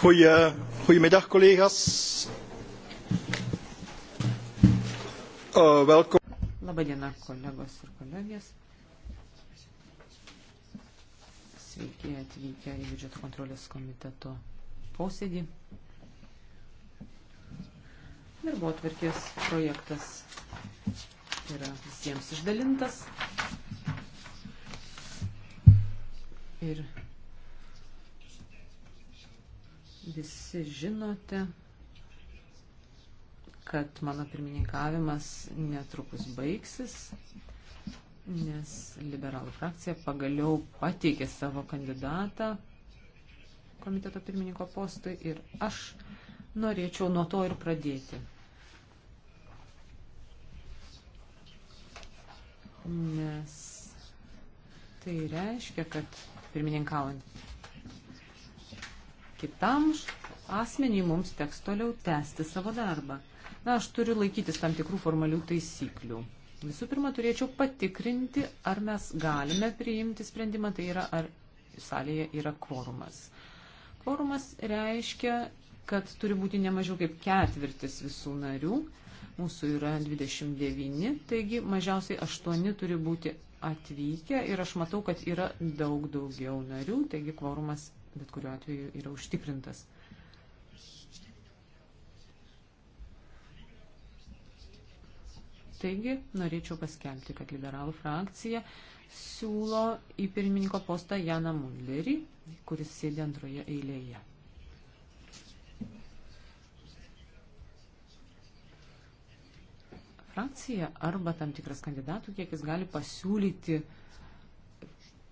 Goeie, goedemiddag collega's. Uh, welkom. Labadiena kolegos ir kolegės. Sveiki atvykę į biudžeto kontrolės komiteto posėdį. Darbo atvarkės projektas yra visiems išdalintas. Ir Visi žinote, kad mano pirmininkavimas netrukus baigsis, nes liberalų frakcija pagaliau pateikė savo kandidatą komiteto pirmininko postui ir aš norėčiau nuo to ir pradėti. Nes tai reiškia, kad pirmininkaujant kitam asmeniui mums teks toliau tęsti savo darbą. Na, aš turiu laikytis tam tikrų formalių taisyklių. Visų pirma, turėčiau patikrinti, ar mes galime priimti sprendimą, tai yra, ar salėje yra kvorumas. Kvorumas reiškia, kad turi būti nemažiau kaip ketvirtis visų narių. Mūsų yra 29, taigi mažiausiai 8 turi būti atvykę ir aš matau, kad yra daug daugiau narių, taigi kvorumas bet kuriuo atveju yra užtikrintas. Taigi, norėčiau paskelbti, kad liberalų frakcija siūlo į pirmininko postą Janą Mullerį, kuris sėdi antroje eilėje. Frakcija arba tam tikras kandidatų kiekis gali pasiūlyti uh,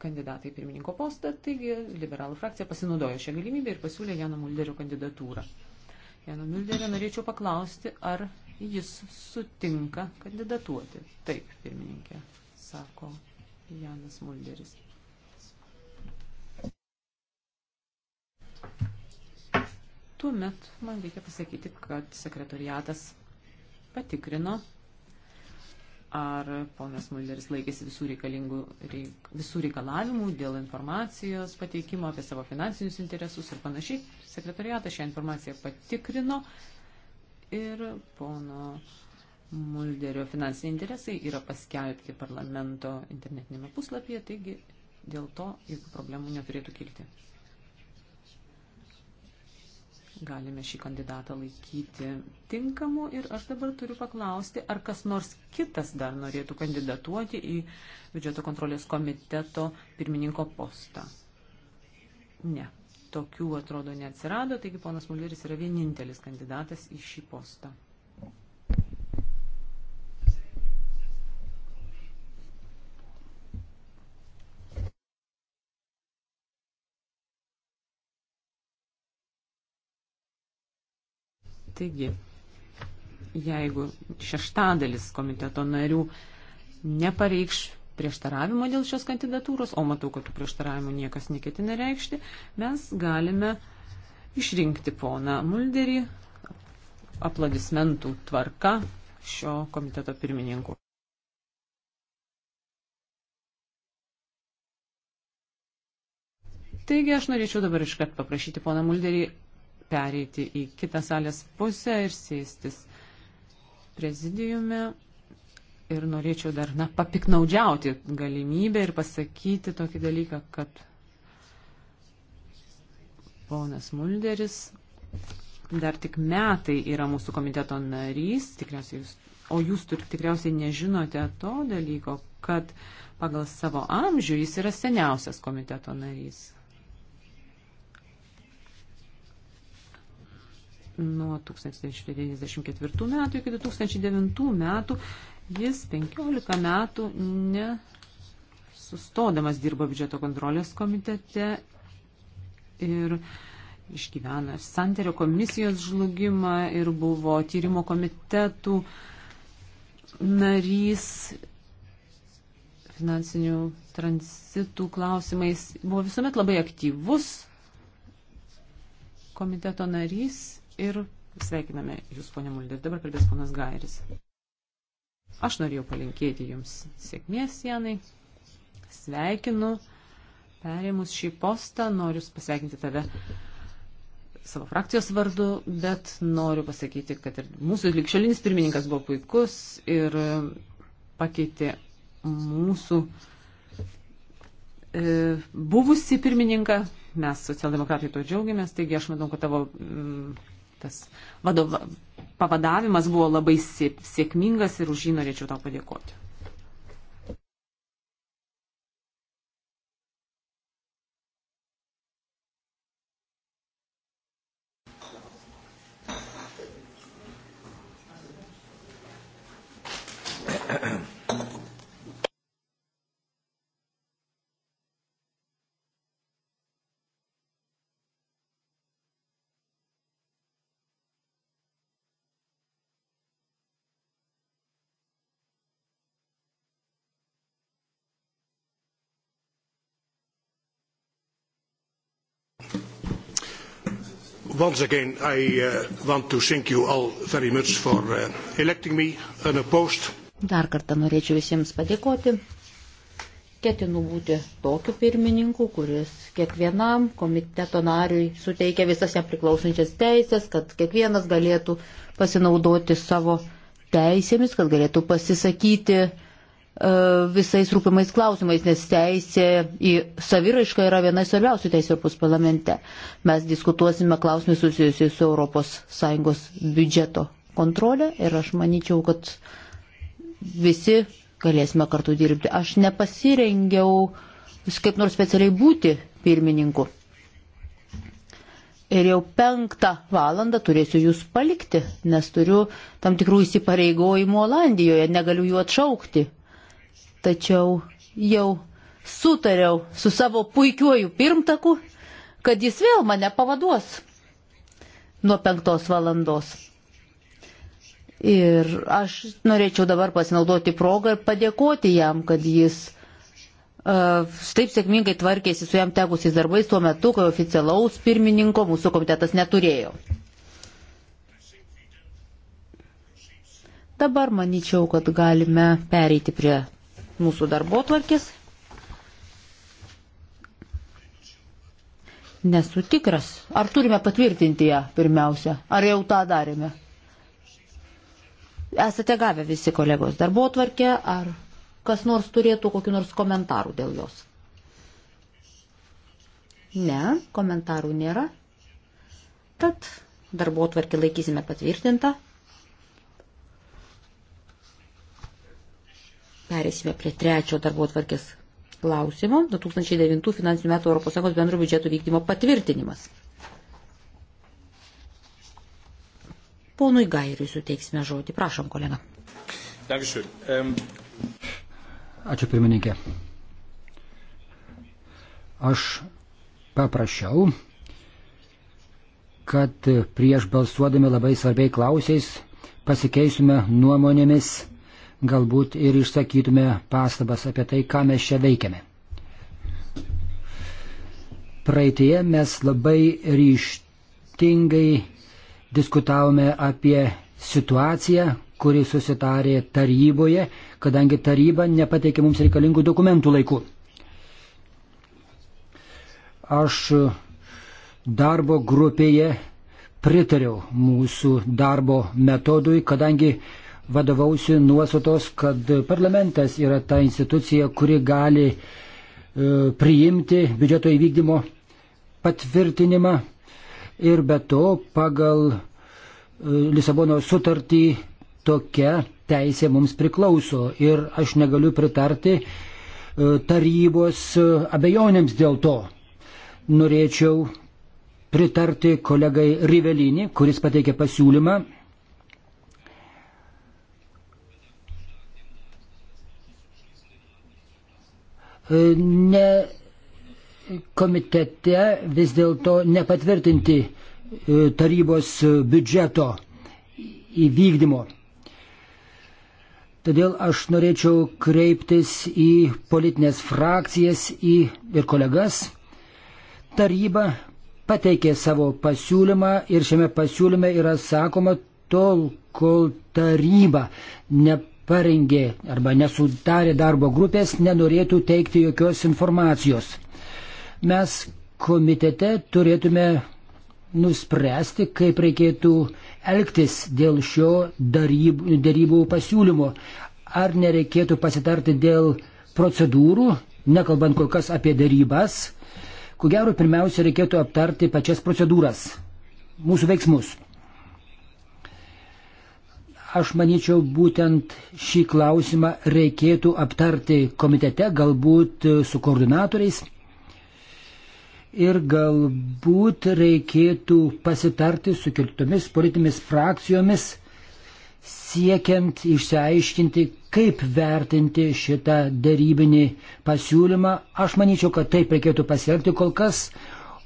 kandidatai pirmininko postą, taigi liberalų frakcija pasinaudojo šią galimybę ir pasiūlė Jano Mulderio kandidatūrą. Jano Mulderio norėčiau paklausti, ar jis sutinka kandidatuoti. Taip, pirmininkė, sako Janas Mulderis. Tuomet man reikia pasakyti, kad sekretariatas patikrino ar ponas Mulderis laikėsi visų, reik, visų reikalavimų dėl informacijos pateikimo apie savo finansinius interesus ir panašiai. Sekretariatas šią informaciją patikrino ir pono Mulderio finansiniai interesai yra paskelbti parlamento internetinėme puslapyje, taigi dėl to jokių problemų neturėtų kilti galime šį kandidatą laikyti tinkamu. Ir aš dabar turiu paklausti, ar kas nors kitas dar norėtų kandidatuoti į biudžeto kontrolės komiteto pirmininko postą. Ne, tokių atrodo neatsirado, taigi ponas Mulleris yra vienintelis kandidatas į šį postą. Taigi, jeigu šeštadalis komiteto narių nepareikš prieštaravimo dėl šios kandidatūros, o matau, kad tų prieštaravimų niekas neketina reikšti, mes galime išrinkti poną Mulderį aplodismentų tvarka šio komiteto pirmininku. Taigi aš norėčiau dabar iškart paprašyti poną Mulderį pereiti į kitą salės pusę ir sėstis prezidiume. Ir norėčiau dar, na, papiknaudžiauti galimybę ir pasakyti tokį dalyką, kad ponas Mulderis dar tik metai yra mūsų komiteto narys, tikriausiai jūs, o jūs tur, tikriausiai nežinote to dalyko, kad pagal savo amžių jis yra seniausias komiteto narys. Nuo 1994 metų iki 2009 metų jis 15 metų ne sustodamas dirbo biudžeto kontrolės komitete ir išgyveno santerio komisijos žlugimą ir buvo tyrimo komitetų narys finansinių transitų klausimais. Buvo visuomet labai aktyvus komiteto narys ir sveikiname Jūs, ponė Mulder. Dabar kalbės ponas Gairis. Aš norėjau palinkėti Jums sėkmės, Janai. Sveikinu. Perėmus šį postą noriu pasveikinti tave savo frakcijos vardu, bet noriu pasakyti, kad ir mūsų likščiolinis pirmininkas buvo puikus ir pakeitė mūsų e, buvusi pirmininką, mes socialdemokratai to džiaugiamės, taigi aš manau, kad tavo mm, tas vadova, pavadavimas buvo labai sėkmingas ir už jį norėčiau tau padėkoti. once again, I uh, want to thank you all very much for uh, electing me on a post. Dar kartą norėčiau visiems padėkoti. Ketinu būti tokiu pirmininku, kuris kiekvienam komiteto nariui suteikia visas jam priklausančias teisės, kad kiekvienas galėtų pasinaudoti savo teisėmis, kad galėtų pasisakyti uh, E, visais rūpimais klausimais, nes teisė į saviraišką yra viena svarbiausių teisė Europos parlamente. Mes diskutuosime klausimus susijusius su ES biudžeto kontrolė ir aš manyčiau, kad visi galėsime kartu dirbti. Aš nepasirengiau kaip nors specialiai būti pirmininku. Ir jau penktą valandą turėsiu jūs palikti, nes turiu tam tikrų įsipareigojimų Olandijoje, negaliu jų atšaukti. Tačiau jau sutariau su savo puikiuoju pirmtaku, kad jis vėl mane pavaduos nuo penktos valandos. Ir aš norėčiau dabar pasinaudoti progą ir padėkoti jam, kad jis uh, taip sėkmingai tvarkėsi su jam tekusiais darbais tuo metu, kai oficialaus pirmininko mūsų komitetas neturėjo. Dabar manyčiau, kad galime pereiti prie mūsų darbo tvarkės. Nesu tikras. Ar turime patvirtinti ją pirmiausia? Ar jau tą darėme? Esate gavę visi kolegos darbo tvarkę, ar kas nors turėtų kokiu nors komentarų dėl jos? Ne, komentarų nėra. Tad darbo tvarkį laikysime patvirtintą. Perėsime prie trečio darbo atvarkės klausimo. 2009 finansinių metų ES bendro biudžeto vykdymo patvirtinimas. Ponui Gairiui suteiksime žodį. Prašom, kolega. Ähm, Ačiū pirmininkė. Aš paprašiau, kad prieš balsuodami labai svarbiai klausiais pasikeisime nuomonėmis galbūt ir išsakytume pastabas apie tai, ką mes čia veikiame. Praeitie mes labai ryštingai diskutavome apie situaciją, kuri susitarė taryboje, kadangi taryba nepateikė mums reikalingų dokumentų laiku. Aš darbo grupėje pritariau mūsų darbo metodui, kadangi vadovausi nuostatos, kad parlamentas yra ta institucija, kuri gali e, priimti biudžeto įvykdymo patvirtinimą ir be to pagal e, Lisabono sutartį tokia teisė mums priklauso ir aš negaliu pritarti e, tarybos abejonėms dėl to. Norėčiau pritarti kolegai Rivelinį, kuris pateikė pasiūlymą E, ne komitete vis dėlto nepatvirtinti e, tarybos biudžeto įvykdymo. Todėl aš norėčiau kreiptis į politinės frakcijas į, ir kolegas. Taryba pateikė savo pasiūlymą ir šiame pasiūlyme yra sakoma, tol kol taryba ne parengė arba nesudarė darbo grupės, nenorėtų teikti jokios informacijos. Mes komitete turėtume nuspręsti, kaip reikėtų elgtis dėl šio darybų, darybų pasiūlymo. Ar nereikėtų pasitarti dėl procedūrų, nekalbant kol kas apie darybas. Ko gero, pirmiausia, reikėtų aptarti pačias procedūras, mūsų veiksmus. Aš manyčiau, būtent šį klausimą reikėtų aptarti komitete, galbūt e, su koordinatoriais. Ir galbūt reikėtų pasitarti su kitomis politinėmis frakcijomis, siekiant išsiaiškinti, kaip vertinti šitą darybinį pasiūlymą. Aš manyčiau, kad taip reikėtų pasielgti kol kas,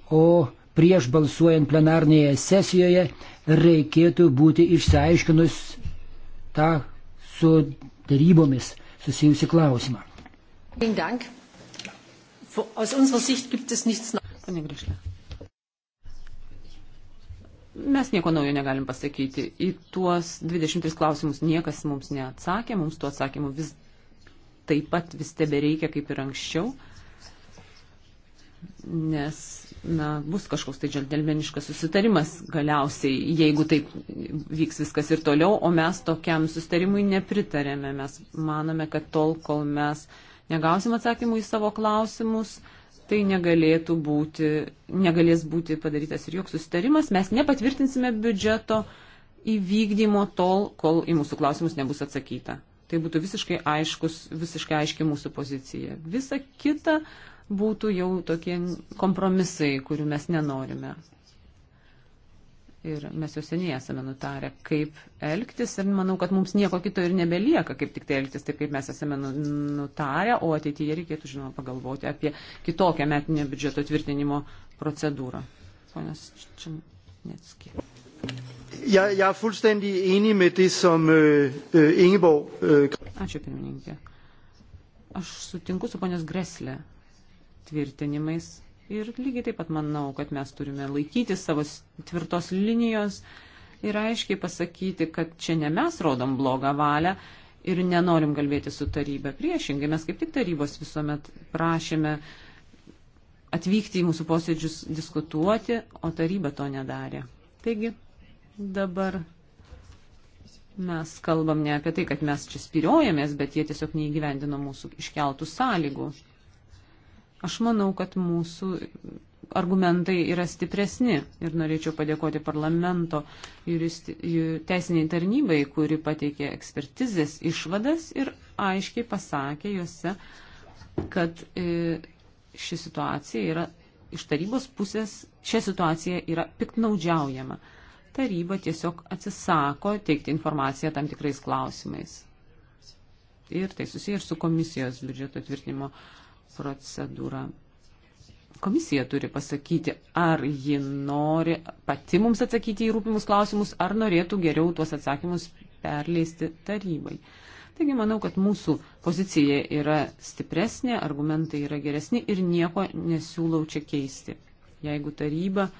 o prieš balsuojant plenarnėje sesijoje reikėtų būti išsiaiškinus tą su darybomis susijusi klausimą. Pane Grišlė. Mes nieko naujo negalim pasakyti. Į tuos 23 klausimus niekas mums neatsakė, mums tų atsakymų vis taip pat vis tebe reikia kaip ir anksčiau, nes na, bus kažkoks tai džentelmeniškas susitarimas galiausiai, jeigu taip vyks viskas ir toliau, o mes tokiam susitarimui nepritarėme. Mes manome, kad tol, kol mes negausim atsakymų į savo klausimus, tai negalėtų būti, negalės būti padarytas ir joks susitarimas. Mes nepatvirtinsime biudžeto įvykdymo tol, kol į mūsų klausimus nebus atsakyta. Tai būtų visiškai, aiškus, visiškai aiški mūsų pozicija. Visa kita būtų jau tokie kompromisai, kurių mes nenorime. Ir mes jau seniai esame nutarę, kaip elgtis ir manau, kad mums nieko kito ir nebelieka, kaip tik tai elgtis, taip kaip mes esame nu, nutarę, o ateityje reikėtų, žinoma, pagalvoti apie kitokią metinio biudžeto tvirtinimo procedūrą. Ponas Čimnetski. Jeg, jeg er fuldstændig enig med det, som øh, øh, Ingeborg. Øh... Ačiū, pirmininkė. Aš sutinku su ponios Greslė tvirtinimais. Ir lygiai taip pat manau, kad mes turime laikyti savo tvirtos linijos ir aiškiai pasakyti, kad čia ne mes rodom blogą valią ir nenorim kalbėti su taryba. Priešingai, mes kaip tik tarybos visuomet prašėme atvykti į mūsų posėdžius diskutuoti, o taryba to nedarė. Taigi dabar mes kalbam ne apie tai, kad mes čia spiriojamės, bet jie tiesiog neįgyvendino mūsų iškeltų sąlygų. Aš manau, kad mūsų argumentai yra stipresni ir norėčiau padėkoti parlamento juristi, teisiniai tarnybai, kuri pateikė ekspertizės išvadas ir aiškiai pasakė juose, kad e, ši situacija yra iš tarybos pusės, šią situaciją yra piktnaudžiaujama. Taryba tiesiog atsisako teikti informaciją tam tikrais klausimais. Ir tai susiję ir su komisijos biudžeto tvirtinimo uh, procedūra. Komisija turi pasakyti, ar ji nori pati mums atsakyti į rūpimus klausimus, ar norėtų geriau tuos atsakymus perleisti tarybai. Taigi manau, kad mūsų pozicija yra stipresnė, argumentai yra geresni ir nieko nesiūlau čia keisti. Jeigu taryba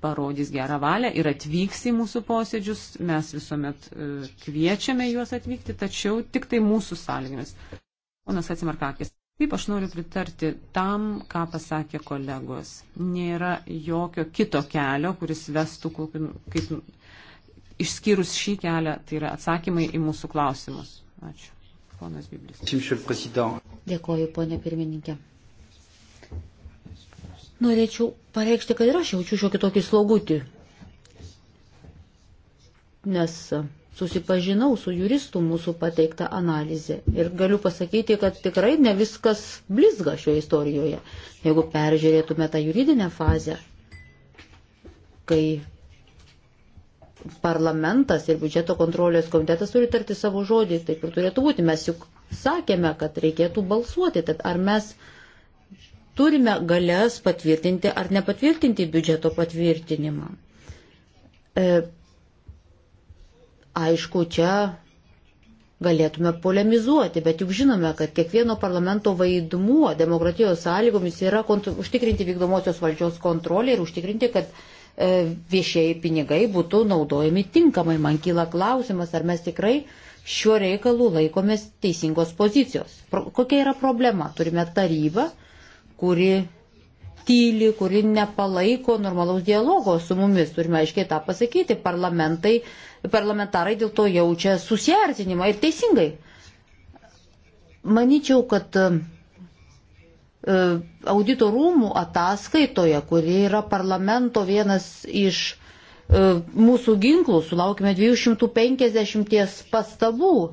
parodys gerą valią ir atvyks į mūsų posėdžius. Mes visuomet e, kviečiame juos atvykti, tačiau tik tai mūsų sąlygomis. Ponas Atsimarkakis. Taip aš noriu pritarti tam, ką pasakė kolegos. Nėra jokio kito kelio, kuris vestų kokiu, kaip išskyrus šį kelią, tai yra atsakymai į mūsų klausimus. Ačiū. Ponas Biblis. Dėkoju, ponė pirmininkė. Norėčiau pareikšti, kad ir aš jaučiu šiokį tokį slogutį, nes susipažinau su juristų mūsų pateiktą analizę ir galiu pasakyti, kad tikrai ne viskas blizga šioje istorijoje. Jeigu peržiūrėtume tą juridinę fazę, kai parlamentas ir biudžeto kontrolės komitetas turi tarti savo žodį, taip ir turėtų būti. Mes juk sakėme, kad reikėtų balsuoti, tad ar mes turime galės patvirtinti ar nepatvirtinti biudžeto patvirtinimą. E, aišku, čia galėtume polemizuoti, bet juk žinome, kad kiekvieno parlamento vaidmuo demokratijos sąlygomis yra užtikrinti vykdomosios valdžios kontrolę ir užtikrinti, kad e, viešieji pinigai būtų naudojami tinkamai. Man kyla klausimas, ar mes tikrai šiuo reikalu laikomės teisingos pozicijos. Pro, kokia yra problema? Turime tarybą, kuri tyli, kuri nepalaiko normalaus dialogo su mumis. Turime aiškiai tą pasakyti. Parlamentai, parlamentarai dėl to jaučia susierzinimą ir teisingai. Maničiau, kad e, audito rūmų ataskaitoje, kuri yra parlamento vienas iš e, mūsų ginklų, sulaukime 250 pastabų e,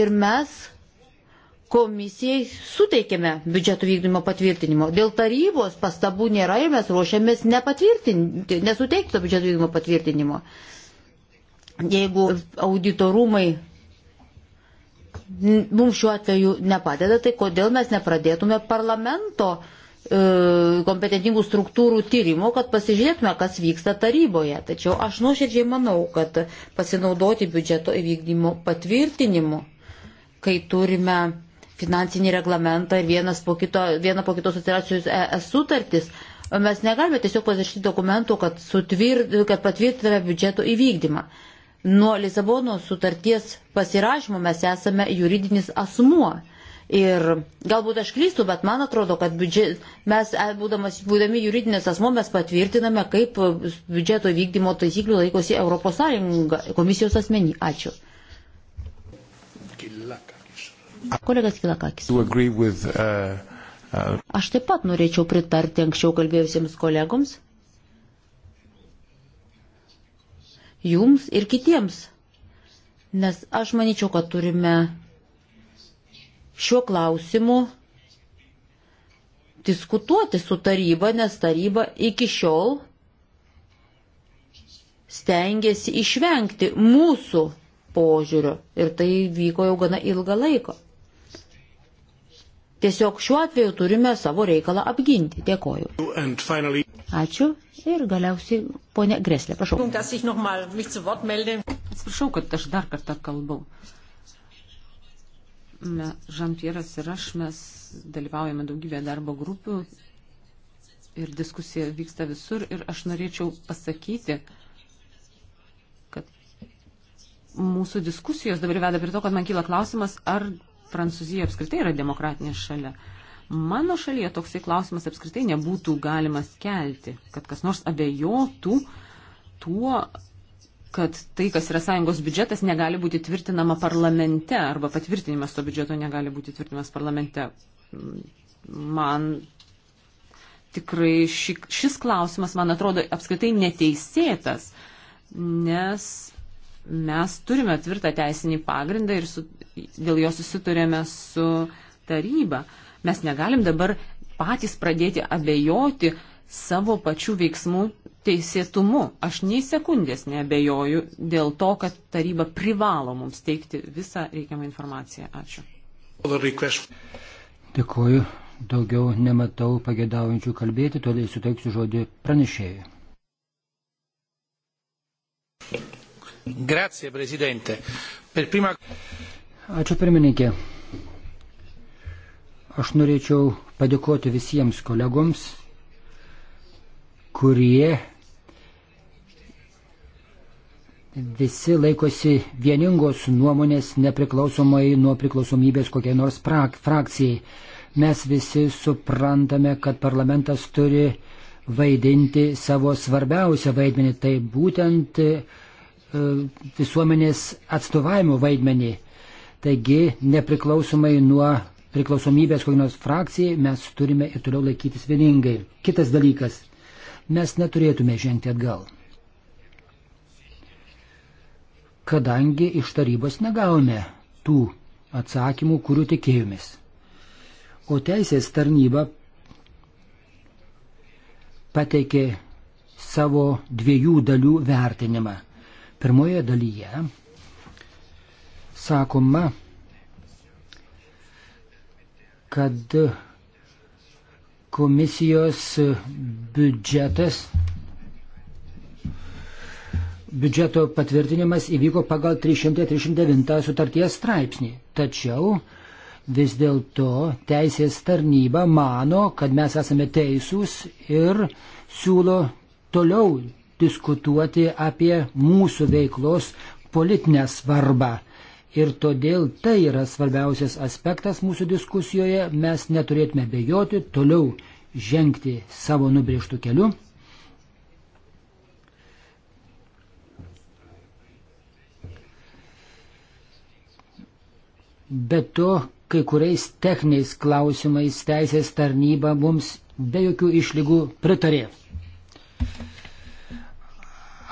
ir mes komisijai suteikėme biudžeto vykdymo patvirtinimo. Dėl tarybos pastabų nėra ir mes ruošiamės nepatvirtinti, nesuteikti to biudžeto vykdymo patvirtinimo. Jeigu auditorumai mums šiuo atveju nepadeda, tai kodėl mes nepradėtume parlamento e, kompetentingų struktūrų tyrimo, kad pasižiūrėtume, kas vyksta taryboje. Tačiau aš nuoširdžiai manau, kad pasinaudoti biudžeto įvykdymo patvirtinimu, kai turime finansinį reglamentą ir vienas po kito, vieną po kitos atsiračius ES sutartis, mes negalime tiesiog pasirašyti dokumentų, kad, sutvirt, kad patvirtiname biudžeto įvykdymą. Nuo Lisabono sutarties pasirašymo mes esame juridinis asmuo. Ir galbūt aš klystu, bet man atrodo, kad biudžet, mes, e, būdamas, būdami juridinės asmo, mes patvirtiname, kaip biudžeto vykdymo taisyklių laikosi ES komisijos asmenį. Ačiū. Kolegas Kilakakis. With, uh, uh... Aš taip pat norėčiau pritarti anksčiau kalbėjusiems kolegoms, jums ir kitiems, nes aš manyčiau, kad turime šiuo klausimu diskutuoti su taryba, nes taryba iki šiol stengiasi išvengti mūsų požiūrio ir tai vyko jau gana ilgą laiką. Tiesiog šiuo atveju turime savo reikalą apginti. Dėkoju. Finally... Ačiū. Ir galiausiai, ponė Greslė, prašau. Atsiprašau, kad aš dar kartą kalbau. Žampieras ir aš, mes dalyvaujame daugybėje darbo grupių ir diskusija vyksta visur ir aš norėčiau pasakyti, kad mūsų diskusijos dabar veda prie to, kad man kyla klausimas, ar Prancūzija apskritai yra demokratinė šalia. Mano šalyje toksai klausimas apskritai nebūtų galimas kelti, kad kas nors abejotų tuo, kad tai, kas yra sąjungos biudžetas, negali būti tvirtinama parlamente arba patvirtinimas to biudžeto negali būti tvirtinamas parlamente. Man tikrai ši, šis klausimas, man atrodo, apskritai neteisėtas, nes mes turime tvirtą teisinį pagrindą ir su, dėl jo susiturėme su taryba. Mes negalim dabar patys pradėti abejoti savo pačių veiksmų teisėtumu. Aš nei sekundės neabejoju dėl to, kad taryba privalo mums teikti visą reikiamą informaciją. Ačiū. Dėkuoju. Daugiau nematau pagėdaujančių kalbėti, todėl suteiksiu žodį pranešėjui. Grazie, prezidente. Per prima... Ačiū pirmininkė. Aš norėčiau padėkoti visiems kolegoms, kurie visi laikosi vieningos nuomonės nepriklausomai nuo priklausomybės kokiai nors prak, frakcijai. Mes visi suprantame, kad parlamentas turi vaidinti savo svarbiausią vaidmenį, tai būtent E, visuomenės atstovavimo vaidmenį. Taigi, nepriklausomai nuo priklausomybės kokios nors frakcijai, mes turime ir toliau laikytis vieningai. Kitas dalykas, mes neturėtume žengti atgal. Kadangi iš tarybos negavome tų atsakymų, kurių tikėjomės. O teisės tarnyba pateikė savo dviejų dalių vertinimą. Pirmoje dalyje sakoma, kad komisijos biudžetas biudžeto patvirtinimas įvyko pagal 339 sutarties straipsnį. Tačiau vis dėlto teisės tarnyba mano, kad mes esame teisūs ir siūlo toliau diskutuoti apie mūsų veiklos politinę svarbą. Ir todėl tai yra svarbiausias aspektas mūsų diskusijoje. Mes neturėtume bejoti, toliau žengti savo nubrėžtų kelių. Be to, kai kuriais techniniais klausimais teisės tarnyba mums be jokių išlygų pritarė.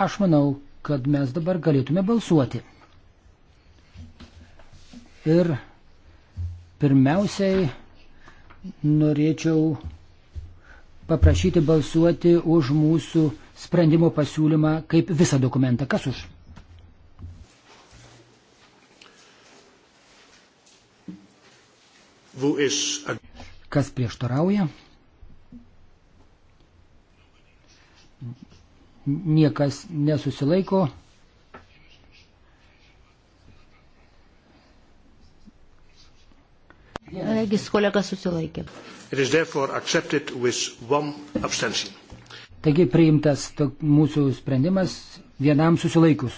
Aš manau, kad mes dabar galėtume balsuoti. Ir pirmiausiai norėčiau paprašyti balsuoti už mūsų sprendimo pasiūlymą kaip visą dokumentą. Kas už? Kas prieštarauja? niekas nesusilaiko. Regis kolega susilaikė. Taigi priimtas mūsų sprendimas vienam susilaikus.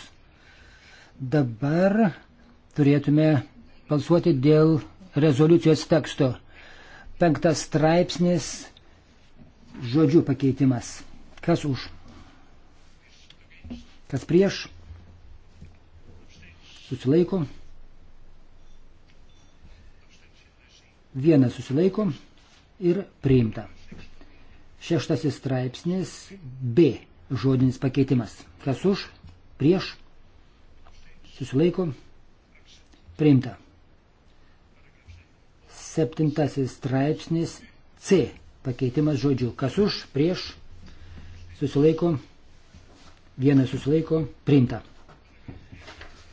Dabar turėtume balsuoti dėl rezoliucijos teksto. Penktas straipsnis žodžių pakeitimas. Kas už? Kas prieš? Susilaiko. Vienas susilaiko ir priimta. Šeštasis straipsnis B. Žodinis pakeitimas. Kas už? Prieš? Susilaiko. Priimta. Septintasis straipsnis C. Pakeitimas žodžių. Kas už? Prieš? Susilaiko. Priimta vienas susilaiko, priimta.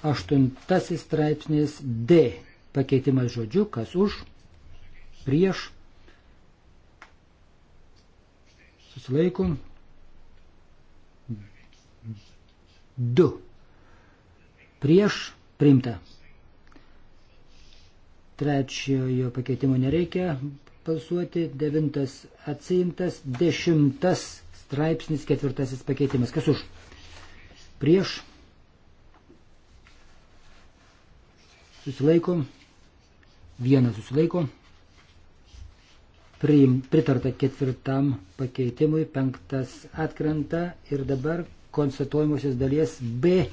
Aštuntasis straipsnis D. Pakeitimas žodžiu, kas už, prieš, susilaiko, du, prieš, priimta. Trečiojo pakeitimo nereikia balsuoti, devintas atsiimtas, dešimtas straipsnis, ketvirtasis pakeitimas. Kas už? prieš, susilaiko, vienas susilaiko, priim, pritarta ketvirtam pakeitimui, penktas atkrenta ir dabar konstatuojamosios dalies B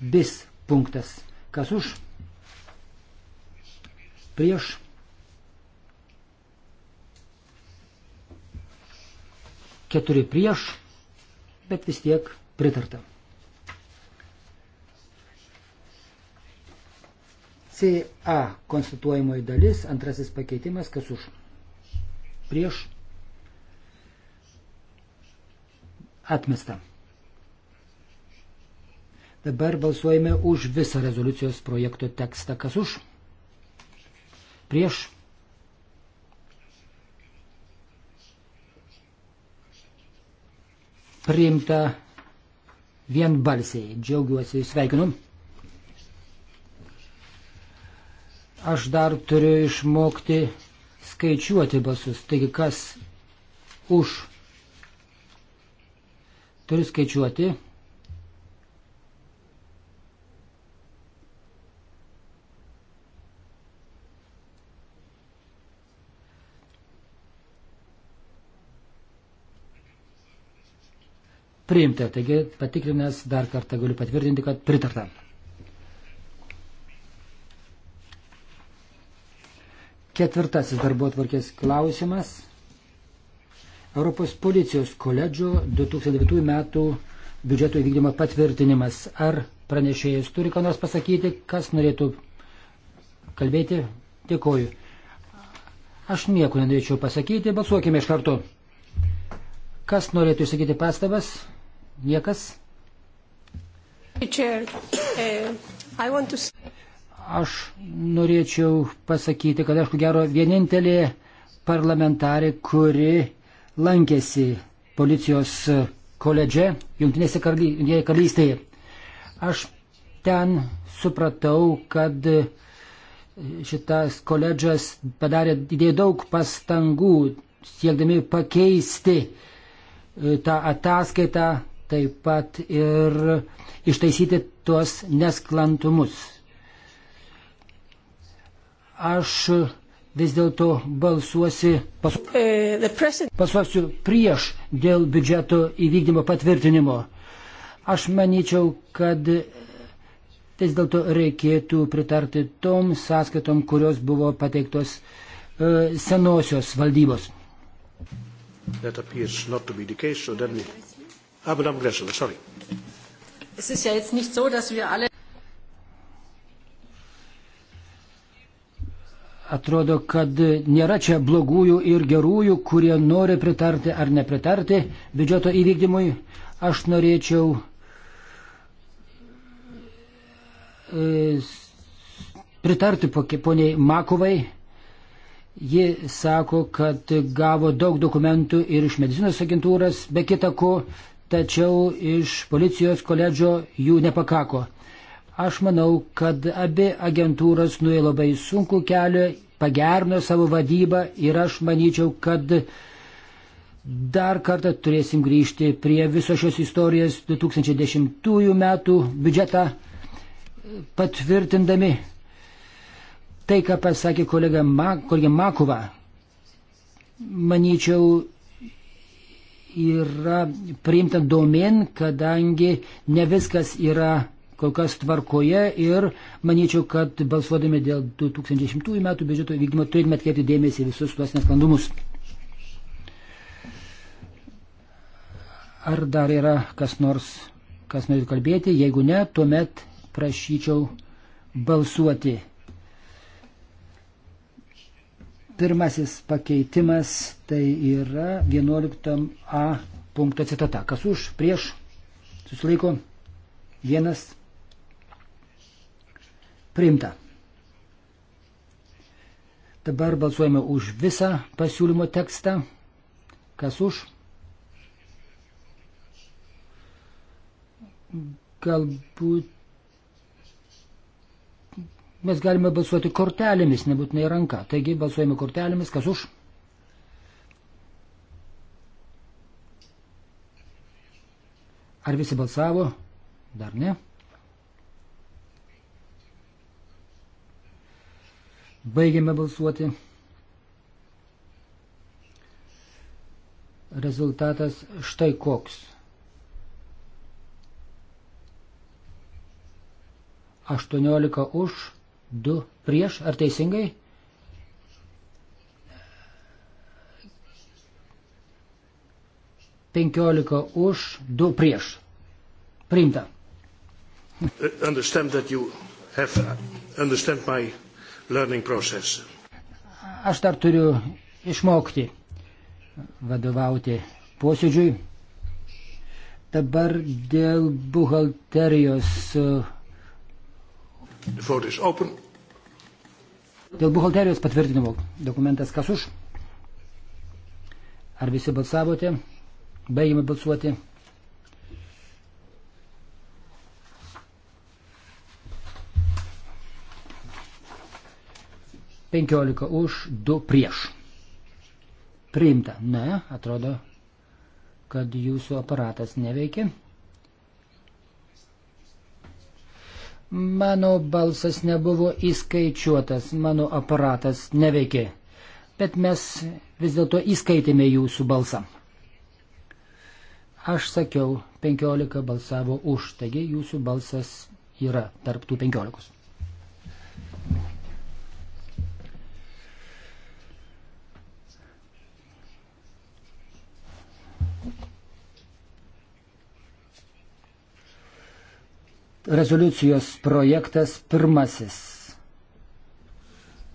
bis punktas. Kas už? Prieš. Keturi prieš, bet vis tiek pritarta. CA konstituojamoji dalis, antrasis pakeitimas, kas už. Prieš. Atmesta. Dabar balsuojame už visą rezoliucijos projekto tekstą, kas už. Prieš. Priimta vienbalsiai. Džiaugiuosi, sveikinu. aš dar turiu išmokti skaičiuoti balsus. Taigi kas už turiu skaičiuoti. Priimta, taigi patikrinęs dar kartą galiu patvirtinti, kad pritarta. Ketvirtasis darbo atvarkės klausimas. Europos policijos koledžio 2009 metų biudžeto įvykdymo patvirtinimas. Ar pranešėjas turi ką nors pasakyti, kas norėtų kalbėti? Dėkoju. Aš nieko nenorėčiau pasakyti, balsuokime iš karto. Kas norėtų išsakyti pastabas? Niekas? Chair, uh, Aš norėčiau pasakyti, kad aš ko gero vienintelė parlamentarė, kuri lankėsi policijos koledže Junktinėse karalystėje. Aš ten supratau, kad šitas koledžas padarė didėjo daug pastangų siekdami pakeisti e, tą ataskaitą, taip pat ir ištaisyti tuos nesklantumus aš vis dėlto balsuosi, pasu, uh, balsuosiu prieš dėl biudžeto įvykdymo patvirtinimo. Aš manyčiau, kad vis dėlto reikėtų pritarti tom sąskaitom, kurios buvo pateiktos uh, senosios valdybos. Ah, es ist ja jetzt nicht so, dass wir alle atrodo, kad nėra čia blogųjų ir gerųjų, kurie nori pritarti ar nepritarti biudžeto įvykdymui. Aš norėčiau e, pritarti poniai Makovai. Ji sako, kad gavo daug dokumentų ir iš medicinos agentūras, be kita ko, tačiau iš policijos koledžio jų nepakako. Aš manau, kad abi agentūros nuėjo labai sunku kelią, pagerino savo vadybą ir aš manyčiau, kad dar kartą turėsim grįžti prie visos šios istorijos 2010 metų biudžetą patvirtindami tai, ką pasakė kolega, Ma, kolega Makova, manyčiau, yra priimta domen, kadangi ne viskas yra kol kas tvarkoje ir manyčiau, kad balsuodami dėl 2010 metų biudžeto vykdymo turime atkreipti dėmesį visus tuos nesklandumus. Ar dar yra kas nors, kas norėtų kalbėti? Jeigu ne, tuomet prašyčiau balsuoti. Pirmasis pakeitimas tai yra 11a punkto citata. Kas už, prieš, susilaiko, vienas Priimta. Dabar balsuojame už visą pasiūlymo tekstą. Kas už? Galbūt mes galime balsuoti kortelėmis, nebūtinai ranka. Taigi balsuojame kortelėmis, kas už? Ar visi balsavo? Dar ne. Baigėme balsuoti. Rezultatas štai koks. 18 už, 2 prieš, ar teisingai? Penkiolika už, du prieš. Priimta. Uh, understand that you have uh, understand my learning process. Aš dar turiu išmokti vadovauti posėdžiui. Dabar dėl buhalterijos. E, dėl buhalterijos patvirtinimo dokumentas kas už? Ar visi balsavote? Baigime balsuoti. 15 už, 2 prieš. Priimta. Ne, atrodo, kad jūsų aparatas neveikia. Mano balsas nebuvo įskaičiuotas, mano aparatas neveikė, bet mes vis dėlto įskaitėme jūsų balsą. Aš sakiau, 15 balsavo už, taigi jūsų balsas yra tarptų 15. Rezoliucijos projektas pirmasis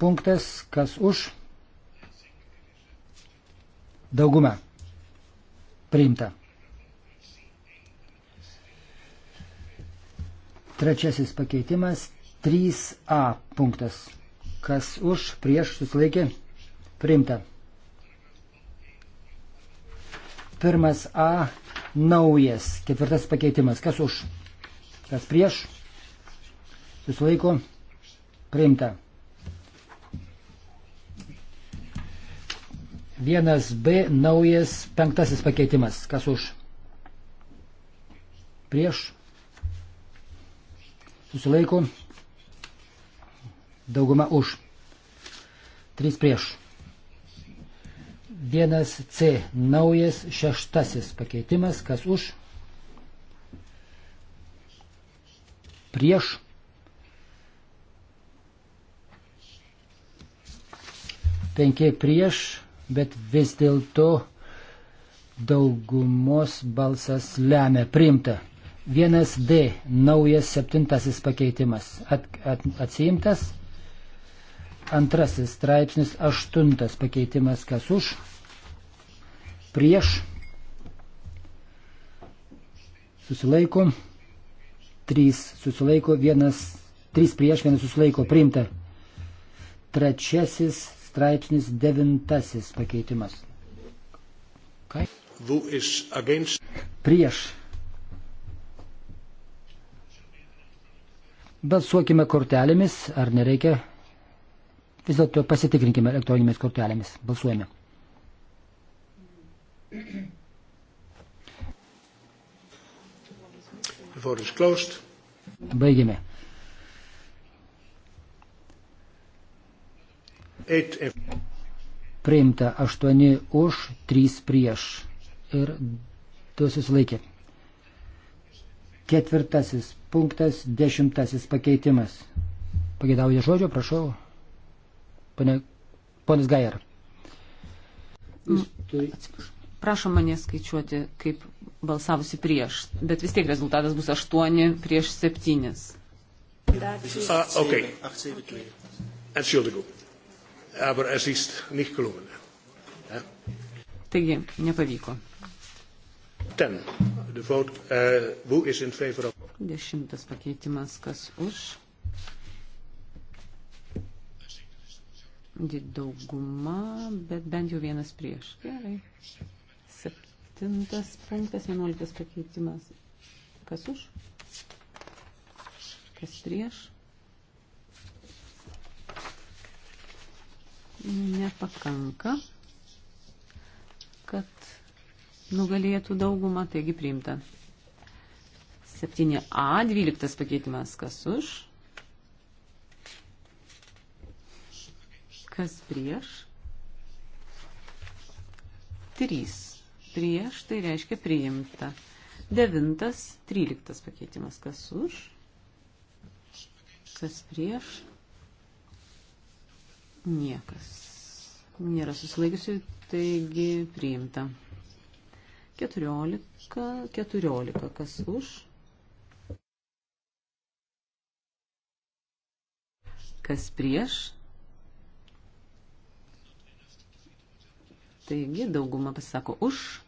punktas, kas už daugumą priimta. Trečiasis pakeitimas 3a punktas. Kas už prieš susilaikė priimta. Pirmas A naujas. Ketvirtas pakeitimas. Kas už? kas prieš, susilaiko priimta. Vienas B naujas penktasis pakeitimas. Kas už? Prieš. Susilaiko. Dauguma už. Trys prieš. Vienas C naujas šeštasis pakeitimas. Kas už? prieš. Penkiai prieš, bet vis dėlto daugumos balsas lemia priimta. Vienas D, naujas septintasis pakeitimas at, at, atsiimtas. Antrasis straipsnis, aštuntas pakeitimas, kas už, prieš, susilaikom. 3 susilaiko, 1, 3 prieš, 1 susilaiko, priimta. Trečiasis straipsnis, devintasis pakeitimas. Kai? Prieš. Balsuokime kortelėmis, ar nereikia. Vis dėlto pasitikrinkime elektroninėmis kortelėmis. Balsuojame. Vote is closed. Baigėme. 8. Priimta 8 už, 3 prieš ir 2 susilaikė. Ketvirtasis punktas, dešimtasis pakeitimas. Pagėdauja žodžio, prašau. Pane, ponas Gajar. Jūs turite. Prašom mane skaičiuoti, kaip balsavusi prieš, bet vis tiek rezultatas bus 8 prieš 7. Uh, ah, okay. Entschuldigung. Aber es ist nicht gelungen. Ja. Taigi, nepavyko. Ten. The vote, uh, who is in favor of... Dešimtas pakeitimas, kas už. Dauguma, bet bent jau vienas prieš. Gerai. Septintas punktas, vienuoliktas pakeitimas. Kas už? Kas prieš? Nepakanka, kad nugalėtų daugumą, taigi priimta. 7a, 12 pakeitimas, kas už, kas prieš, 3 prieš, tai reiškia priimta. Devintas, tryliktas pakeitimas. Kas už? Kas prieš? Niekas. Nėra susilaikiusių, taigi priimta. Keturiolika, keturiolika. Kas už? Kas prieš? Taigi dauguma pasisako už.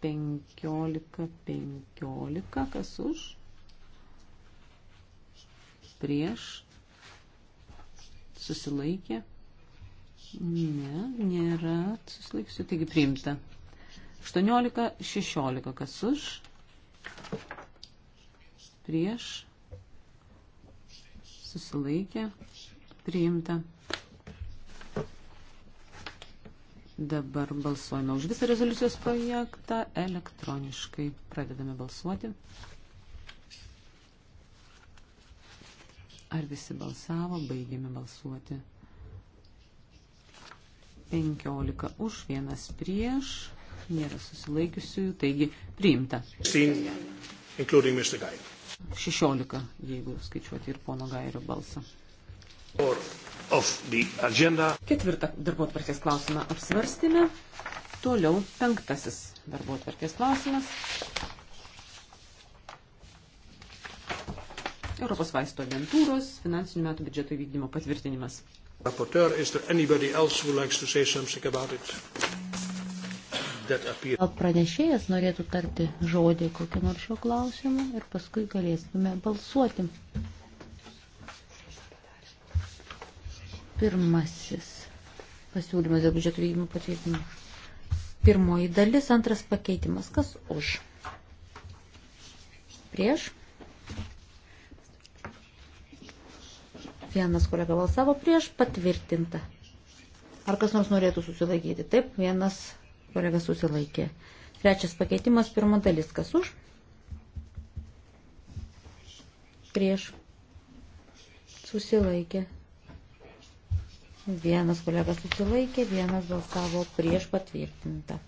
15, 15, kas už. Prieš. Susilaikė. Ne, nėra susilaiksiu, taigi priimta. 18, 16, kas už. Prieš. Susilaikė. Priimta. Dabar balsuojame už visą rezoliucijos projektą elektroniškai. Pradedame balsuoti. Ar visi balsavo? Baigėme balsuoti. 15 už, vienas prieš, nėra susilaikiusiųjų, taigi priimta. 16, jeigu skaičiuoti ir pono Gairio balsą. Or. Ketvirtą darbo atvarkės klausimą apsvarstėme. Toliau penktasis darbo atvarkės klausimas. Europos vaisto agentūros finansinių metų biudžeto įvykdymo patvirtinimas. Rapporteur, is there anybody else who likes to say something about it? Gal pranešėjas norėtų tarti žodį kokią nors šio klausimą ir paskui galėsime balsuoti. Pirmasis pasiūlymas dėl biudžeto vykdymo patvirtinimo. Pirmoji dalis, antras pakeitimas. Kas už? Prieš. Vienas kolega balsavo prieš, patvirtinta. Ar kas nors norėtų susilaikyti? Taip, vienas kolega susilaikė. Trečias pakeitimas, pirma dalis. Kas už? Prieš. Susilaikė. Vienas kolegas susilaikė, vienas balsavo prieš patvirtintą.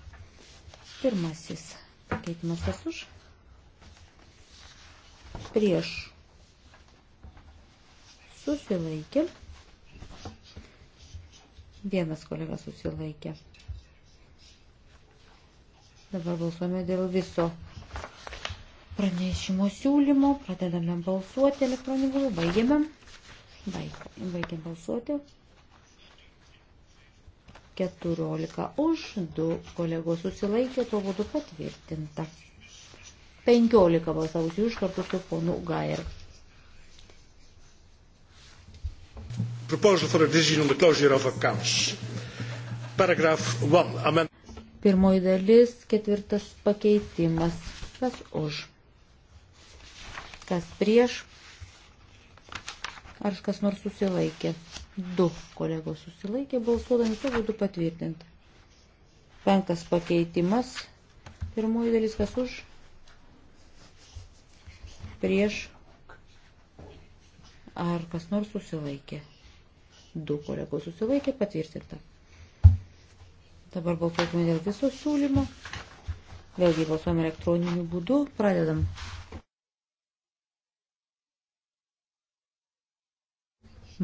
Pirmasis pakeitimas kas už? Prieš. Susilaikė. Vienas kolega susilaikė. Dabar balsuojame dėl viso pranešimo siūlymo. Pradedame balsuoti elektroniniu būdu. Baigiame. Baigiam balsuoti. 14 už, 2 kolegos susilaikė, tuo būdu patvirtinta. 15 balsavusių už kartu su ponu Gair. Proposal for a decision on the closure of accounts. Paragraph 1. Amen. Pirmoji dalis, ketvirtas pakeitimas. Kas už? Kas prieš? Ar kas nors susilaikė? Du kolegos susilaikė balsuodami, tuo būdu patvirtinta. Penktas pakeitimas. Pirmoji dalis kas už? Prieš. Ar kas nors susilaikė? Du kolegos susilaikė, patvirtinta. Dabar balsuokime dėl viso siūlymo. Vėlgi balsuojame elektroniniu būdu. Pradedam. Pradedam.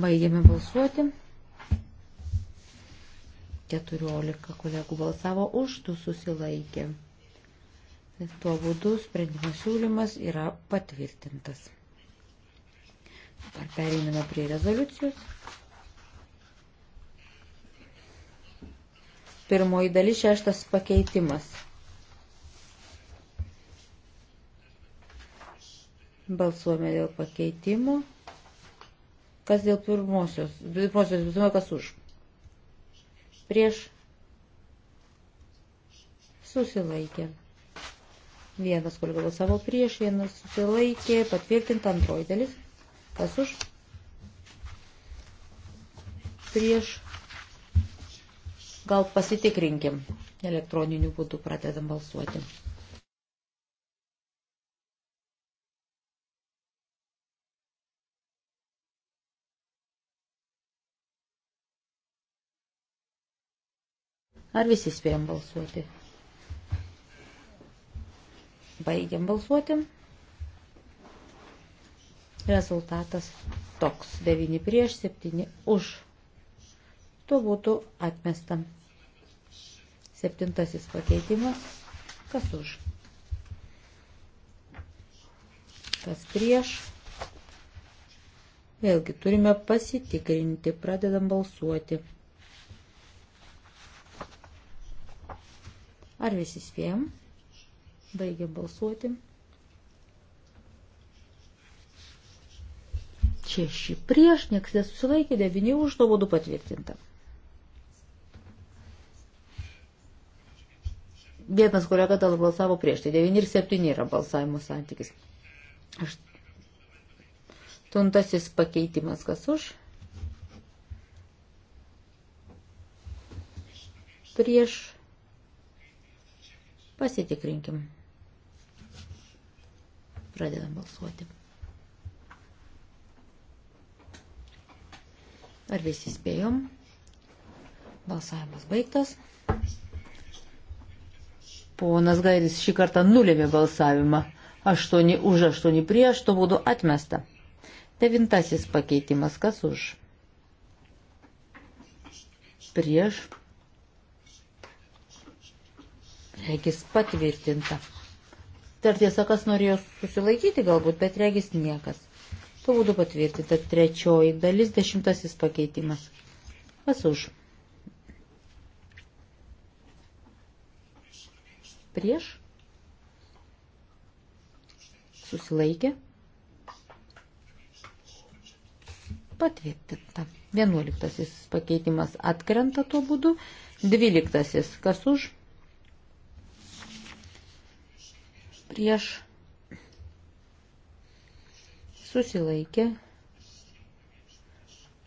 Baigėme balsuoti. 14 kolegų balsavo už, 2 susilaikė. Tuo būdu sprendimo siūlymas yra patvirtintas. Dabar pereiname prie rezoliucijos. Pirmoji dalis šeštas pakeitimas. Balsuojame dėl pakeitimų. Kas dėl pirmosios? Pirmosios visuomet kas už? Prieš susilaikė. Vienas kolega balsavo prieš, vienas susilaikė, patvirtinta antroji dalis. Kas už? Prieš. Gal pasitikrinkim. Elektroniniu būdu pradedam balsuoti. Ar visi spėjom balsuoti? Baigiam balsuoti. Rezultatas toks. 9 prieš, 7 už. Tuo būtų atmesta. Septintasis pakeitimas. Kas už? Kas prieš? Vėlgi turime pasitikrinti, pradedam balsuoti. Ar visi spėjom? Baigiam balsuoti. Šeši prieš, nieks nesusilaikė, devyni už, nuovodų patvirtinta. Vienas kolega dėl balsavo prieš, tai 9 ir 7 yra balsavimo santykis. Aštuntasis pakeitimas, kas už? Prieš Pasitikrinkim. Pradedam balsuoti. Ar visi spėjom? Balsavimas baigtas. Ponas Gairis šį kartą nulėmė balsavimą. 8 už 8 prieš, to būdu atmesta. Devintasis pakeitimas, kas už? Prieš Regis patvirtinta. Dar tiesa, kas norėjo susilaikyti galbūt, bet regis niekas. Tuo būdu patvirtinta trečioji dalis, dešimtasis pakeitimas. Kas už? Prieš? Susilaikė? Patvirtinta. Vienuoliktasis pakeitimas atkrenta tuo būdu. Dvyliktasis. Kas už? Prieš? prieš susilaikė.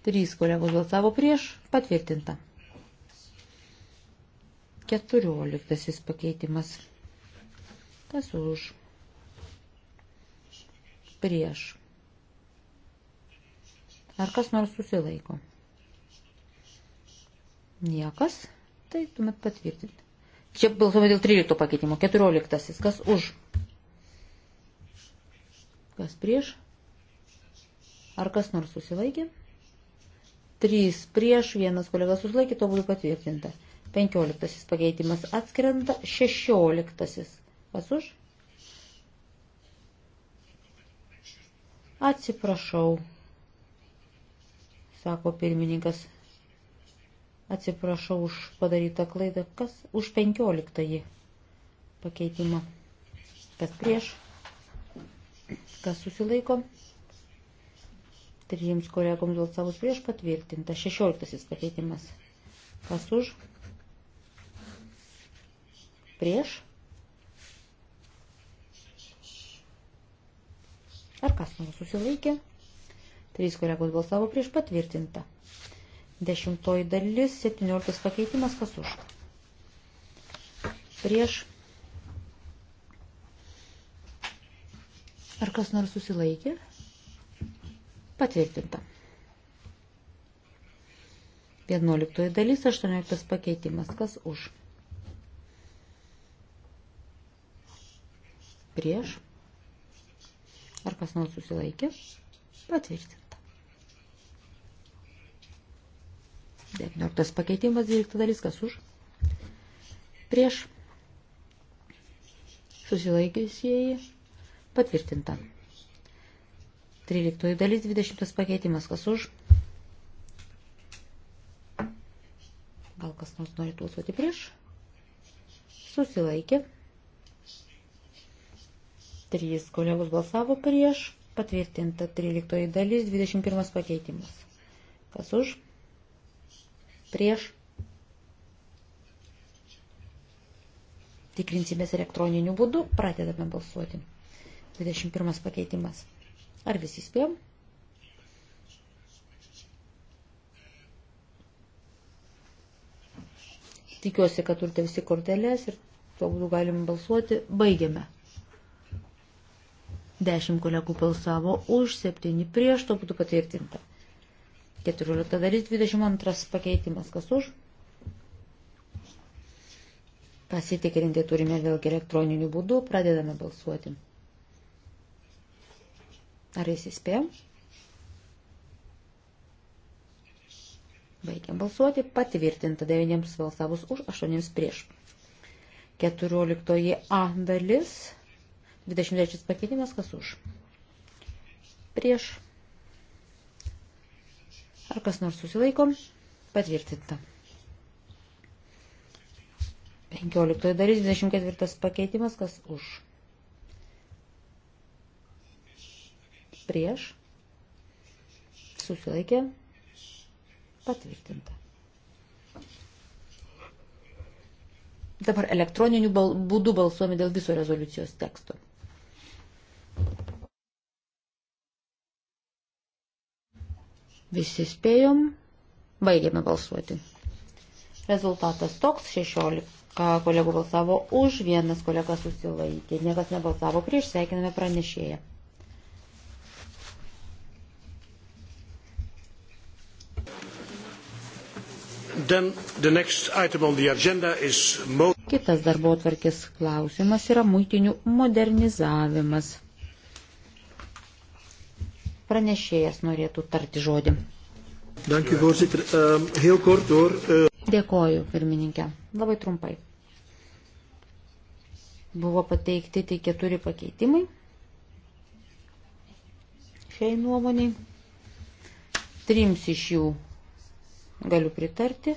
Trys kolegos balsavo prieš patvirtinta. Keturioliktasis pakeitimas. Kas už? Prieš. Ar kas nors susilaiko? Niekas. Tai tuomet patvirtinti. Čia balsuojame dėl 13 pakeitimo. 14. Kas už? Kas prieš? Ar kas nors susilaikė? 3 prieš, vienas kolegas susilaikė, to būtų patvirtinta. 15 pakeitimas atskrenta, 16. Kas už? Atsiprašau, sako pirmininkas Atsiprašau už padarytą klaidą. Kas už penkioliktąjį pakeitimą? Kas prieš? Kas susilaiko? Trims kolegoms balsavus prieš patvirtinta. Šešioliktasis pakeitimas. Kas už? Prieš? Ar kas nors susilaikė? Trys kolegos balsavo prieš patvirtinta. Dešimtoji dalis, 17 pakeitimas, kas už. Prieš. Ar kas nors susilaikė? Patvirtinta. 11 dalis, 18 pakeitimas, kas už. Prieš. Ar kas nors susilaikė? Patvirtinta. 19 pakeitimas, 12 dalis, kas už. Prieš susilaikysieji patvirtinta. 13 dalis, 20 pakeitimas, kas už. Gal kas nors nori balsuoti prieš? Susilaikė. Trys kolegos balsavo prieš. Patvirtinta 13 dalis, 21 pakeitimas. Kas už? prieš. Tikrinsimės elektroniniu būdu, pradedame balsuoti. 21 pakeitimas. Ar visi spėjom? Tikiuosi, kad turite visi kortelės ir tuo būdu galime balsuoti. Baigiame. 10 kolegų balsavo už, 7 prieš, to būtų patvirtinta. 14 dalis 22 pakeitimas. Kas už? Pasitikrinti turime vėlgi elektroniniu būdu. Pradedame balsuoti. Ar jis įspėjo? Baigiam balsuoti. Patvirtinta 9 balsavus už, 8 prieš. 14 A dalis. 23 pakeitimas. Kas už? Prieš Ar kas nors susilaiko? Patvirtinta. 15 dalis 24 pakeitimas, kas už. Prieš. Susilaikė. Patvirtinta. Dabar elektroniniu bal būdu balsuomi dėl viso rezoliucijos teksto. Visi spėjom. Baigėme balsuoti. Rezultatas toks 16. Kolegų balsavo už, vienas kolega susilaikė, niekas nebalsavo prieš, sveikiname pranešėją. Is... Kitas darbo atvarkės klausimas yra muitinių modernizavimas pranešėjas norėtų tarti žodį. Ehm, eh, Dėkoju, pirmininkė. Labai trumpai. Buvo pateikti tik keturi pakeitimai šiai nuomoniai. Trims iš jų galiu pritarti.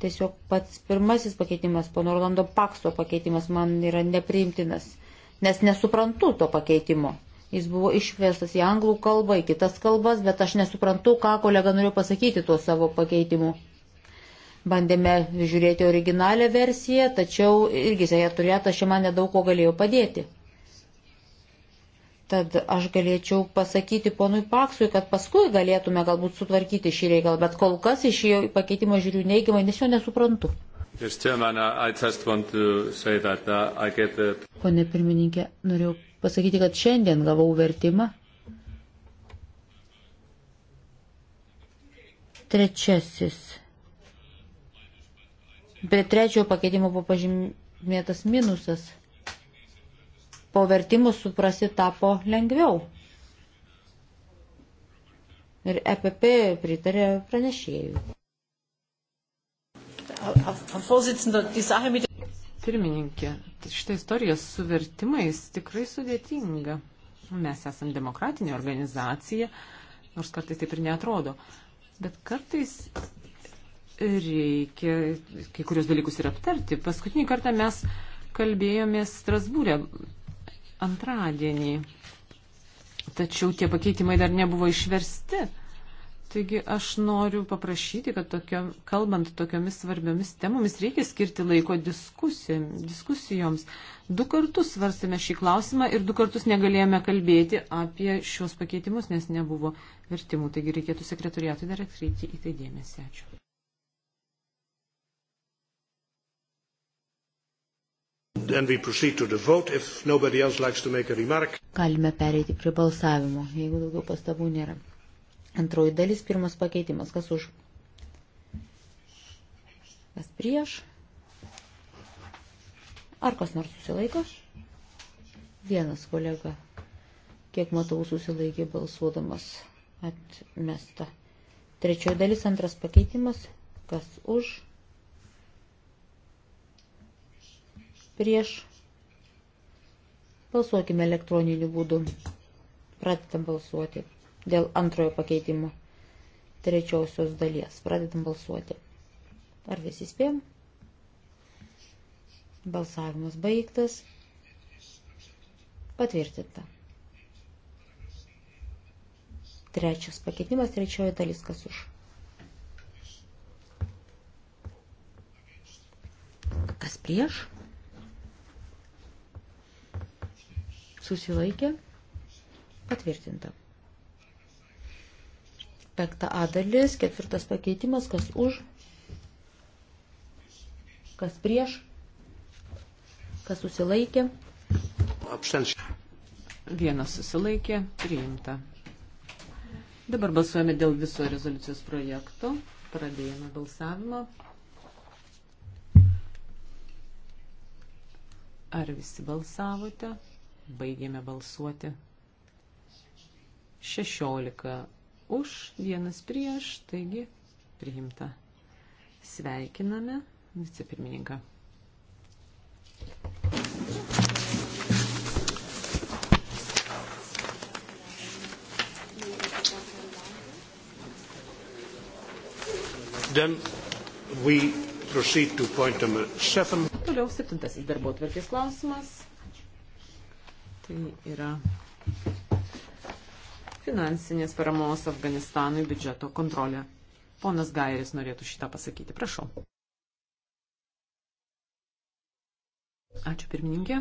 Tiesiog pats pirmasis pakeitimas, pono Orlando Pakso pakeitimas, man yra nepriimtinas, nes nesuprantu to pakeitimo. Jis buvo išvestas į anglų kalbą, į kitas kalbas, bet aš nesuprantu, ką kolega noriu pasakyti tuo savo pakeitimu. Bandėme žiūrėti originalią versiją, tačiau irgi sekretoriatas čia man nedaug ko galėjo padėti. Tad aš galėčiau pasakyti ponui Paksui, kad paskui galėtume galbūt sutvarkyti šį reikalą, bet kol kas iš jo pakeitimo žiūriu neigiamai, nes jo nesuprantu. Yes, chairman, that, uh, Pone pirmininkė, norėjau pasakyti, kad šiandien gavau vertimą. Trečiasis. Prie trečiojo pakeitimo buvo pažymėtas minusas. Po vertimų suprasti tapo lengviau. Ir EPP pritarė pranešėjui. Herr Vorsitzender, die Sache mit pirmininkė, tai šitą istoriją su vertimais tikrai sudėtinga. Mes esam demokratinė organizacija, nors kartais taip ir neatrodo. Bet kartais reikia kai kurios dalykus ir aptarti. Paskutinį kartą mes kalbėjomės Strasbūrė antradienį. Tačiau tie pakeitimai dar nebuvo išversti. Taigi aš noriu paprašyti, kad tokio, kalbant tokiomis svarbiomis temomis reikia skirti laiko diskusijoms. Du kartus svarstėme šį klausimą ir du kartus negalėjome kalbėti apie šios pakeitimus, nes nebuvo vertimų. Taigi reikėtų sekretoriatui dar atkreipti į tai dėmesį. Ačiū. Galime pereiti prie balsavimo, jeigu daugiau pastabų nėra. Antroji dalis, pirmas pakeitimas. Kas už? Kas prieš? Ar kas nors susilaiko? Vienas kolega, kiek matau, susilaikė balsuodamas atmesta. Trečioji dalis, antras pakeitimas. Kas už? Prieš. Balsuokime elektroniniu būdu. Pradedam balsuoti dėl antrojo pakeitimo trečiosios dalies. Pradedam balsuoti. Ar visi spėjom? Balsavimas baigtas. Patvirtinta. Trečias pakeitimas, trečioji dalis, kas už. Kas prieš? Susilaikė. Patvirtinta. 5 A dalis, ketvirtas pakeitimas, kas už, kas prieš, kas susilaikė. Vienas susilaikė, priimta. Dabar balsuojame dėl viso rezoliucijos projekto. Pradėjome balsavimą. Ar visi balsavote? Baigėme balsuoti. 16 už, vienas prieš, taigi priimta. Sveikiname vicepirmininką. Then we proceed to point number seven. Toliau septintasis darbo tvarkės klausimas. Tai yra finansinės paramos Afganistanui biudžeto kontrolę. Ponas Gairis norėtų šitą pasakyti. Prašau. Ačiū pirmininkė.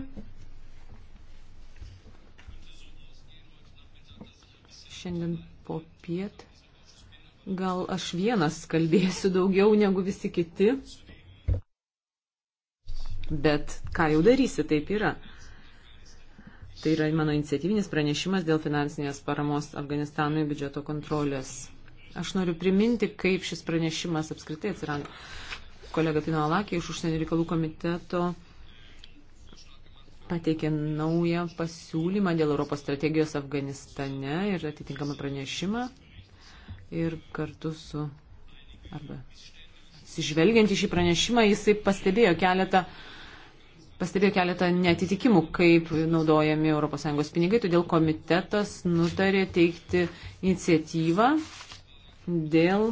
Šiandien po piet. Gal aš vienas kalbėsiu daugiau negu visi kiti. Bet ką jau darysi, taip yra. Tai yra mano iniciatyvinis pranešimas dėl finansinės paramos Afganistanui biudžeto kontrolės. Aš noriu priminti, kaip šis pranešimas apskritai atsirado. Kolega Tino Alakė iš užsienio reikalų komiteto pateikė naują pasiūlymą dėl Europos strategijos Afganistane ir atitinkamą pranešimą. Ir kartu su, arba atsižvelgiant į šį pranešimą, jisai pastebėjo keletą uh, pastebėjau keletą netitikimų, kaip naudojami ES pinigai, todėl komitetas nutarė teikti iniciatyvą dėl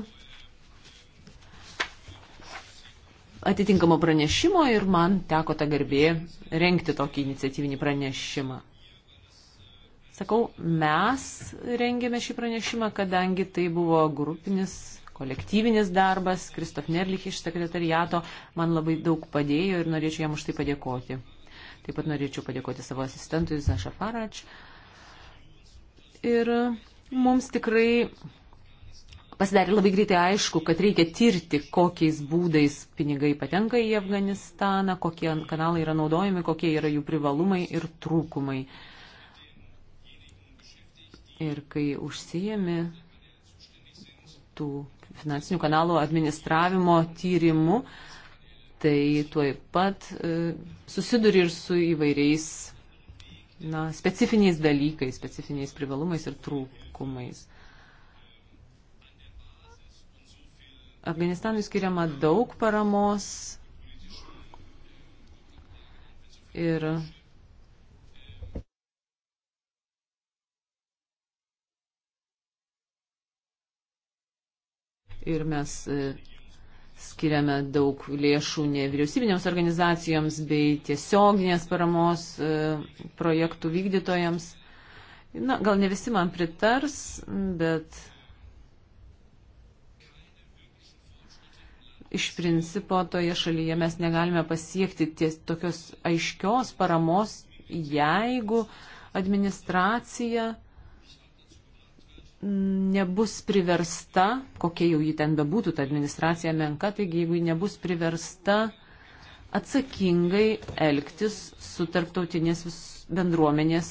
atitinkamo pranešimo ir man teko ta garbė renkti tokį iniciatyvinį pranešimą. Sakau, mes rengėme šį pranešimą, kadangi tai buvo grupinis kolektyvinis darbas. Kristof Nerlich iš sekretariato man labai daug padėjo ir norėčiau jam už tai padėkoti. Taip pat norėčiau padėkoti savo asistentui Zaša Farač. Ir mums tikrai pasidarė labai greitai aišku, kad reikia tirti, kokiais būdais pinigai patenka į Afganistaną, kokie kanalai yra naudojami, kokie yra jų privalumai ir trūkumai. Ir kai užsijami tų finansinių kanalų administravimo tyrimu, tai tuoj pat e, susiduri ir su įvairiais na, specifiniais dalykais, specifiniais privalumais ir trūkumais. Afganistanui skiriama daug paramos ir ir mes e, skiriame daug lėšų nevyriausybinėms organizacijoms bei tiesioginės paramos e, projektų vykdytojams. Na, gal ne visi man pritars, bet iš principo toje šalyje mes negalime pasiekti ties tokios aiškios paramos, jeigu administracija nebus priversta, kokia jau ji ten bebūtų, ta administracija menka, taigi jeigu ji nebus priversta atsakingai elgtis su tarptautinės bendruomenės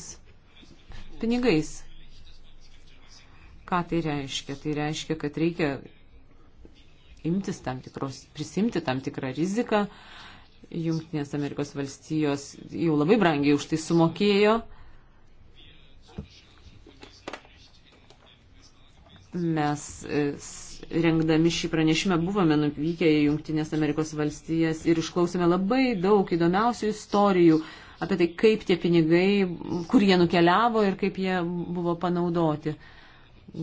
pinigais. Ką tai reiškia? Tai reiškia, kad reikia imtis tam tikros, prisimti tam tikrą riziką. Junktinės Amerikos valstijos jau labai brangiai už tai sumokėjo Mes e, rengdami šį pranešimą buvome nuvykę į Junktinės Amerikos valstijas ir išklausėme labai daug įdomiausių istorijų apie tai, kaip tie pinigai, kur jie nukeliavo ir kaip jie buvo panaudoti.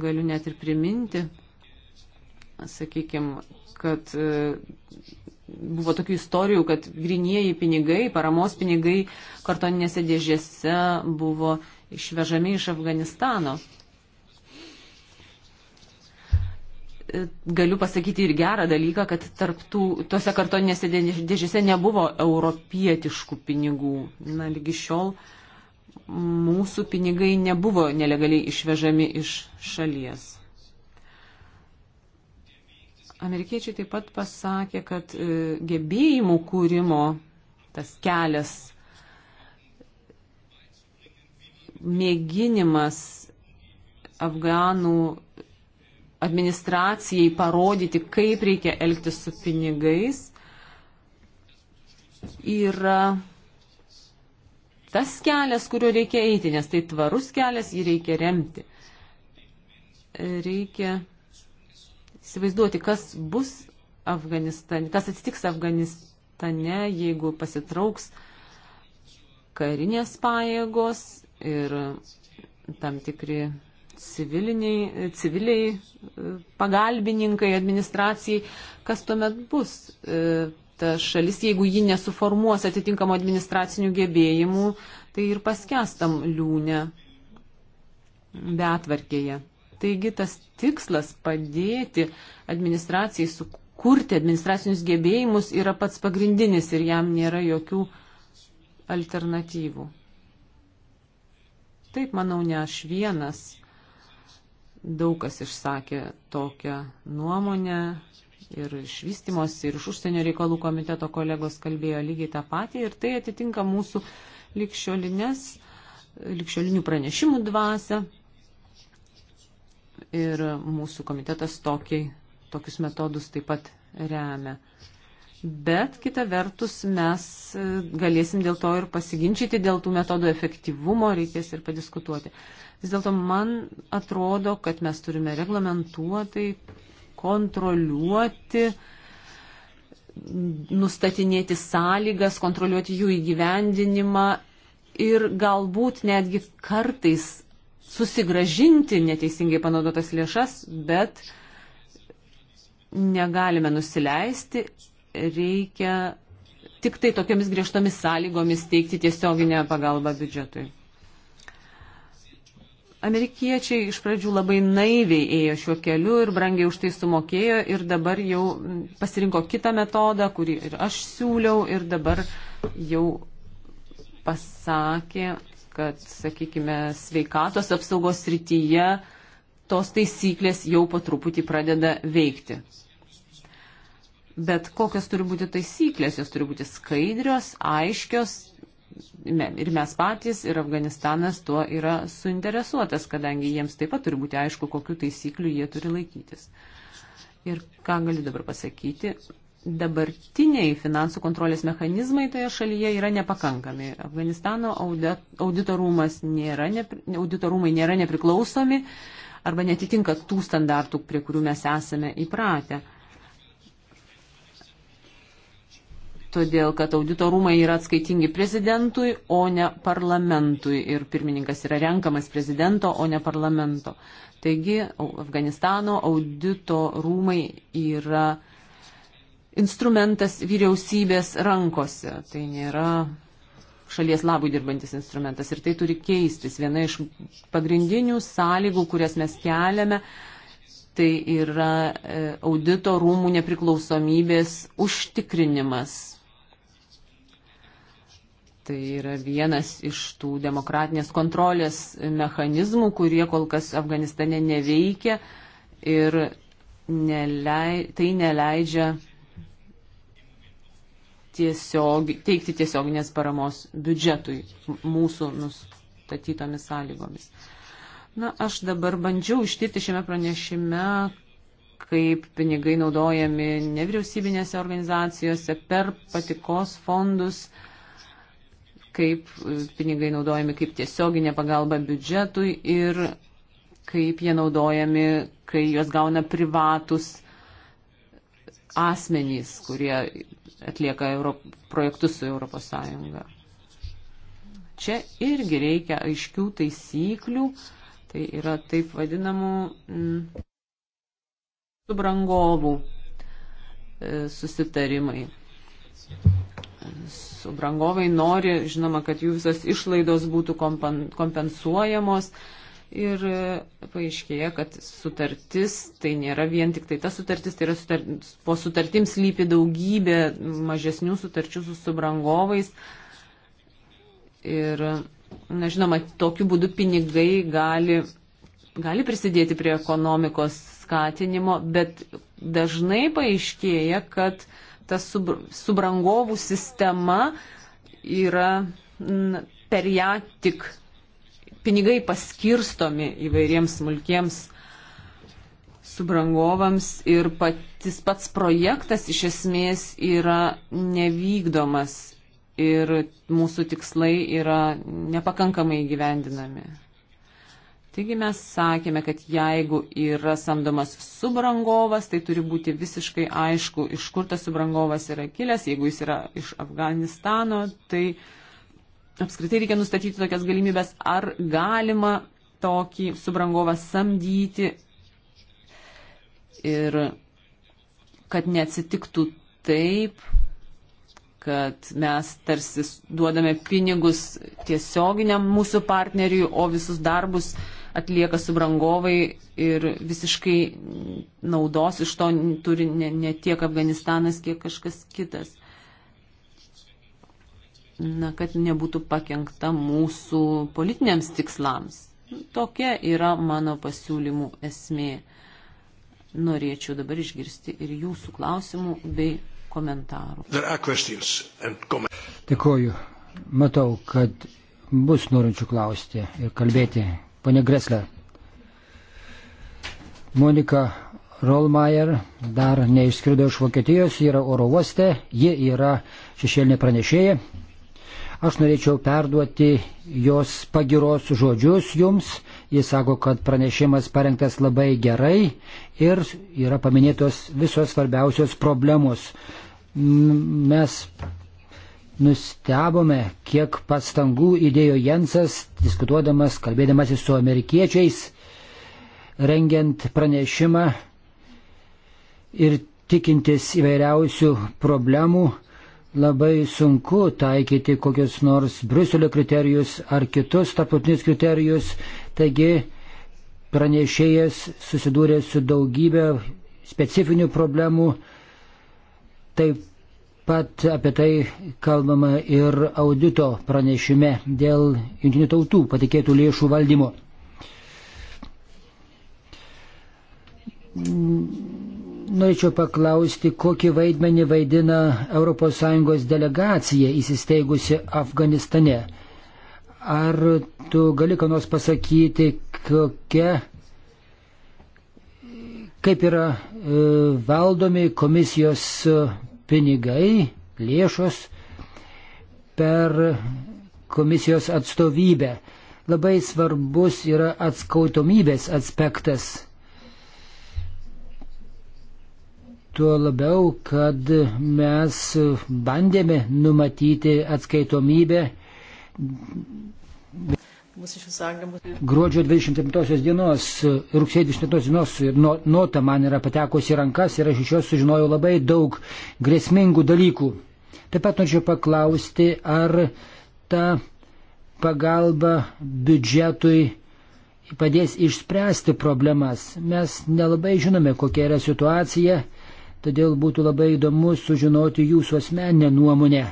Galiu net ir priminti, sakykime, kad e, buvo tokių istorijų, kad grinieji pinigai, paramos pinigai kartoninėse dėžėse buvo išvežami iš Afganistano. galiu pasakyti ir gerą dalyką, kad tarptų, tose kartoninėse dėžėse nebuvo europietiškų pinigų. Na, lygi šiol mūsų pinigai nebuvo nelegaliai išvežami iš šalies. Amerikiečiai taip pat pasakė, kad e, gebėjimų kūrimo tas kelias, mėginimas afganų administracijai parodyti, kaip reikia elgtis su pinigais, yra tas kelias, kuriuo reikia eiti, nes tai tvarus kelias, jį reikia remti. Reikia įsivaizduoti, kas bus Afganistane, kas atsitiks Afganistane, jeigu pasitrauks karinės pajėgos ir tam tikri civiliniai, civiliai e, pagalbininkai administracijai, kas tuomet bus e, ta šalis, jeigu ji nesuformuos atitinkamo administracinių gebėjimų, tai ir paskestam liūnę betvarkėje. Taigi tas tikslas padėti administracijai sukurti administracinius gebėjimus yra pats pagrindinis ir jam nėra jokių alternatyvų. Taip, manau, ne aš vienas daug kas išsakė tokią nuomonę ir iš vystimosi, ir iš užsienio reikalų komiteto kolegos kalbėjo lygiai tą patį ir tai atitinka mūsų likščiolinės, likščiolinių pranešimų dvasę. Ir mūsų komitetas tokiai, tokius metodus taip pat remia bet kita vertus mes e, galėsim dėl to ir pasiginčyti, dėl tų metodų efektyvumo reikės ir padiskutuoti. Vis dėlto man atrodo, kad mes turime reglamentuotai kontroliuoti, nustatinėti sąlygas, kontroliuoti jų įgyvendinimą ir galbūt netgi kartais susigražinti neteisingai panaudotas lėšas, bet negalime nusileisti reikia tik tai tokiamis griežtomis sąlygomis teikti tiesioginę pagalbą biudžetui. Amerikiečiai iš pradžių labai naiviai ėjo šiuo keliu ir brangiai už tai sumokėjo ir dabar jau pasirinko kitą metodą, kurį ir aš siūliau ir dabar jau pasakė, kad, sakykime, sveikatos apsaugos srityje tos taisyklės jau po truputį pradeda veikti. Bet kokios turi būti taisyklės, jos turi būti skaidrios, aiškios. Ir mes patys, ir Afganistanas tuo yra suinteresuotas, kadangi jiems taip pat turi būti aišku, kokiu taisykliu jie turi laikytis. Ir ką galiu dabar pasakyti, dabartiniai finansų kontrolės mechanizmai toje šalyje yra nepakankami. Afganistano auditorumas nėra, auditorumai nėra nepriklausomi arba netitinka tų standartų, prie kurių mes esame įpratę. todėl kad audito rūmai yra atskaitingi prezidentui, o ne parlamentui. Ir pirmininkas yra renkamas prezidento, o ne parlamento. Taigi Afganistano audito rūmai yra instrumentas vyriausybės rankose. Tai nėra šalies labui dirbantis instrumentas ir tai turi keistis. Viena iš pagrindinių sąlygų, kurias mes keliame, tai yra e, audito rūmų nepriklausomybės užtikrinimas Tai yra vienas iš tų demokratinės kontrolės mechanizmų, kurie kol kas Afganistane neveikia ir nelei, tai neleidžia tiesiog, teikti tiesioginės paramos biudžetui mūsų nustatytomis sąlygomis. Na, aš dabar bandžiau ištirti šiame pranešime, kaip pinigai naudojami nevyriausybinėse organizacijose per patikos fondus. Uh, kaip e, pinigai naudojami kaip tiesioginė pagalba biudžetui ir kaip jie naudojami, kai juos gauna privatus asmenys, kurie atlieka Euro, projektus su ES. Čia irgi reikia aiškių taisyklių, tai yra taip vadinamų mm, subrangovų e, susitarimai. Su subrangovai nori, žinoma, kad jų visos išlaidos būtų kompensuojamos. Ir paaiškėja, kad sutartis tai nėra vien tik tai ta sutartis, tai yra sutar, po sutartims lypi daugybė mažesnių sutarčių su subrangovais. Ir, na, žinoma, tokiu būdu pinigai gali, gali prisidėti prie ekonomikos skatinimo, bet dažnai paaiškėja, kad ta sub, subrangovų sistema yra n, per ją tik pinigai paskirstomi įvairiems smulkiems subrangovams ir patys pats projektas iš esmės yra nevykdomas ir mūsų tikslai yra nepakankamai gyvendinami. Taigi mes sakėme, kad jeigu yra samdomas subrangovas, tai turi būti visiškai aišku, iš kur tas subrangovas yra kilęs. Jeigu jis yra iš Afganistano, tai apskritai reikia nustatyti tokias galimybės, ar galima tokį subrangovą samdyti ir kad neatsitiktų taip, kad mes tarsi duodame pinigus tiesioginiam mūsų partneriui, o visus darbus uh, atlieka subrangovai ir visiškai naudos iš to turi ne, ne tiek Afganistanas, kiek kažkas kitas. Na, kad nebūtų pakengta mūsų politiniams tikslams. Tokia yra mano pasiūlymų esmė. Norėčiau dabar išgirsti ir jūsų klausimų bei komentarų. Dėkoju. Matau, kad bus norinčių klausti ir kalbėti. Pone Gresler. Monika Rolmeier dar neišskrido iš Vokietijos, yra oro uoste, ji yra šešėlinė pranešėja. Aš norėčiau perduoti jos pagiros žodžius jums. Jis sako, kad pranešimas parengtas labai gerai ir yra paminėtos visos svarbiausios problemos. Mes nustebome, kiek pastangų įdėjo Jensas, diskutuodamas, kalbėdamasis su amerikiečiais, rengiant pranešimą ir tikintis įvairiausių problemų. Labai sunku taikyti kokius nors Bruselio kriterijus ar kitus tarptautinius kriterijus, taigi pranešėjas susidūrė su daugybė specifinių problemų, taip pat apie tai kalbama ir audito pranešime dėl jungtinių tautų patikėtų lėšų valdymo. Norėčiau paklausti, kokį vaidmenį vaidina ES delegacija įsisteigusi Afganistane. Ar tu gali ką nors pasakyti, kokia, kaip yra e, valdomi komisijos pinigai, lėšos per komisijos atstovybę. Labai svarbus yra atskaitomybės aspektas. Tuo labiau, kad mes bandėme numatyti atskaitomybę. Gruodžio 27 dienos, rugsėjo 27 dienos nota man yra patekusi į rankas ir aš iš jos sužinojau labai daug grėsmingų dalykų. Taip pat norėčiau paklausti, ar ta pagalba biudžetui padės išspręsti problemas. Mes nelabai žinome, kokia yra situacija, todėl būtų labai įdomu sužinoti jūsų asmeninę nuomonę.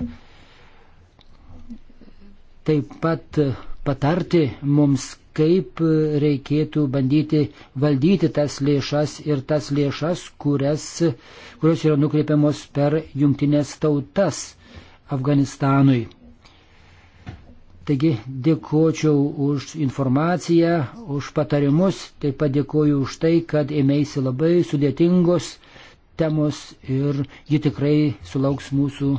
Taip pat patarti mums, kaip reikėtų bandyti valdyti tas lėšas ir tas lėšas, kurias, kurios yra nukreipiamos per jungtinės tautas Afganistanui. Taigi dėkočiau už informaciją, už patarimus, taip pat dėkoju už tai, kad ėmėsi labai sudėtingos temos ir ji tikrai sulauks mūsų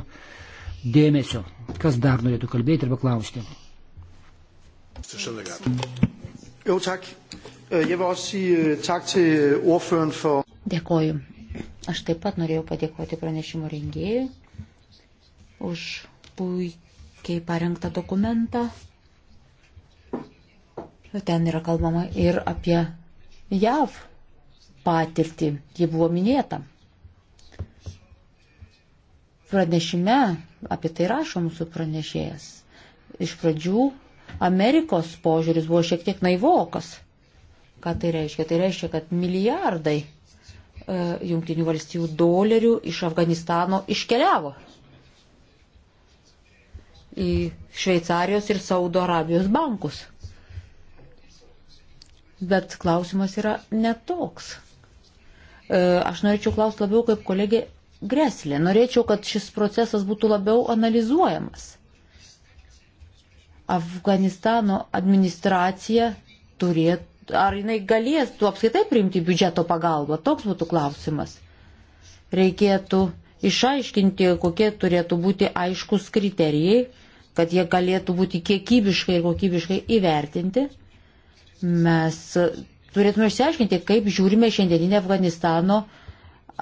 dėmesio. Kas dar norėtų kalbėti arba klausti? Jo, tak. Øh, jeg vil også sige øh, tak til ordføreren for. Dėkoju. Aš taip pat norėjau padėkoti pranešimo rengėjui už puikiai parengtą dokumentą. Ten yra kalbama ir apie JAV patirtį. Ji buvo minėta. Pranešime apie tai rašo mūsų pranešėjas. Iš pradžių Amerikos požiūris buvo šiek tiek naivokas. Ką tai reiškia? Tai reiškia, kad milijardai e, jungtinių valstybių dolerių iš Afganistano iškeliavo į Šveicarijos ir Saudo Arabijos bankus. Bet klausimas yra netoks. E, aš norėčiau klausti labiau kaip kolegė Greslė. Norėčiau, kad šis procesas būtų labiau analizuojamas Afganistano administracija turėtų, ar jinai galės tu apskaitai priimti biudžeto pagalbą, toks būtų klausimas. Reikėtų išaiškinti, kokie turėtų būti aiškus kriterijai, kad jie galėtų būti kiekybiškai ir kokybiškai įvertinti. Mes turėtume išsiaiškinti, kaip žiūrime šiandieninę Afganistano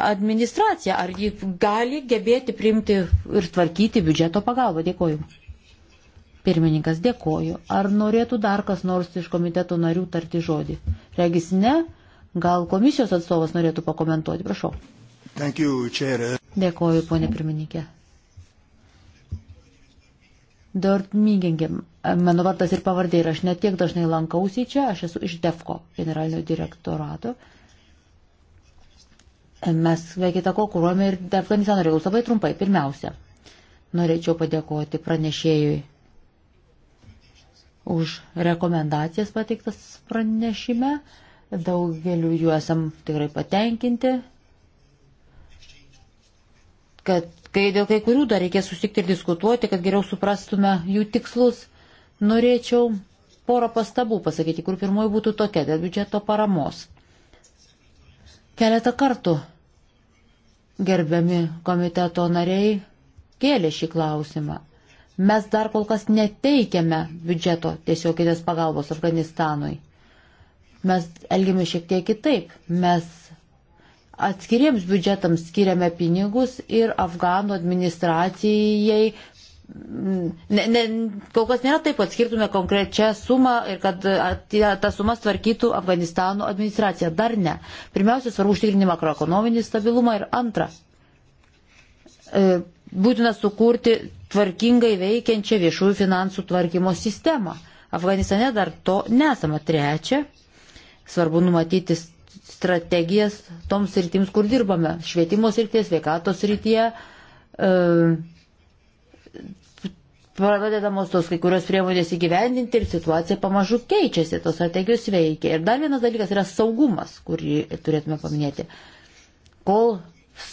administraciją, ar ji gali gebėti priimti ir tvarkyti biudžeto pagalbą. Dėkoju. Pirmininkas, dėkoju. Ar norėtų dar kas nors iš komiteto narių tarti žodį? Regis ne. Gal komisijos atstovas norėtų pakomentuoti? Prašau. Thank you, chair. Dėkoju, ponė pirmininkė. Dort Mygingim. Mano vardas ir pavardė ir aš netiek dažnai lankausi čia, aš esu iš DEFCO generalinio direktorato. Mes, be kita ko, kūruojame ir Afganistano reikalus labai trumpai. Pirmiausia, norėčiau padėkoti pranešėjui už rekomendacijas pateiktas pranešime. Daugeliu jų esam tikrai patenkinti. Kad kai dėl kai kurių dar reikės susitikti ir diskutuoti, kad geriau suprastume jų tikslus, norėčiau porą pastabų pasakyti, kur pirmoji būtų tokia dėl biudžeto paramos. Keletą kartų gerbiami komiteto nariai kėlė šį klausimą. Mes dar kol kas neteikiame biudžeto tiesioginės pagalbos Afganistanui. Mes elgiame šiek tiek kitaip. Mes atskiriems biudžetams skiriame pinigus ir Afganų administracijai. Mm, ne, ne, kol kas nėra taip, kad skirtume konkrečią sumą ir kad tą sumą tvarkytų Afganistano administracija. Dar ne. Pirmiausia, svarbu užtikrinti makroekonominį stabilumą ir antra. E, būtina sukurti tvarkingai veikiančią viešųjų finansų tvarkymo sistemą. Afganistane dar to nesama. Trečia, svarbu numatyti strategijas toms rytims, kur dirbame. Švietimo srityje, sveikatos srityje. E, pradedamos tos kai kurios priemonės įgyvendinti ir situacija pamažu keičiasi, tos strategijos veikia. Ir dar vienas dalykas yra saugumas, kurį turėtume paminėti. Kol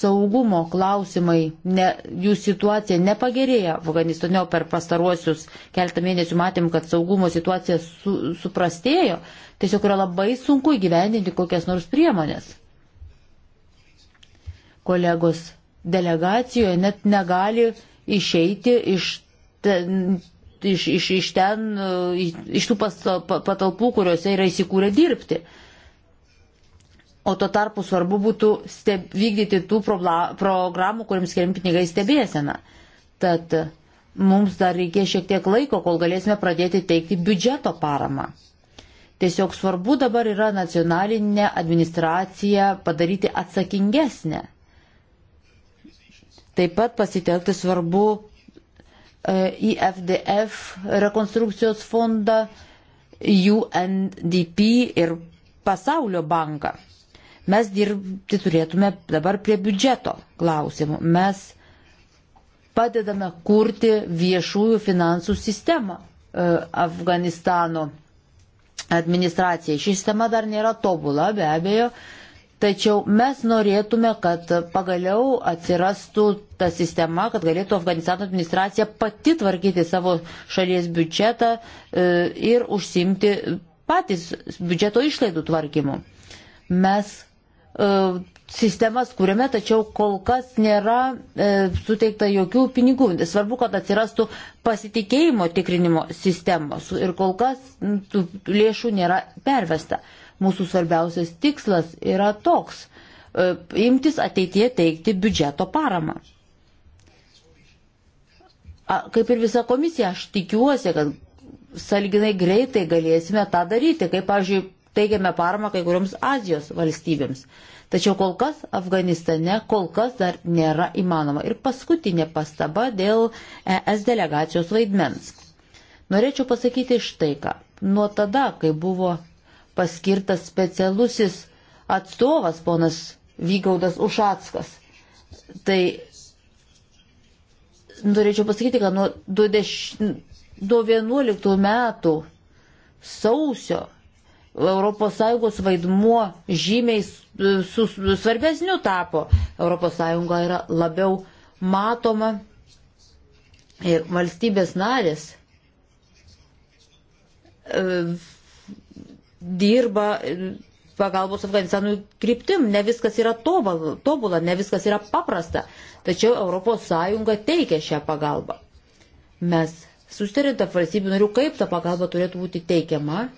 saugumo klausimai, ne, jų situacija nepagerėja Afganistane, o per pastaruosius keltą mėnesių matėm, kad saugumo situacija su, suprastėjo, tiesiog yra labai sunku įgyvendinti kokias nors priemonės. Kolegos delegacijoje net negali išeiti iš ten, iš, iš, iš ten, iš tų patalpų, kuriuose yra įsikūrę dirbti. Uh, o tuo tarpu svarbu būtų steb, vykdyti tų programų, kuriams skiriam pinigai stebėseną. Tad mums dar reikės šiek tiek laiko, kol galėsime pradėti teikti biudžeto paramą. Tiesiog svarbu dabar yra nacionalinę administraciją padaryti atsakingesnę. Taip pat pasitelkti svarbu į e, FDF rekonstrukcijos fondą, UNDP ir Pasaulio banką. Mes dirbti turėtume dabar prie biudžeto klausimų. Mes padedame kurti viešųjų finansų sistemą e, Afganistano administracijai. Ši sistema dar nėra tobula, be abejo, tačiau mes norėtume, kad pagaliau atsirastų ta sistema, kad galėtų Afganistano administracija pati tvarkyti savo šalies biudžetą e, ir užsimti patys biudžeto išlaidų tvarkymu. Mes E, sistemas kuriame, tačiau kol kas nėra e, suteikta jokių pinigų. Svarbu, kad atsirastų pasitikėjimo tikrinimo sistemos ir kol kas tų lėšų nėra pervesta. Mūsų svarbiausias tikslas yra toks e, - imtis ateitie teikti biudžeto paramą. A, kaip ir visa komisija, aš tikiuosi, kad salginai greitai galėsime tą daryti, kaip, pavyzdžiui, teigiame paramą kai kurioms Azijos valstybėms. Tačiau kol kas Afganistane kol kas dar nėra įmanoma. Ir paskutinė pastaba dėl ES delegacijos vaidmens. Norėčiau pasakyti štai ką. Nuo tada, kai buvo paskirtas specialusis atstovas ponas Vygaudas Ušackas, tai norėčiau pasakyti, kad nuo 2011 metų sausio ES vaidmuo žymiai su, su, svarbesniu tapo. ES yra labiau matoma ir valstybės narės e, dirba pagalbos Afganistanui kryptim. Ne viskas yra tobula, ne viskas yra paprasta, tačiau ES teikia šią pagalbą. Mes sustarėm tarp valstybių narių, kaip ta pagalba turėtų būti teikiama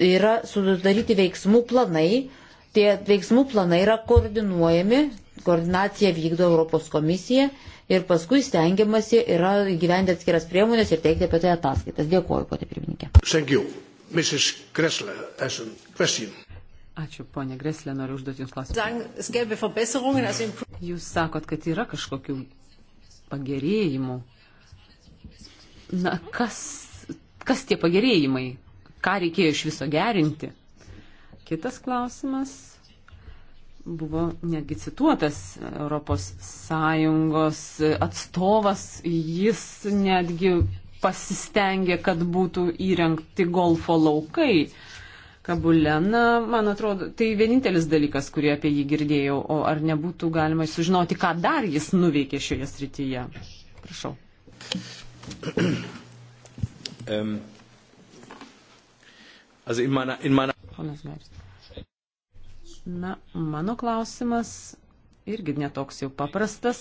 yra sudaryti veiksmų planai. Tie veiksmų planai yra koordinuojami, koordinaciją vykdo Europos komisija ir paskui stengiamasi yra gyventi atskiras priemonės ir teikti apie tai ataskaitas. Dėkuoju, ponė pirmininkė. Ačiū, ponė Greslė, noriu užduoti Jums klausimą. Jūs sakot, kad yra kažkokių pagerėjimų. Na, kas, kas tie pagerėjimai? ką reikėjo iš viso gerinti. Kitas klausimas buvo netgi cituotas ES atstovas, jis netgi pasistengė, kad būtų įrengti golfo laukai. Kabulena, man atrodo, tai vienintelis dalykas, kurį apie jį girdėjau, o ar nebūtų galima sužinoti, ką dar jis nuveikė šioje srityje. Prašau. Um, Also in meiner, in meiner... Ponas Meipst. Na, mano klausimas irgi netoks jau paprastas.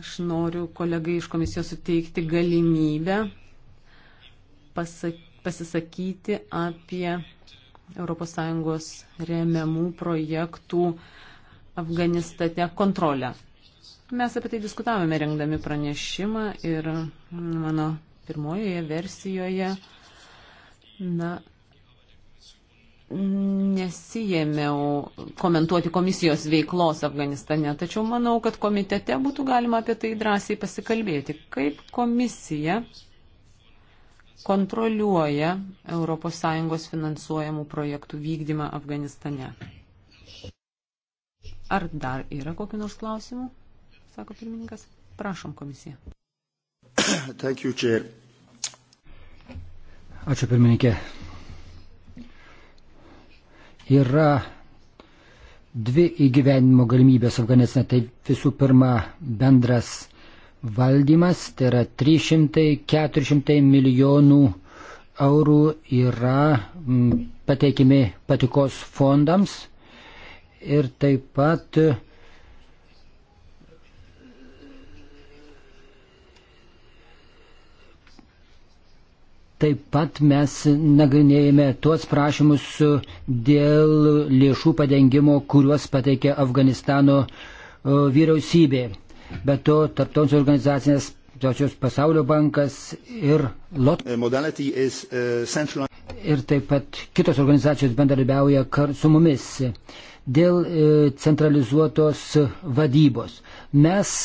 Aš noriu kolegai iš komisijos suteikti galimybę pasak, pasisakyti apie ES remiamų projektų Afganistate kontrolę. Mes apie tai diskutavome rengdami pranešimą ir mano pirmojoje versijoje Na, nesijėmiau komentuoti komisijos veiklos Afganistane, tačiau manau, kad komitete būtų galima apie tai drąsiai pasikalbėti. Kaip komisija kontroliuoja ES finansuojamų projektų vykdymą Afganistane? Ar dar yra kokiu nors klausimu, sako pirmininkas? Prašom komisiją. Thank you, Chair. Ačiū pirmininkė. Yra dvi įgyvenimo galimybės Afganistane. Tai visų pirma bendras valdymas, tai yra 300-400 milijonų eurų yra mm, pateikimi patikos fondams ir taip pat Taip pat mes nagrinėjame tuos prašymus dėl lėšų padengimo, kuriuos pateikė Afganistano e, vyriausybė. Be to, tarptautinės organizacinės, točios pasaulio bankas ir LOT. E, is, uh, central... Ir taip pat kitos organizacijos bendradarbiauja su mumis dėl centralizuotos vadybos. Mes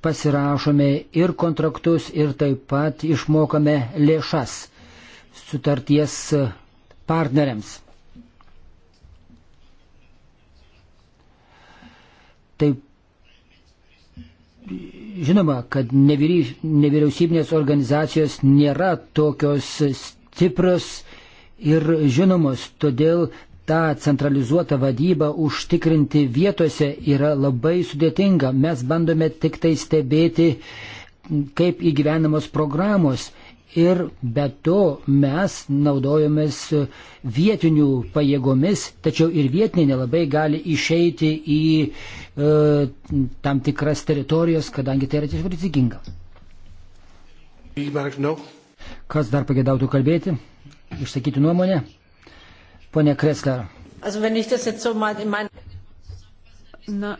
pasirašome ir kontraktus, ir taip pat išmokame lėšas sutarties partneriams. Taip, žinoma, kad nevyriausybinės organizacijos nėra tokios stiprios ir žinomos, todėl tą centralizuotą vadybą užtikrinti vietose yra labai sudėtinga. Mes bandome tik tai stebėti, kaip įgyvenamos programos. Ir be to mes naudojomės vietinių pajėgomis, tačiau ir vietiniai nelabai gali išeiti į e, tam tikras teritorijas, kadangi tai yra tiesiog rizikinga. Kas dar pagėdautų kalbėti, išsakyti nuomonę? Pone Kresler. Na,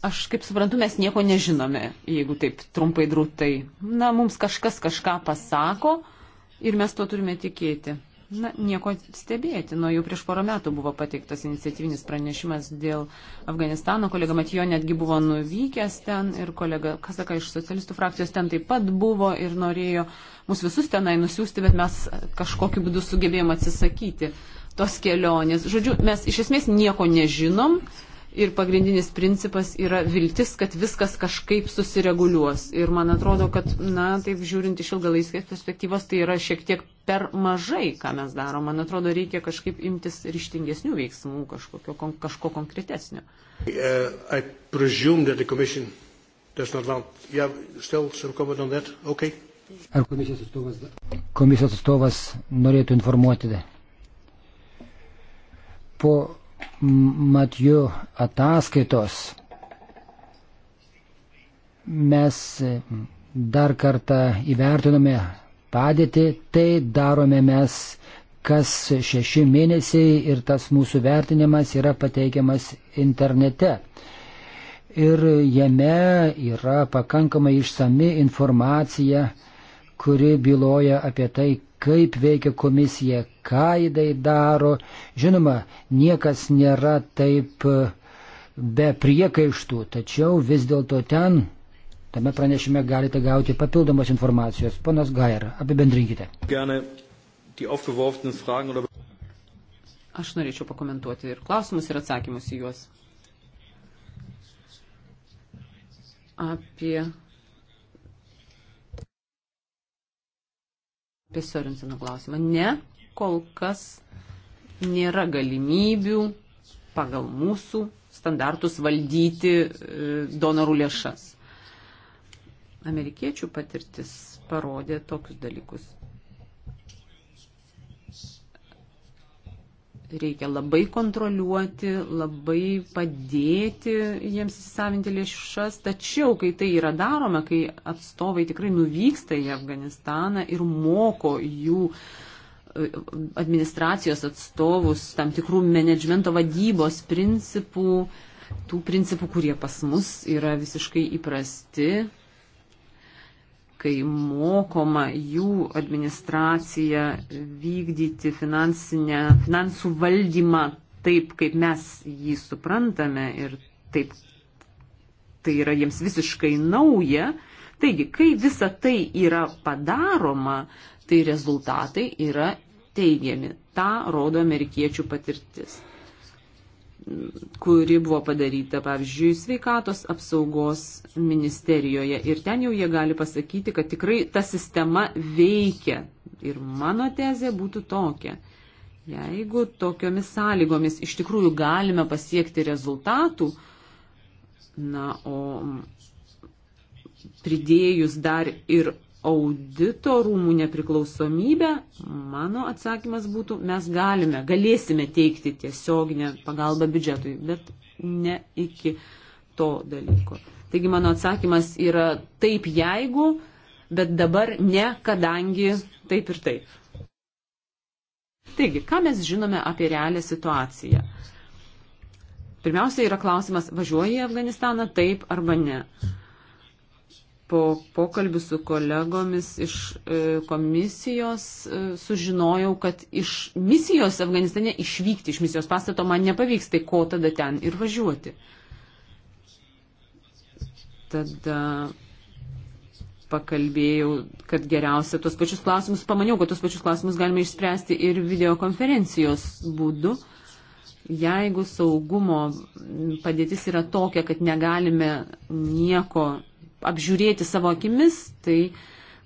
aš kaip suprantu, mes nieko nežinome, jeigu taip trumpai drūtai. Na, mums kažkas kažką pasako ir mes tuo turime tikėti. Na, nieko stebėti. Nuo jau prieš porą metų buvo pateiktas iniciatyvinis pranešimas dėl Afganistano. Kolega Matijo netgi buvo nuvykęs ten ir kolega Kazaka iš socialistų frakcijos ten taip pat buvo ir norėjo mus visus tenai nusiųsti, bet mes kažkokiu būdu sugebėjom atsisakyti. Uh, tos kelionės. Žodžiu, mes iš esmės nieko nežinom ir pagrindinis principas yra viltis, kad viskas kažkaip susireguliuos. Ir man atrodo, kad, na, taip žiūrint iš ilgalaikės perspektyvos, tai yra šiek tiek per mažai, ką mes darom. Man atrodo, reikia kažkaip imtis ryštingesnių veiksmų, kažkokio, kon, kažko konkretesnio. Uh, Ar komisijos atstovas, komisijos atstovas norėtų informuoti? Da? po Matijų ataskaitos mes dar kartą įvertinome padėtį, tai darome mes kas šeši mėnesiai ir tas mūsų vertinimas yra pateikiamas internete. Ir jame yra pakankamai išsami informacija, kuri byloja apie tai, kaip veikia komisija, ką jinai daro. Žinoma, niekas nėra taip e, be priekaištų, tačiau vis dėlto ten, tame pranešime galite gauti papildomos informacijos. Ponas Gaira, apibendrinkite. Aš norėčiau pakomentuoti ir klausimus, ir atsakymus į juos. Apie Pisorinsinų klausimą. Ne, kol kas nėra galimybių pagal mūsų standartus valdyti e, donorų lėšas. Amerikiečių patirtis parodė tokius dalykus. reikia labai kontroliuoti, labai padėti jiems įsisavinti lėšas. Tačiau, kai tai yra daroma, kai atstovai tikrai nuvyksta į Afganistaną ir moko jų e, administracijos atstovus tam tikrų menedžmento vadybos principų, tų principų, kurie pas mus yra visiškai įprasti, kai mokoma jų administracija vykdyti finansų valdymą taip, kaip mes jį suprantame ir taip tai yra jiems visiškai nauja. Taigi, kai visa tai yra padaroma, tai rezultatai yra teigiami. Ta rodo amerikiečių patirtis kuri buvo padaryta, pavyzdžiui, sveikatos apsaugos ministerijoje. Ir ten jau jie gali pasakyti, kad tikrai ta sistema veikia. Ir mano tezė būtų tokia. Jeigu tokiomis sąlygomis iš tikrųjų galime pasiekti rezultatų, na, o pridėjus dar ir audito rūmų nepriklausomybę, mano atsakymas būtų, mes galime, galėsime teikti tiesioginę pagalbą biudžetui, bet ne iki to dalyko. Taigi mano atsakymas yra taip jeigu, bet dabar ne, kadangi taip ir taip. Taigi, ką mes žinome apie realią situaciją? Pirmiausia yra klausimas, važiuoji į Afganistaną taip arba ne po pokalbių su kolegomis iš e, komisijos e, sužinojau, kad iš misijos Afganistane išvykti iš misijos pastato man nepavyks, tai ko tada ten ir važiuoti. Tada pakalbėjau, kad geriausia tuos pačius klausimus, pamaniau, kad tuos pačius klausimus galime išspręsti ir videokonferencijos būdu. Jeigu saugumo padėtis yra tokia, kad negalime nieko apžiūrėti savo akimis, tai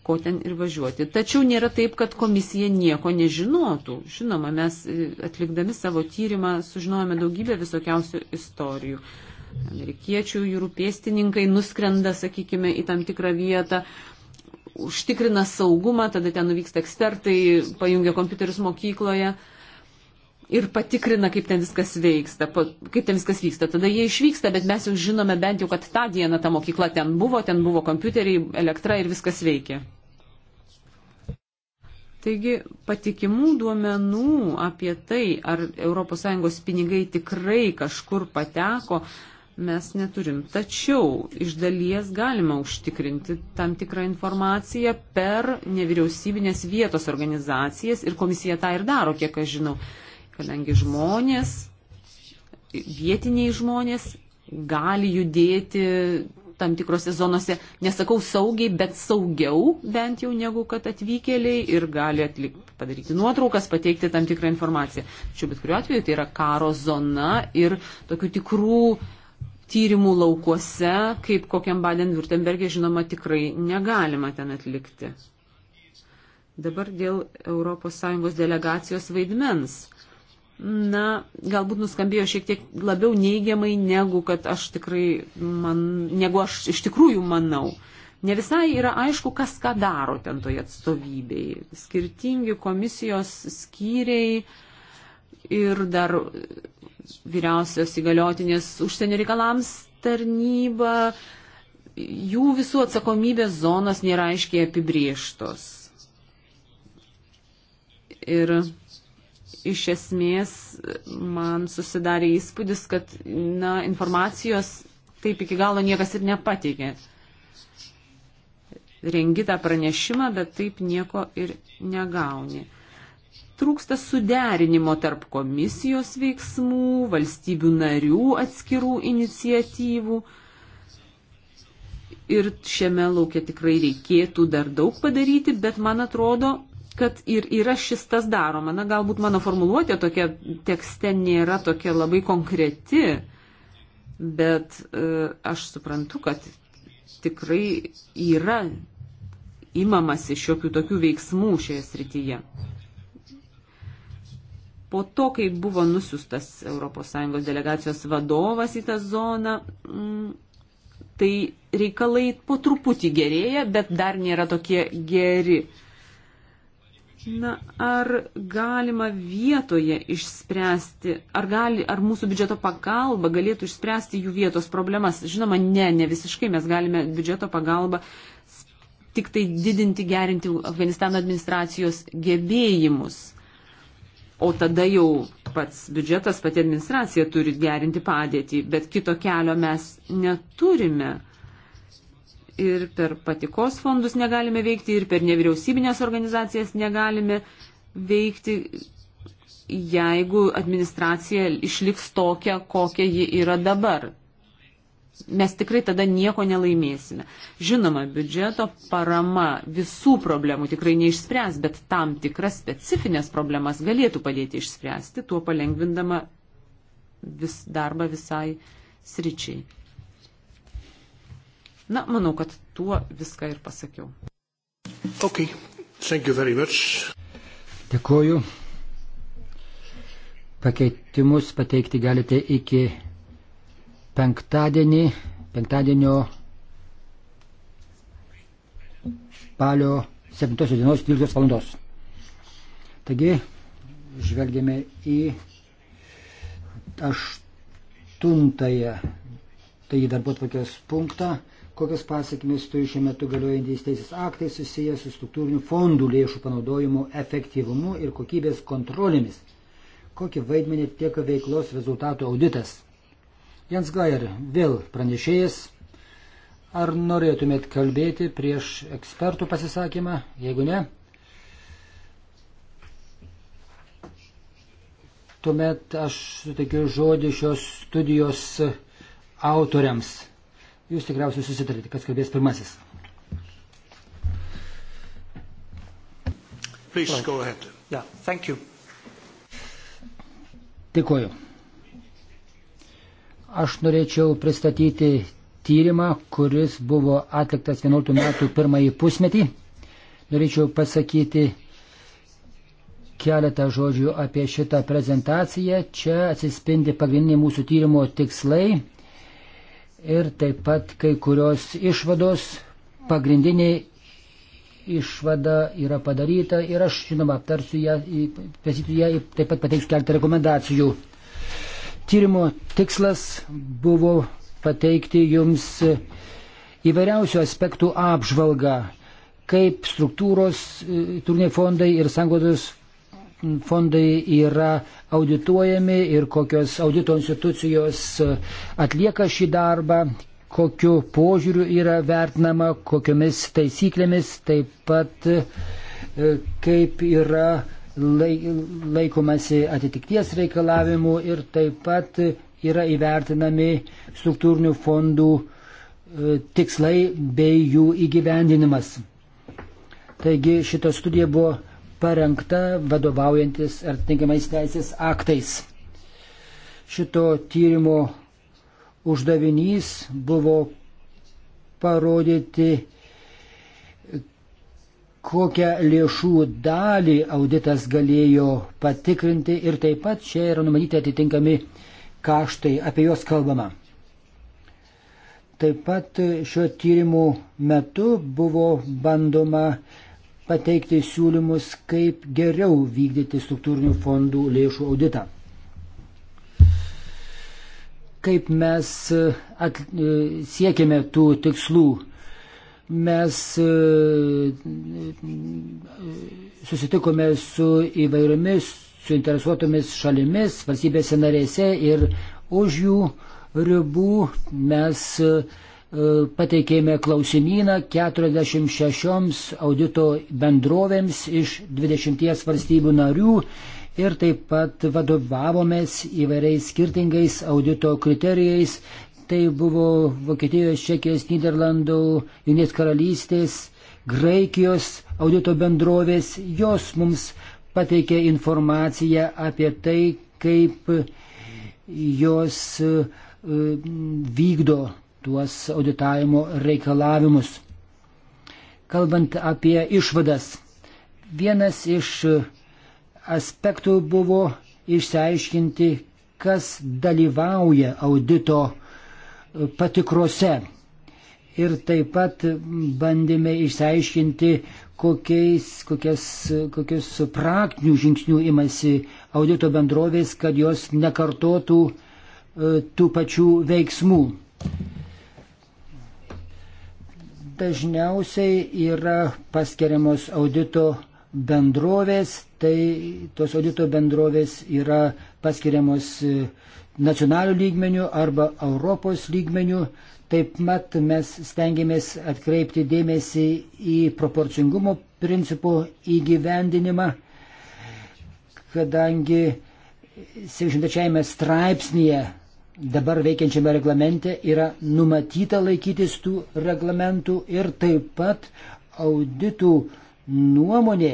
ko ten ir važiuoti. Tačiau nėra taip, kad komisija nieko nežinotų. Žinoma, mes e, atlikdami savo tyrimą sužinojome daugybę visokiausių istorijų. Amerikiečių jūrų pėstininkai nuskrenda, sakykime, į tam tikrą vietą, užtikrina saugumą, tada ten nuvyksta ekspertai, pajungia kompiuterius mokykloje. Uh, ir patikrina, kaip ten viskas vyksta, kaip ten viskas vyksta. Tada jie išvyksta, bet mes jau žinome bent jau, kad tą dieną ta mokykla ten buvo, ten buvo kompiuteriai, elektra ir viskas veikė. Taigi patikimų duomenų apie tai, ar ES pinigai tikrai kažkur pateko, mes neturim. Tačiau iš dalies galima užtikrinti tam tikrą informaciją per nevyriausybinės vietos organizacijas ir komisija tą ir daro, kiek aš žinau kadangi žmonės, vietiniai žmonės gali judėti tam tikrose zonose, nesakau saugiai, bet saugiau bent jau negu kad atvykėliai ir gali atlik, padaryti nuotraukas, pateikti tam tikrą informaciją. Čia bet kuriuo atveju tai yra karo zona ir tokių tikrų tyrimų laukuose, kaip kokiam Baden-Württembergė, žinoma, tikrai negalima ten atlikti. Dabar dėl ES delegacijos vaidmens na, galbūt nuskambėjo šiek tiek labiau neigiamai, negu kad aš tikrai, man, negu aš iš tikrųjų manau. Ne visai yra aišku, kas ką daro ten toje atstovybėje. Skirtingi komisijos skyriai ir dar vyriausios įgaliotinės užsienio reikalams tarnyba, jų visų atsakomybės zonos nėra aiškiai apibrieštos. Ir iš esmės man susidarė įspūdis, kad na, informacijos taip iki galo niekas ir nepateikė. Rengi tą pranešimą, bet taip nieko ir negauni. Trūksta suderinimo tarp komisijos veiksmų, valstybių narių atskirų iniciatyvų. Ir šiame laukia tikrai reikėtų dar daug padaryti, bet man atrodo, kad ir yra šis tas daroma. Na, galbūt mano formuluotė tokia tekste nėra tokia labai konkreti, bet e, aš suprantu, kad tikrai yra imamasi šiokių tokių veiksmų šioje srityje. Po to, kai buvo nusiustas ES delegacijos vadovas į tą zoną, mm, tai reikalai po truputį gerėja, bet dar nėra tokie geri. Na, ar galima vietoje išspręsti, ar, gali, ar mūsų biudžeto pagalba galėtų išspręsti jų vietos problemas? Žinoma, ne, ne visiškai mes galime biudžeto pagalba tik tai didinti, gerinti Afganistano administracijos gebėjimus. O tada jau pats biudžetas, pati administracija turi gerinti padėtį, bet kito kelio mes neturime ir per patikos fondus negalime veikti, ir per nevyriausybinės organizacijas negalime veikti, jeigu administracija išliks tokia, kokia ji yra dabar. Mes tikrai tada nieko nelaimėsime. Žinoma, biudžeto parama visų problemų tikrai neišspręs, bet tam tikras specifines problemas galėtų padėti išspręsti, tuo palengvindama vis darbą visai sričiai. Na, manau, kad tuo viską ir pasakiau. Okay. Dėkuoju. Pakeitimus pateikti galite iki penktadienį, penktadienio spalio 7 dienos 12 valandos. Taigi, žvelgėme į aštuntąją, tai darbo tvarkės punktą kokios pasiekmes turi šiuo metu galiojantys teisės aktai susijęs su struktūrinių fondų lėšų panaudojimo efektyvumu ir kokybės kontrolėmis. Kokį vaidmenį tieka veiklos rezultatų auditas? Jens Gajer, vėl pranešėjas. Ar norėtumėt kalbėti prieš ekspertų pasisakymą? Jeigu ne, tuomet aš suteikiu žodį šios studijos autoriams. Jūs tikriausiai susitarėte, kas kalbės pirmasis. Please go ahead. Yeah, thank you. Dėkuoju. Aš norėčiau pristatyti tyrimą, kuris buvo atliktas 11 metų pirmąjį pusmetį. Norėčiau pasakyti keletą žodžių apie šitą prezentaciją. Čia atsispindi pagrindiniai mūsų tyrimo tikslai ir taip pat kai kurios išvados, pagrindinė išvada yra padaryta ir aš, žinoma, aptarsiu ją, pasakysiu ją, taip pat pateiksiu keletą rekomendacijų. Tyrimo tikslas buvo pateikti jums įvairiausių aspektų apžvalgą, kaip struktūros, e, turniai fondai ir sangodos fondai yra audituojami ir kokios audito institucijos atlieka šį darbą, kokiu požiūriu yra vertinama, kokiamis taisyklėmis, taip pat e, kaip yra laikomasi atitikties reikalavimų ir taip pat yra įvertinami struktūrinių fondų e, tikslai bei jų įgyvendinimas. Taigi šita studija buvo parengta vadovaujantis atitinkamais teisės aktais. Šito tyrimo uždavinys buvo parodyti, kokią lėšų dalį auditas galėjo patikrinti ir taip pat čia yra numatyti atitinkami kaštai, apie juos kalbama. Taip pat šio tyrimų metu buvo bandoma uh, pateikti siūlymus, kaip geriau vykdyti struktūrinių fondų lėšų auditą. Kaip mes e, at, e, siekime tų tikslų, mes e, susitikome su įvairiomis suinteresuotomis šalimis, valstybėse narėse ir už jų ribų mes uh, E, pateikėme klausimyną 46 audito bendrovėms iš 20 valstybių narių ir taip pat vadovavomės įvairiais skirtingais audito kriterijais. Tai buvo Vokietijos, Čekijos, Niderlandų, Junės karalystės, Graikijos audito bendrovės. Jos mums pateikė informaciją apie tai, kaip jos e, vykdo tuos auditavimo reikalavimus. Kalbant apie išvadas, vienas iš aspektų buvo išsiaiškinti, kas dalyvauja audito patikrose. Ir taip pat bandėme išsiaiškinti, kokiais, kokias, kokius praktinių žingsnių imasi audito bendrovės, kad jos nekartotų e, tų pačių veiksmų dažniausiai yra paskiriamos audito bendrovės, tai tos audito bendrovės yra paskiriamos e, nacionalių lygmenių arba Europos lygmenių. Taip pat mes stengiamės atkreipti dėmesį į proporcingumo principų įgyvendinimą, kadangi 73 straipsnėje dabar veikiančiame reglamente yra numatyta laikytis tų reglamentų ir taip pat auditų nuomonė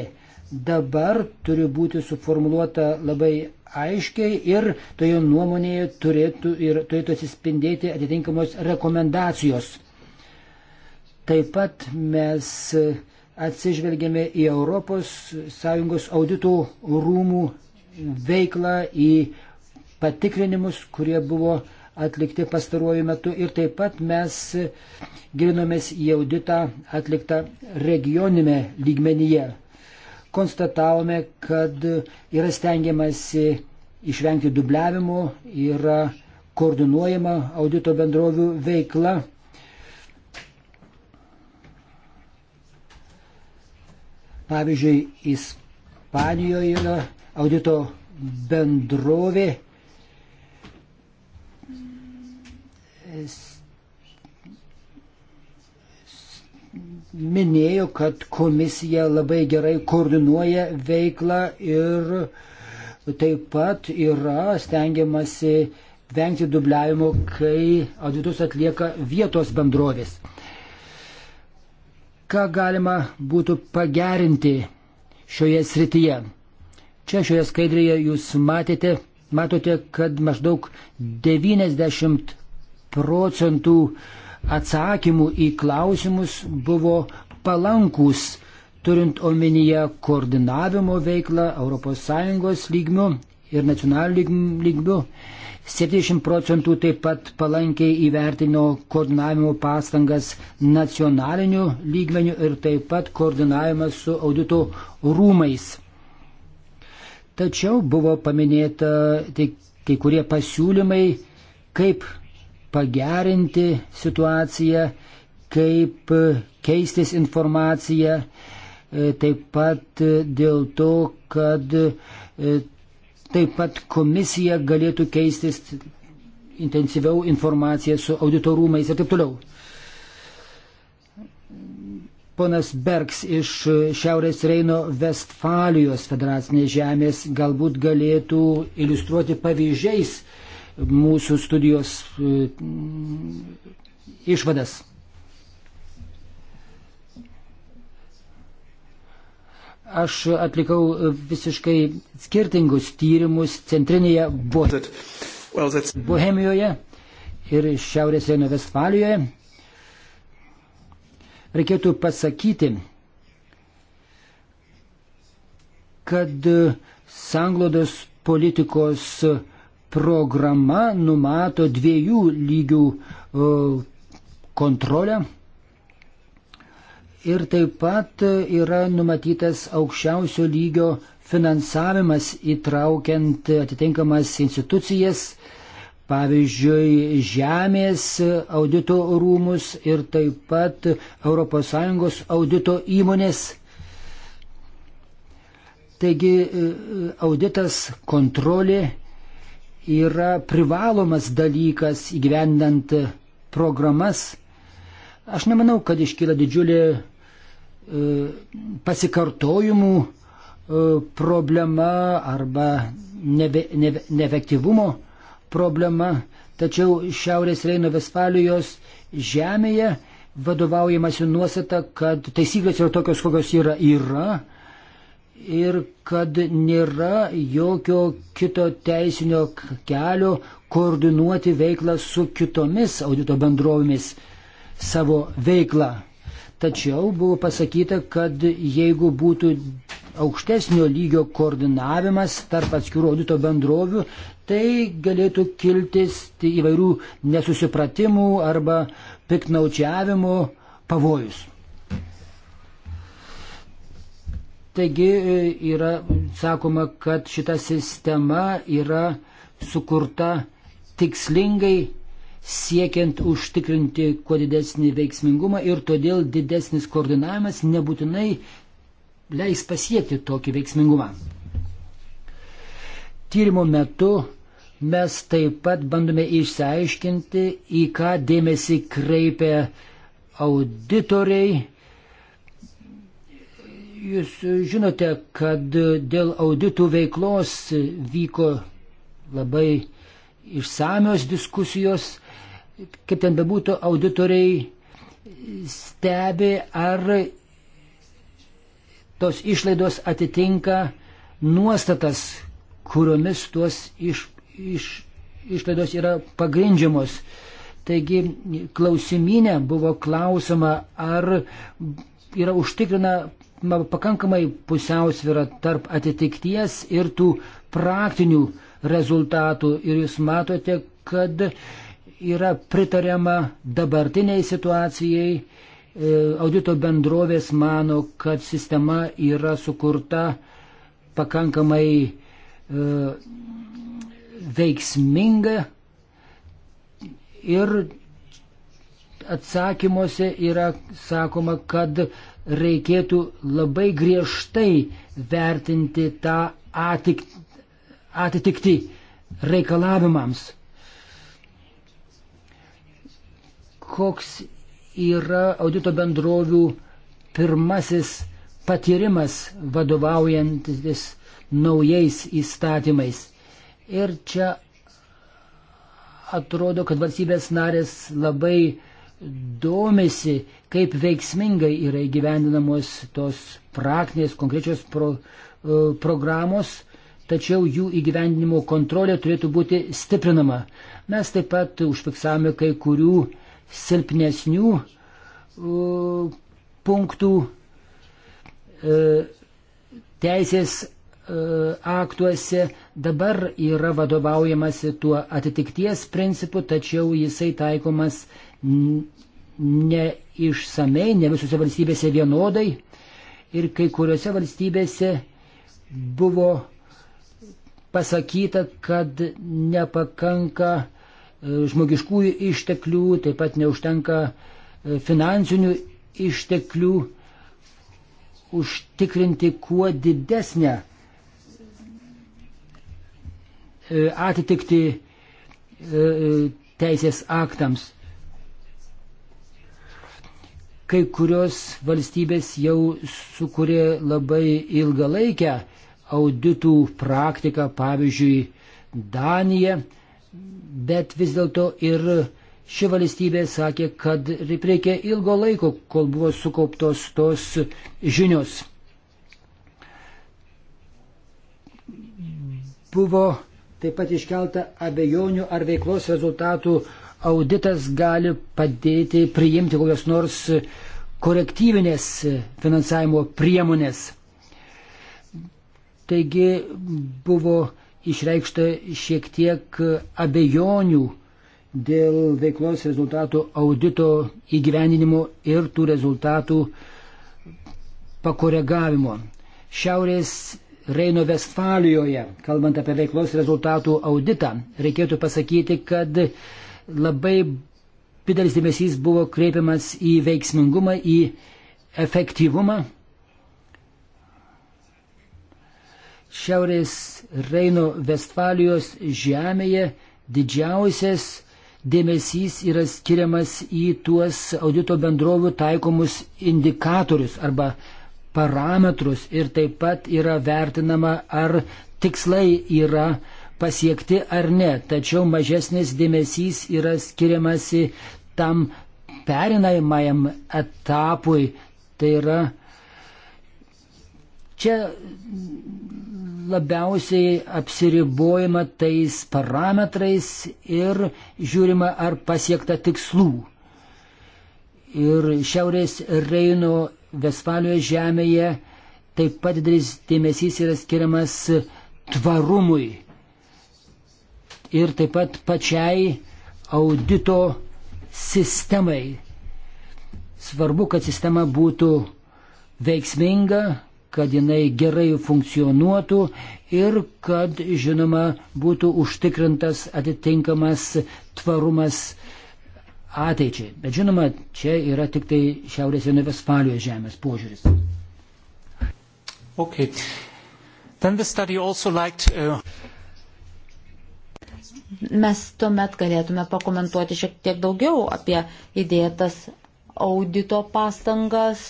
dabar turi būti suformuoluota labai aiškiai ir toje nuomonėje turėtų, ir, turėtų atsispindėti atitinkamos rekomendacijos. Taip pat mes atsižvelgėme į ES auditų rūmų veiklą, į patikrinimus, kurie buvo atlikti pastaruoju metu ir taip pat mes gilinomės į auditą atliktą regioninėme lygmenyje. Konstatavome, kad yra stengiamasi išvengti dubliavimo, yra koordinuojama audito bendrovių veikla. Pavyzdžiui, Ispanijoje audito bendrovė minėjo, kad komisija labai gerai koordinuoja veiklą ir taip pat yra stengiamasi vengti dubliavimo, kai auditus atlieka vietos bendrovės. Ką galima būtų pagerinti šioje srityje? Čia šioje skaidrėje jūs matėte, matote, kad maždaug 90 procentų atsakymų į klausimus buvo palankus, turint omenyje koordinavimo veiklą ES lygmių ir nacionalinių lygmių. 70 procentų taip pat palankiai įvertino koordinavimo pastangas nacionaliniu lygmeniu ir taip pat koordinavimą su audito rūmais. Tačiau buvo paminėta tik kai kurie pasiūlymai, kaip pagerinti situaciją, kaip keistis informacija, e, taip pat dėl to, kad e, taip pat komisija galėtų keistis intensyviau informaciją su auditorumais ir taip toliau. Ponas Bergs iš Šiaurės Reino Vestfalijos federacinės žemės galbūt galėtų iliustruoti pavyzdžiais, mūsų studijos e, išvadas. Aš atlikau visiškai skirtingus tyrimus centrinėje Bohemijoje ir Šiaurės Rėno Vestfalijoje. Reikėtų pasakyti, kad sanglodos politikos uh, programa numato dviejų lygių e, kontrolę. Ir taip pat yra numatytas aukščiausio lygio finansavimas įtraukiant atitinkamas institucijas, pavyzdžiui, žemės audito rūmus ir taip pat ES audito įmonės. Taigi e, e, auditas kontrolė yra privalomas dalykas įgyvendant programas. Aš nemanau, kad iškyla didžiulė e, pasikartojimų e, problema arba neve, neve, neefektyvumo problema, tačiau Šiaurės Reino Vespalijos žemėje vadovaujamasi nuostata, kad taisyklės yra tokios, kokios yra, yra ir kad nėra jokio kito teisinio kelio koordinuoti veiklą su kitomis audito bendrovėmis savo veiklą. Tačiau buvo pasakyta, kad jeigu būtų aukštesnio lygio koordinavimas tarp atskirų audito bendrovių, tai galėtų kiltis įvairių nesusipratimų arba piknaučiavimų pavojus. Taigi e, yra sakoma, kad šita sistema yra sukurta tikslingai siekiant užtikrinti kuo didesnį veiksmingumą ir todėl didesnis koordinavimas nebūtinai leis pasiekti tokį veiksmingumą. Tyrimo metu mes taip pat bandome išsiaiškinti, į ką dėmesį kreipia auditoriai, Jūs žinote, kad dėl auditų veiklos vyko labai išsamios diskusijos. Kaip ten bebūtų, auditoriai stebi, ar tos išlaidos atitinka nuostatas, kuriomis tuos iš, iš, išlaidos yra pagrindžiamos. Taigi klausimynė buvo klausima, ar yra užtikrina pakankamai pusiausvyrą tarp atitikties ir tų praktinių rezultatų ir jūs matote, kad yra pritariama dabartiniai situacijai. E, audito bendrovės mano, kad sistema yra sukurta pakankamai e, veiksminga ir atsakymuose yra sakoma, kad reikėtų labai griežtai vertinti tą atik, atitikti reikalavimams. Koks yra audito bendrovių pirmasis patyrimas vadovaujantis naujais įstatymais. Ir čia atrodo, kad valstybės narės labai domisi, kaip veiksmingai yra įgyvendinamos tos praktinės konkrečios pro, e, programos, tačiau jų įgyvendinimo kontrolė turėtų būti stiprinama. Mes taip pat užfiksavome kai kurių silpnesnių uh, punktų uh, teisės aktuose dabar yra vadovaujamasi tuo atitikties principu, tačiau jisai taikomas neišsamei, ne visose valstybėse vienodai ir kai kuriuose valstybėse buvo pasakyta, kad nepakanka e, žmogiškųjų išteklių, taip pat neužtenka e, finansinių išteklių užtikrinti kuo didesnę e, atitikti teisės aktams. Kai kurios valstybės jau sukūrė labai ilgalaikę auditų praktiką, pavyzdžiui, Danija, bet vis dėlto ir ši valstybė sakė, kad reikia ilgo laiko, kol buvo sukauptos tos žinios. Buvo taip pat iškelta abejonių ar veiklos rezultatų auditas gali padėti priimti kokias nors korektyvinės finansavimo priemonės. Taigi buvo išreikšta šiek tiek abejonių dėl veiklos rezultatų audito įgyvendinimo ir tų rezultatų pakoregavimo. Šiaurės Reino Vestfalijoje, kalbant apie veiklos rezultatų auditą, reikėtų pasakyti, kad labai didelis dėmesys buvo kreipiamas į veiksmingumą, į efektyvumą. Šiaurės Reino Vestfalijos žemėje didžiausias dėmesys yra skiriamas į tuos audito bendrovių taikomus indikatorius arba parametrus ir taip pat yra vertinama, ar tikslai yra uh, pasiekti ar ne, tačiau mažesnis dėmesys yra skiriamasi tam perinamajam etapui. Tai yra čia labiausiai apsiribojama tais parametrais ir žiūrima, ar pasiekta tikslų. Ir Šiaurės Reino Vespalijos žemėje taip pat didelis dėmesys yra skiriamas tvarumui ir taip pat pačiai audito sistemai. Svarbu, kad sistema būtų veiksminga, kad jinai gerai funkcionuotų ir kad, žinoma, būtų užtikrintas atitinkamas tvarumas ateičiai. Bet žinoma, čia yra tik tai Šiaurės ir Vestfalijos žemės požiūris. Okay. Liked, uh... Mes tuomet galėtume pakomentuoti šiek tiek daugiau apie įdėtas audito pastangas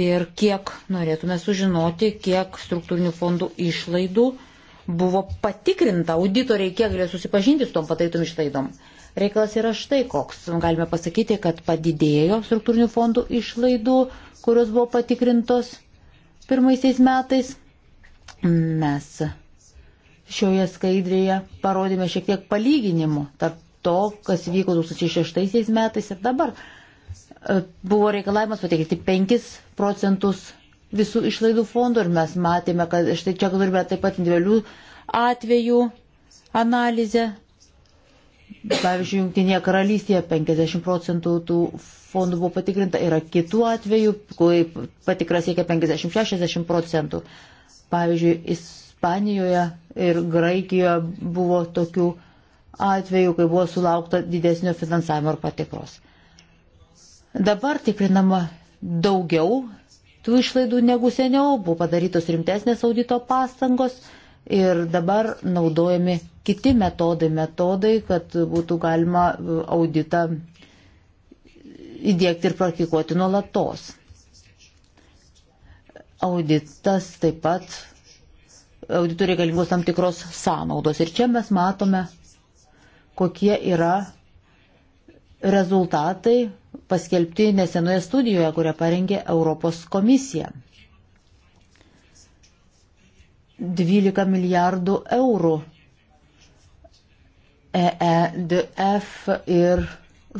ir kiek norėtume sužinoti, kiek struktūrinių fondų išlaidų buvo patikrinta, auditoriai kiek galėjo susipažinti su tom pataitom išlaidom. Reikalas yra štai koks. Galime pasakyti, kad padidėjo struktūrinių fondų išlaidų, kurios buvo patikrintos pirmaisiais metais. Mes Šioje skaidrėje parodėme šiek tiek palyginimų tarp to, kas vyko 2006 metais ir dabar. E, buvo reikalavimas pateikti 5 procentus visų išlaidų fondų ir mes matėme, kad štai čia turime taip pat individualių atvejų analizę. Pavyzdžiui, Junktinėje karalystėje 50 procentų tų fondų buvo patikrinta, yra kitų atvejų, kai patikra siekia 50-60 procentų. Pavyzdžiui, Ispanijoje ir Graikijoje buvo tokių atvejų, kai buvo sulaukta didesnio finansavimo ir patikros. Dabar tikrinama daugiau tų išlaidų negu seniau, buvo padarytos rimtesnės audito pastangos ir dabar naudojami kiti metodai, metodai, kad būtų galima auditą įdėkti ir praktikuoti nuolatos. Auditas taip pat auditui reikalingos tam tikros sąnaudos. Ir čia mes matome, kokie yra rezultatai paskelbti nesenoje studijoje, kurią parengė Europos komisija. 12 milijardų eurų EEDF ir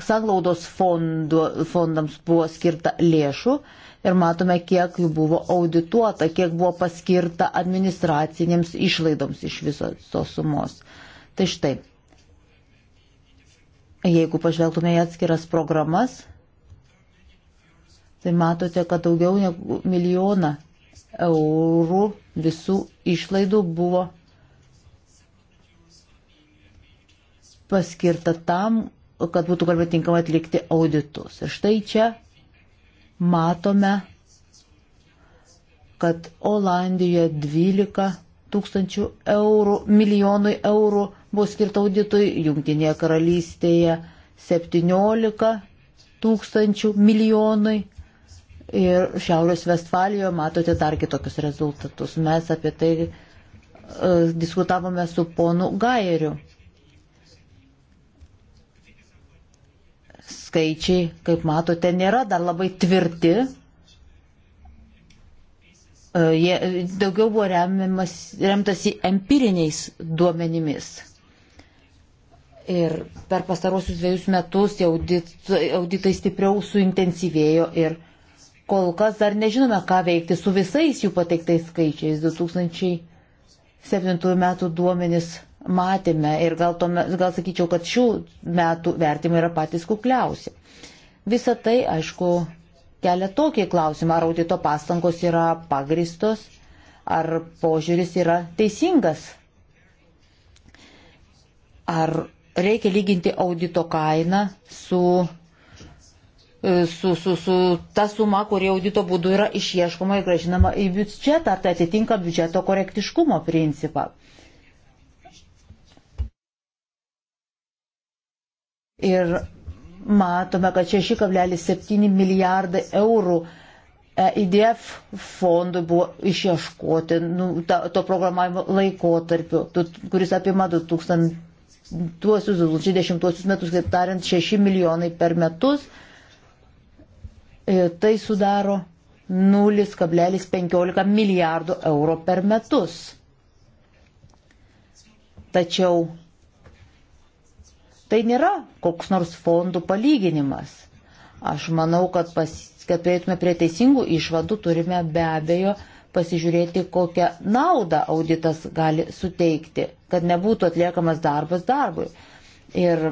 sanglaudos fondų, fondams buvo skirta lėšų ir matome, kiek jų buvo audituota, kiek buvo paskirta administracinėms išlaidoms iš visos tos sumos. Tai štai, jeigu pažvelgtume į atskiras programas, tai matote, kad daugiau negu milijoną eurų visų išlaidų buvo paskirta tam, kad būtų galima tinkamai atlikti auditus. Ir štai čia matome, kad Olandijoje 12 tūkstančių eurų, milijonui eurų buvo skirta auditui, Junktinėje karalystėje 17 tūkstančių milijonui. Ir Šiaurės Vestfalijoje matote dar kitokius rezultatus. Mes apie tai uh, diskutavome su ponu Gairiu. skaičiai, kaip matote, nėra dar labai tvirti. E, jie daugiau buvo remiamas, remtasi empiriniais duomenimis. Ir per pastarosius dviejus metus auditai, auditai stipriau suintensyvėjo ir kol kas dar nežinome, ką veikti su visais jų pateiktais skaičiais. 2007 metų duomenis matėme ir gal, tome, gal sakyčiau, kad šių metų vertimai yra patys kukliausi. Visą tai, aišku, kelia tokį klausimą, ar audito pastangos yra pagristos, ar požiūris yra teisingas, ar reikia lyginti audito kainą su e, su, su, su ta suma, kuri audito būdu yra išieškoma ir gražinama į biudžetą, ar tai atitinka biudžeto korektiškumo principą. Ir matome, kad 6,7 milijardai eurų IDF e, e fondų buvo išieškoti nu, ta, to programavimo laikotarpiu, kuris apima 2000-2010 metus, kaip tariant, 6 milijonai per metus. Ir tai sudaro 0,15 milijardų eurų per metus. Tačiau Tai nėra koks nors fondų palyginimas. Aš manau, kad, pas, kad prieitume prie teisingų išvadų, turime be abejo pasižiūrėti, kokią naudą auditas gali suteikti, kad nebūtų atliekamas darbas darbui. Ir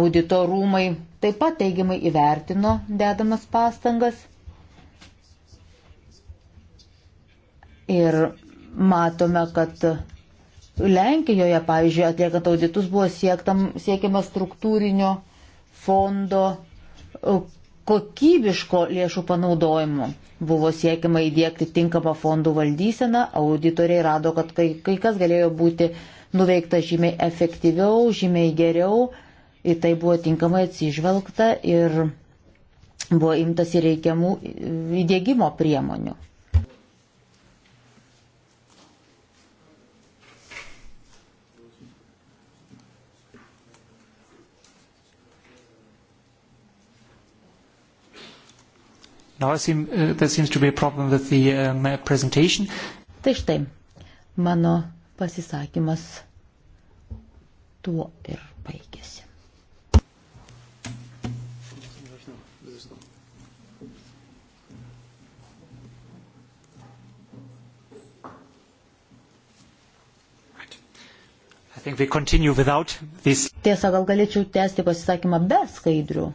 audito rūmai taip pat teigiamai įvertino dedamas pastangas. Ir matome, kad Lenkijoje, pavyzdžiui, atliekant auditus buvo siektam, siekiama struktūrinio fondo e, kokybiško lėšų panaudojimo. Buvo siekiama įdėkti tinkamą fondų valdyseną, auditoriai rado, kad kai, kai kas galėjo būti nuveikta žymiai efektyviau, žymiai geriau, į tai buvo tinkamai atsižvelgta ir buvo imtas įreikiamų įdėgymo priemonių. Now I seem, uh, there seems to be a problem with the um, uh, presentation. Tai štai, mano pasisakymas tuo ir baigėsi. Tiesa, gal galėčiau tęsti pasisakymą be skaidrių.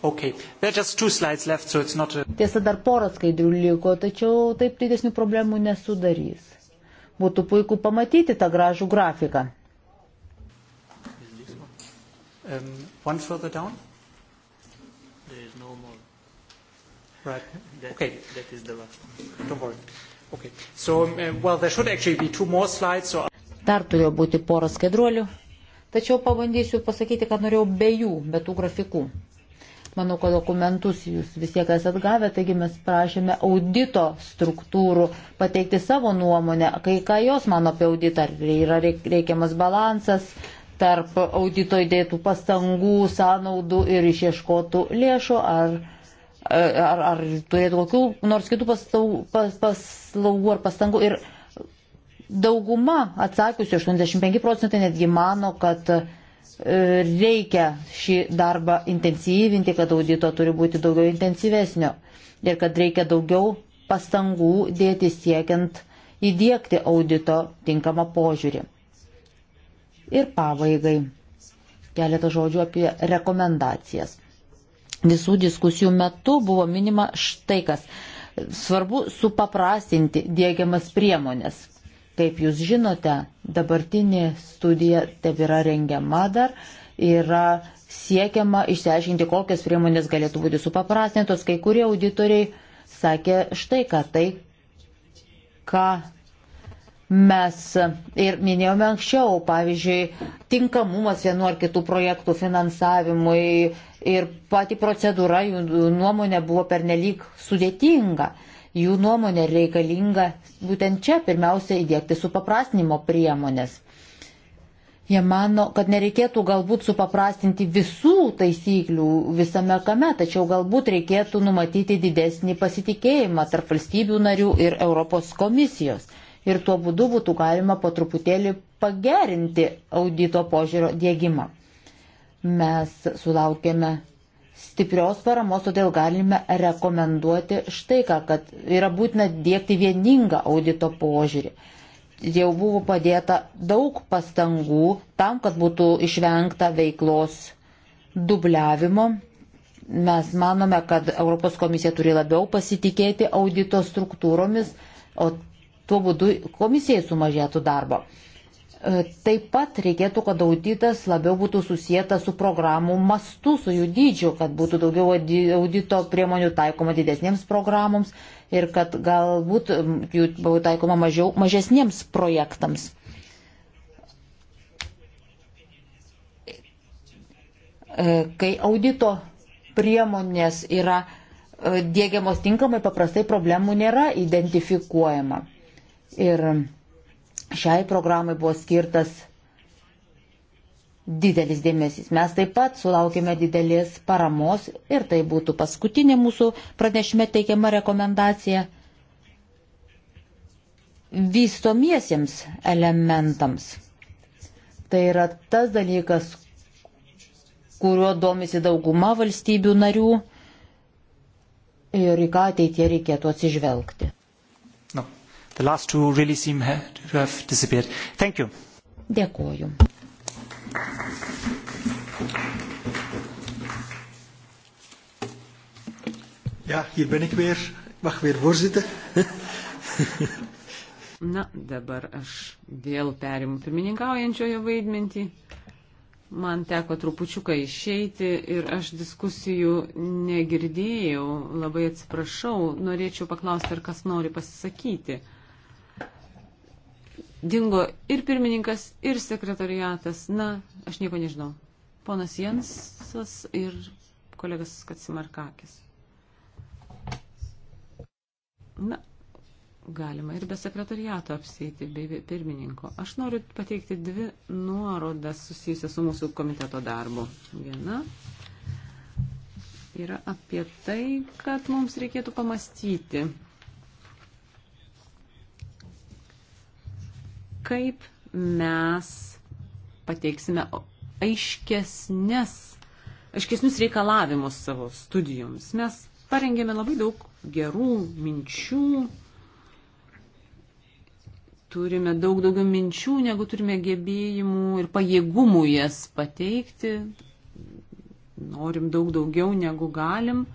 Okay. Left, so not... Tiesa, dar porą skaidrių liko, tačiau taip didesnių problemų nesudarys. Būtų puiku pamatyti tą gražų grafiką. Um, no right. that, okay. that Okay. So, um, well, so... Dar turėjo būti pora skaidruolių, tačiau pabandysiu pasakyti, kad norėjau be jų, be tų grafikų. Manau, kad dokumentus jūs vis tiek esate gavę, taigi mes prašėme audito struktūrų pateikti savo nuomonę, kai ką jos mano apie auditą, ar yra reikiamas balansas, tarp audito įdėtų pastangų, sąnaudų ir išieškotų lėšų, ar ar, ar turėtų kokių nors kitų paslaugų, pas, paslaugų ar pastangų. Ir dauguma atsakiusių, 85 procentai netgi mano, kad e, reikia šį darbą intensyvinti, kad audito turi būti daugiau intensyvesnio ir kad reikia daugiau pastangų dėti siekiant įdėkti audito tinkamą požiūrį. Ir pabaigai keletą žodžių apie rekomendacijas visų diskusijų metu buvo minima štai kas. Svarbu supaprastinti dėgiamas priemonės. Kaip jūs žinote, dabartinė studija taip yra rengiama dar, yra siekiama išsiaiškinti, kokias priemonės galėtų būti supaprastintos. Kai kurie auditoriai sakė štai ką tai, ką mes ir minėjome anksčiau, pavyzdžiui, tinkamumas vienu ar kitų projektų finansavimui, ir pati procedūra jų nuomonė buvo pernelyg sudėtinga. Jų nuomonė reikalinga būtent čia pirmiausia įdėkti supaprastinimo priemonės. Jie mano, kad nereikėtų galbūt supaprastinti visų taisyklių visame kame, tačiau galbūt reikėtų numatyti didesnį pasitikėjimą tarp valstybių narių ir Europos komisijos. Ir tuo būdu būtų galima po truputėlį pagerinti audito požiūrio dėgymą. Mes sulaukėme stiprios paramos, todėl galime rekomenduoti štai ką, kad yra būtina dėkti vieningą audito požiūrį. Jau buvo padėta daug pastangų tam, kad būtų išvengta veiklos dubliavimo. Mes manome, kad Europos komisija turi labiau pasitikėti audito struktūromis, o tuo būdu komisijai sumažėtų darbo. E, taip pat reikėtų, kad auditas labiau būtų susijęta su programų mastu, su jų dydžiu, kad būtų daugiau audito priemonių taikoma didesniems programoms ir kad galbūt jų būtų taikoma mažiau, mažesniems projektams. E, kai audito priemonės yra e, dėgiamos tinkamai, paprastai problemų nėra identifikuojama. Ir Šiai programai buvo skirtas didelis dėmesys. Mes taip pat sulaukėme didelės paramos ir tai būtų paskutinė mūsų pranešime teikiama rekomendacija vystomiesiems elementams. Tai yra tas dalykas, kuriuo domisi dauguma valstybių narių ir į ką ateitie reikėtų atsižvelgti. The last two really seem ha to have disappeared. Thank you. Dėkuoju. Ja, hier ben ik weer. Mag weer voorzitten. Na, dabar aš vėl perimu pirmininkaujančiojo vaidmentį. Man teko trupučiuką išeiti ir aš diskusijų negirdėjau. Labai atsiprašau. Norėčiau paklausti, ar kas nori pasisakyti dingo ir pirmininkas, ir sekretariatas. Na, aš nieko nežinau. Ponas Jensas ir kolegas Kacimarkakis. Na, galima ir be sekretariato apsėti, bei pirmininko. Aš noriu pateikti dvi nuorodas susijusias su mūsų komiteto darbu. Viena yra apie tai, kad mums reikėtų pamastyti kaip mes pateiksime aiškesnės, aiškesnius reikalavimus savo studijoms. Mes parengėme labai daug gerų minčių, turime daug daugiau minčių, negu turime gebėjimų ir pajėgumų jas pateikti. Norim daug daugiau, negu galim.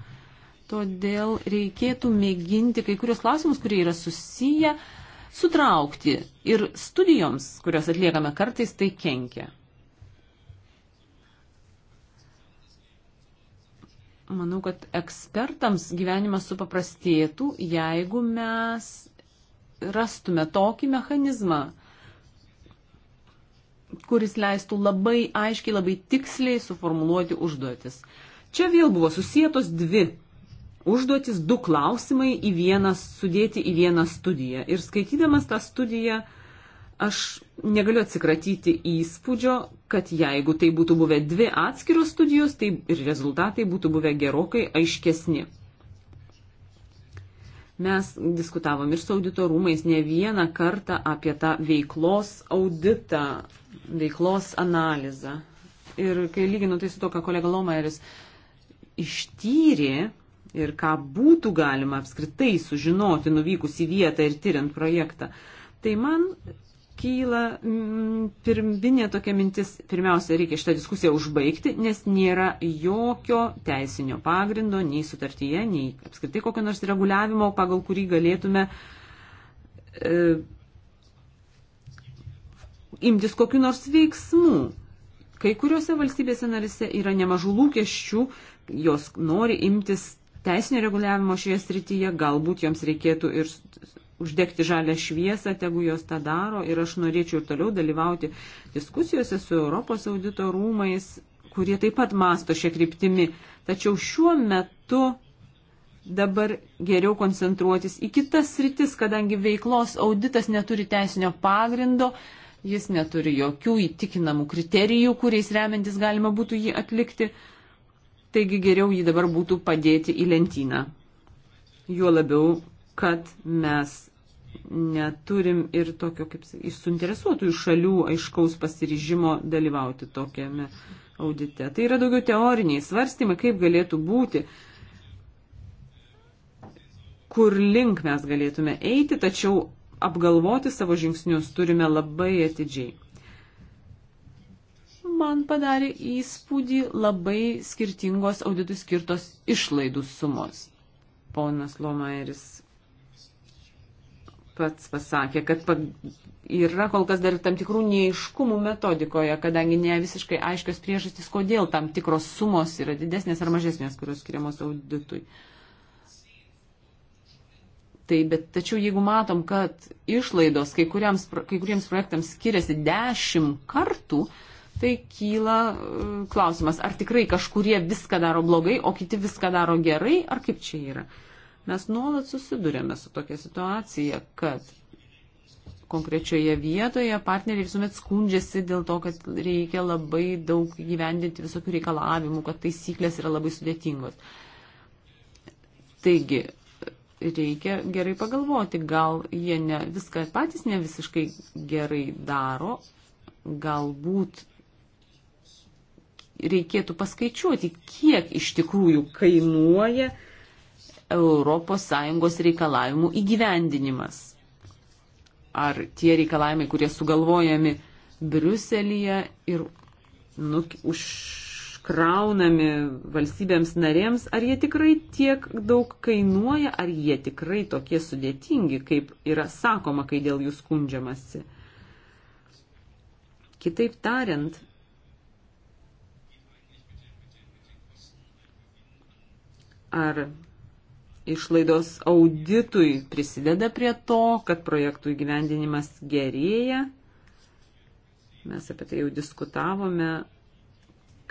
Todėl reikėtų mėginti kai kurios klausimus, kurie yra susiję, uh, sutraukti ir studijoms, kurios atliekame kartais, tai kenkia. Manau, kad ekspertams gyvenimas supaprastėtų, jeigu mes rastume tokį mechanizmą, kuris leistų labai aiškiai, labai tiksliai suformuluoti užduotis. Čia vėl buvo susijėtos dvi užduotis, du klausimai į vieną sudėti į vieną studiją. Ir skaitydamas tą studiją, aš negaliu atsikratyti įspūdžio, kad jeigu tai būtų buvę dvi atskiros studijos, tai ir rezultatai būtų buvę gerokai aiškesni. Mes diskutavom ir su auditorumais ne vieną kartą apie tą veiklos auditą, veiklos analizą. Ir kai lyginau tai su to, ką kolega Lomaeris ištyrė, ir ką būtų galima apskritai sužinoti nuvykus į vietą ir tyriant projektą. Tai man kyla mm, pirminė tokia mintis, pirmiausia, reikia šitą diskusiją užbaigti, nes nėra jokio teisinio pagrindo nei sutartyje, nei apskritai kokio nors reguliavimo, pagal kurį galėtume e, imtis kokiu nors veiksmu. Kai kuriuose valstybėse narise yra nemažų lūkesčių, jos nori imtis teisinio reguliavimo šioje srityje, galbūt joms reikėtų ir uždegti žalę šviesą, tegu jos tą daro ir aš norėčiau ir toliau dalyvauti diskusijose su Europos audito rūmais, kurie taip pat masto šią kryptimį. Tačiau šiuo metu dabar geriau koncentruotis į kitas sritis, kadangi veiklos auditas neturi teisinio pagrindo, jis neturi jokių įtikinamų kriterijų, kuriais remiantis galima būtų jį atlikti. Taigi geriau jį dabar būtų padėti į lentyną. Juo labiau, kad mes neturim ir tokio, kaip suinteresuotųjų šalių aiškaus pasiryžimo dalyvauti tokiame audite. Tai yra daugiau teoriniai svarstymai, kaip galėtų būti, kur link mes galėtume eiti, tačiau apgalvoti savo žingsnius turime labai atidžiai man padarė įspūdį labai skirtingos auditų skirtos išlaidų sumos. Ponas Lomairis pats pasakė, kad yra kol kas dar tam tikrų neiškumų metodikoje, kadangi ne visiškai aiškios priežastys, kodėl tam tikros sumos yra didesnės ar mažesnės, kurios skiriamos auditui. Tai, bet tačiau jeigu matom, kad išlaidos kai kuriems, kai kuriems projektams skiriasi dešimt kartų, uh, tai kyla e, klausimas, ar tikrai kažkurie viską daro blogai, o kiti viską daro gerai, ar kaip čia yra. Mes nuolat susidurėme su tokia situacija, kad konkrečioje vietoje partneriai visuomet skundžiasi dėl to, kad reikia labai daug gyvendinti visokių reikalavimų, kad taisyklės yra labai sudėtingos. Taigi, reikia gerai pagalvoti, gal jie ne, viską patys ne visiškai gerai daro, galbūt reikėtų paskaičiuoti, kiek iš tikrųjų kainuoja ES reikalavimų įgyvendinimas. Ar tie reikalavimai, kurie sugalvojami Briuselyje ir nu, užkraunami valstybėms narėms, ar jie tikrai tiek daug kainuoja, ar jie tikrai tokie sudėtingi, kaip yra sakoma, kai dėl jų skundžiamasi. Kitaip tariant, Ar išlaidos auditui prisideda prie to, kad projektų įgyvendinimas gerėja? Mes apie tai jau diskutavome,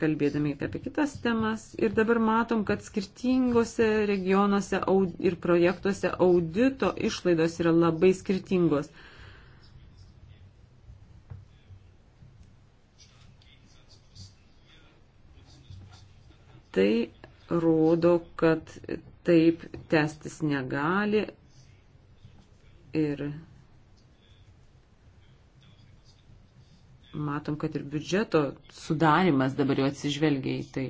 kalbėdami apie kitas temas. Ir dabar matom, kad skirtingose regionuose ir projektuose audito išlaidos yra labai skirtingos. Tai rodo, kad taip tęstis negali ir matom, kad ir biudžeto sudarimas dabar jau atsižvelgia į tai.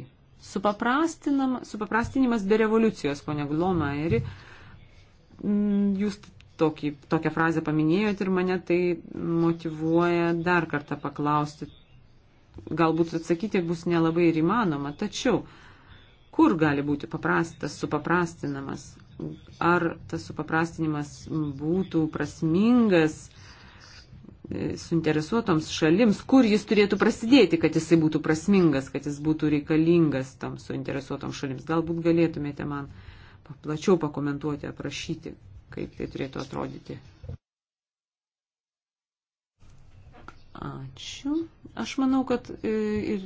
Supaprastinimas be revoliucijos, ponia Gloma, ir mm, jūs tokį, tokią frazę paminėjot ir mane tai motivuoja dar kartą paklausti. Galbūt atsakyti bus nelabai ir įmanoma, tačiau uh, kur gali būti paprastas, supaprastinamas, ar tas supaprastinimas būtų prasmingas e, suinteresuotoms šalims, kur jis turėtų prasidėti, kad jisai būtų prasmingas, kad jis būtų reikalingas tam suinteresuotoms šalims. Galbūt galėtumėte man plačiau pakomentuoti, aprašyti, kaip tai turėtų atrodyti. Ačiū. Aš manau, kad e, ir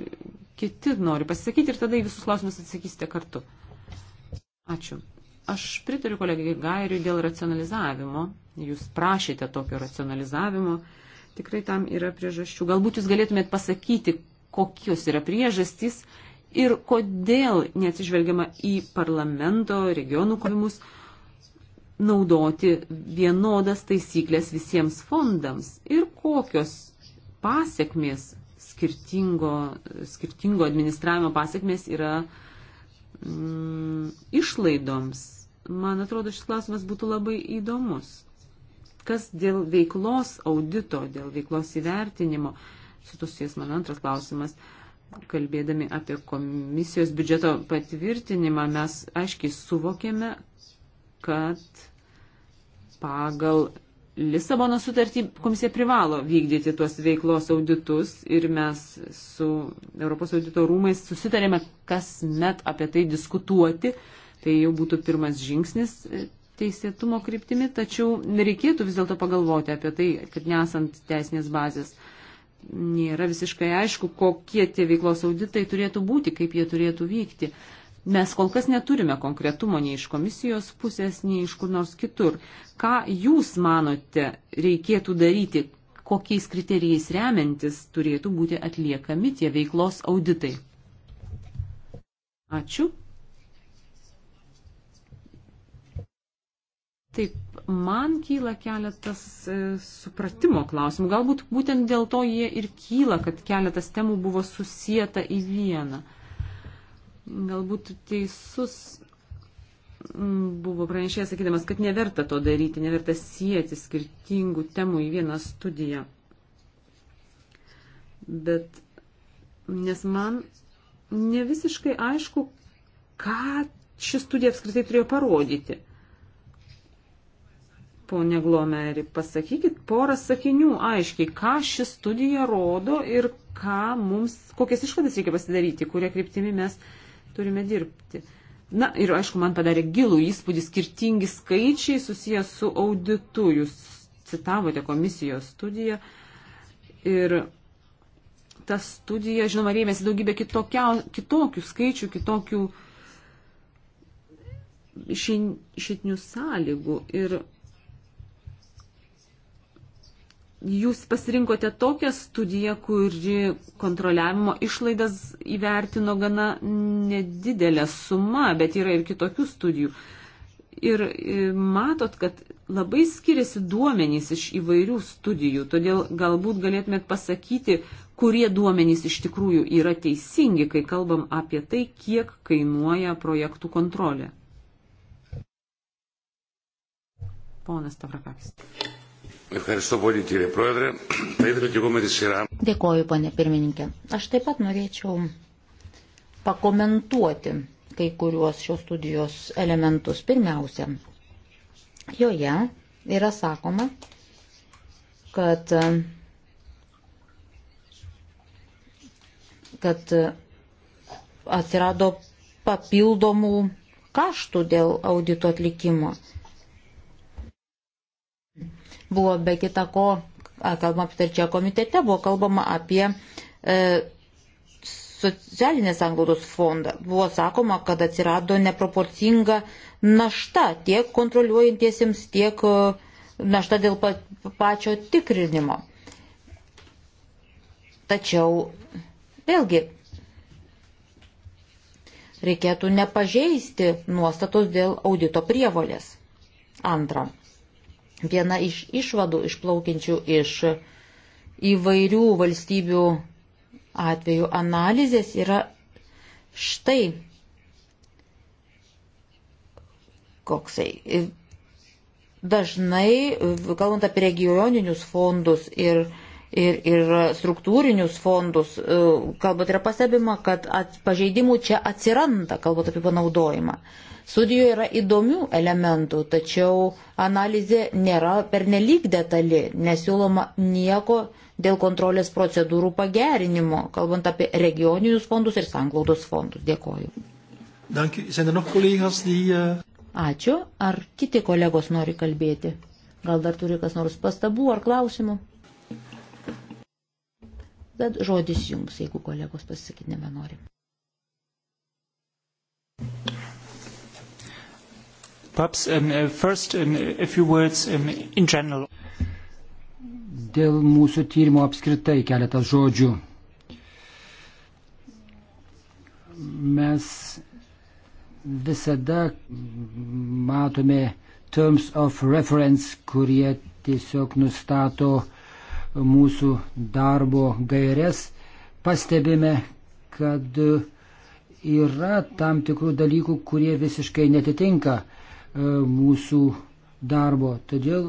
kiti nori pasisakyti ir tada į visus klausimus atsakysite kartu. Ačiū. Aš pritariu kolegai Gairiui dėl racionalizavimo. Jūs prašėte tokio racionalizavimo. Tikrai tam yra priežasčių. Galbūt jūs galėtumėt pasakyti, kokios yra priežastys ir kodėl neatsižvelgiama į parlamento regionų kovimus naudoti vienodas taisyklės visiems fondams ir kokios pasiekmės skirtingo, skirtingo administravimo pasiekmes yra mm, išlaidoms. Man atrodo, šis klausimas būtų labai įdomus. Kas dėl veiklos audito, dėl veiklos įvertinimo, šitus jis man antras klausimas, kalbėdami apie komisijos biudžeto patvirtinimą, mes aiškiai suvokėme, kad pagal Lisabono sutartį komisija privalo vykdyti tuos veiklos auditus ir mes su Europos audito rūmais susitarėme kasmet apie tai diskutuoti. Tai jau būtų pirmas žingsnis e, teisėtumo kryptimi, tačiau reikėtų vis dėlto pagalvoti apie tai, kad nesant teisinės bazės nėra visiškai aišku, kokie tie veiklos auditai turėtų būti, kaip jie turėtų vykti. Mes kol kas neturime konkretumo nei iš komisijos pusės, nei iš kur nors kitur. Ką jūs manote reikėtų daryti, kokiais kriterijais remiantis turėtų būti atliekami tie veiklos auditai? Ačiū. Taip, man kyla keletas e, supratimo klausimų. Galbūt būtent dėl to jie ir kyla, kad keletas temų buvo susijęta į vieną galbūt teisus buvo pranešėjas sakydamas, kad neverta to daryti, neverta sieti skirtingų temų į vieną studiją. Bet nes man ne visiškai aišku, ką ši studija apskritai turėjo parodyti. Pone Glomeri, pasakykit porą sakinių aiškiai, ką ši studija rodo ir ką mums, kokias išvadas reikia pasidaryti, kuria kryptimi mes uh, turime dirbti. Na ir aišku, man padarė gilų įspūdį skirtingi skaičiai susijęs su auditu. Jūs citavote komisijos studiją ir ta studija, žinoma, rėmėsi daugybė kitokio, kitokių skaičių, kitokių išeitinių sąlygų. Ir Jūs pasirinkote tokią studiją, kuri kontroliavimo išlaidas įvertino gana nedidelę sumą, bet yra ir kitokių studijų. Ir e, matot, kad labai skiriasi duomenys iš įvairių studijų, todėl galbūt galėtumėt pasakyti, kurie duomenys iš tikrųjų yra teisingi, kai kalbam apie tai, kiek kainuoja projektų kontrolė. Ponas Tavrakakis. Dėkoju, ponė pirmininkė. Aš taip pat norėčiau pakomentuoti kai kuriuos šios studijos elementus. Pirmiausia, joje yra sakoma, kad, kad atsirado papildomų kaštų dėl audito atlikimo. Buvo be kita ko, kalbama apie čia komitete, buvo kalbama apie e, socialinės anglaudos fondą. Buvo sakoma, kad atsirado neproporcinga našta tiek kontroliuojantiesiems, tiek e, našta dėl pačio tikrinimo. Tačiau vėlgi reikėtų nepažeisti nuostatos dėl audito prievolės. Antra, Viena iš išvadų išplaukiančių iš įvairių valstybių atvejų analizės yra štai koksai. Dažnai, kalbant apie regioninius fondus ir, ir, ir struktūrinius fondus, kalbant yra pastebima, kad at, pažeidimų čia atsiranda, kalbant apie panaudojimą. Uh, Studijoje yra įdomių elementų, tačiau analizė nėra pernelyg detali, nesiūloma nieko dėl kontrolės procedūrų pagerinimo, kalbant apie regioninius fondus ir sanglaudos fondus. Dėkoju. Äh, Ačiū. Ar kiti kolegos nori kalbėti? Gal dar turi kas nors pastabų ar klausimų? Tad žodis jums, jeigu kolegos pasisakyti nebenori. Perhaps um, uh, first um, a few words um, in general. Dėl mūsų tyrimo apskritai keletas žodžių. Mes visada matome terms of reference, kurie tiesiog nustato mūsų darbo gairias. Pastebime, kad yra tam tikrų dalykų, kurie visiškai netitinka uh, E, mūsų darbo. Todėl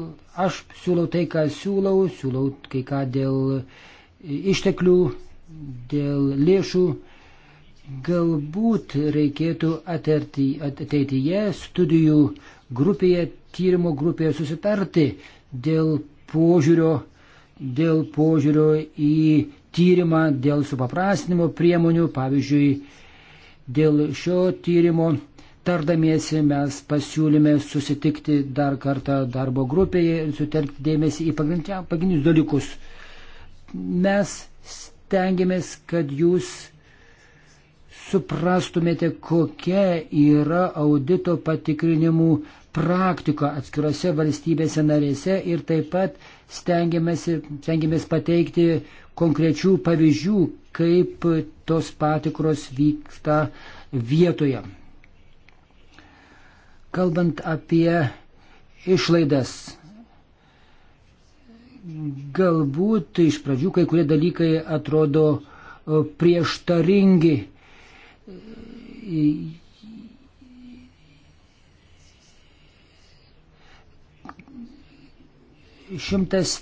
aš siūlau tai, ką siūlau, siūlau kai ką dėl išteklių, dėl lėšų. Galbūt reikėtų ateityje studijų grupėje, tyrimo grupėje susitarti dėl požiūrio, dėl požiūrio į tyrimą, dėl supaprastinimo priemonių, pavyzdžiui, dėl šio tyrimo tardamiesi mes pasiūlėme susitikti dar kartą darbo grupėje ir sutelkti dėmesį į pagrindinius dalykus. Mes stengiamės, kad jūs suprastumėte, kokia yra audito patikrinimų praktika atskirose valstybėse narėse ir taip pat stengiamės, stengiamės pateikti konkrečių pavyzdžių, kaip tos patikros vyksta vietoje. Kalbant apie išlaidas, galbūt iš pradžių kai kurie dalykai atrodo e, prieštaringi. Šimtas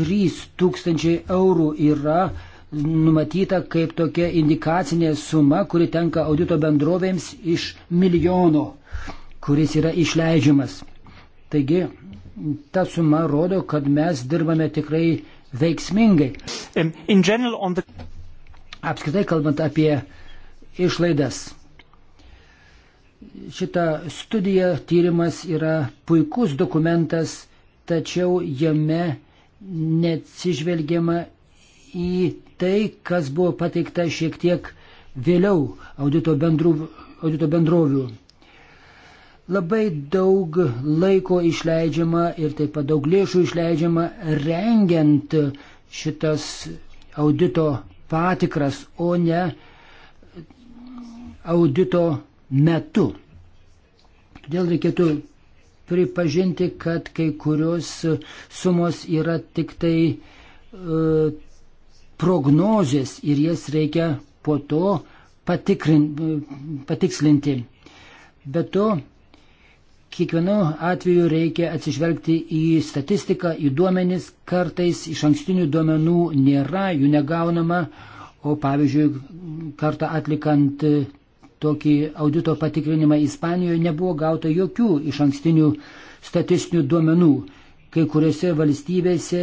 trys tūkstančiai eurų yra numatyta kaip tokia indikacinė suma, kuri tenka audito bendrovėms iš milijono kuris yra išleidžiamas. Taigi, ta suma rodo, kad mes dirbame tikrai veiksmingai. Um, the... Apskritai kalbant apie išlaidas. Šita studija, tyrimas yra puikus dokumentas, tačiau jame neatsižvelgiama į tai, kas buvo pateikta šiek tiek vėliau audito, bendrų, audito bendrovių. Labai daug laiko išleidžiama ir taip pat daug lėšų išleidžiama rengiant šitas audito patikras, o ne audito metu. Todėl reikėtų pripažinti, kad kai kurios sumos yra tik tai e, prognozės ir jas reikia po to patikrin, e, patikslinti. Be to, Kiekvienu atveju reikia atsižvelgti į statistiką, į duomenis, kartais iš ankstinių duomenų nėra, jų negaunama, o pavyzdžiui, kartą atlikant tokį audito patikrinimą Ispanijoje nebuvo gauta jokių iš ankstinių statistinių duomenų. Kai kuriuose valstybėse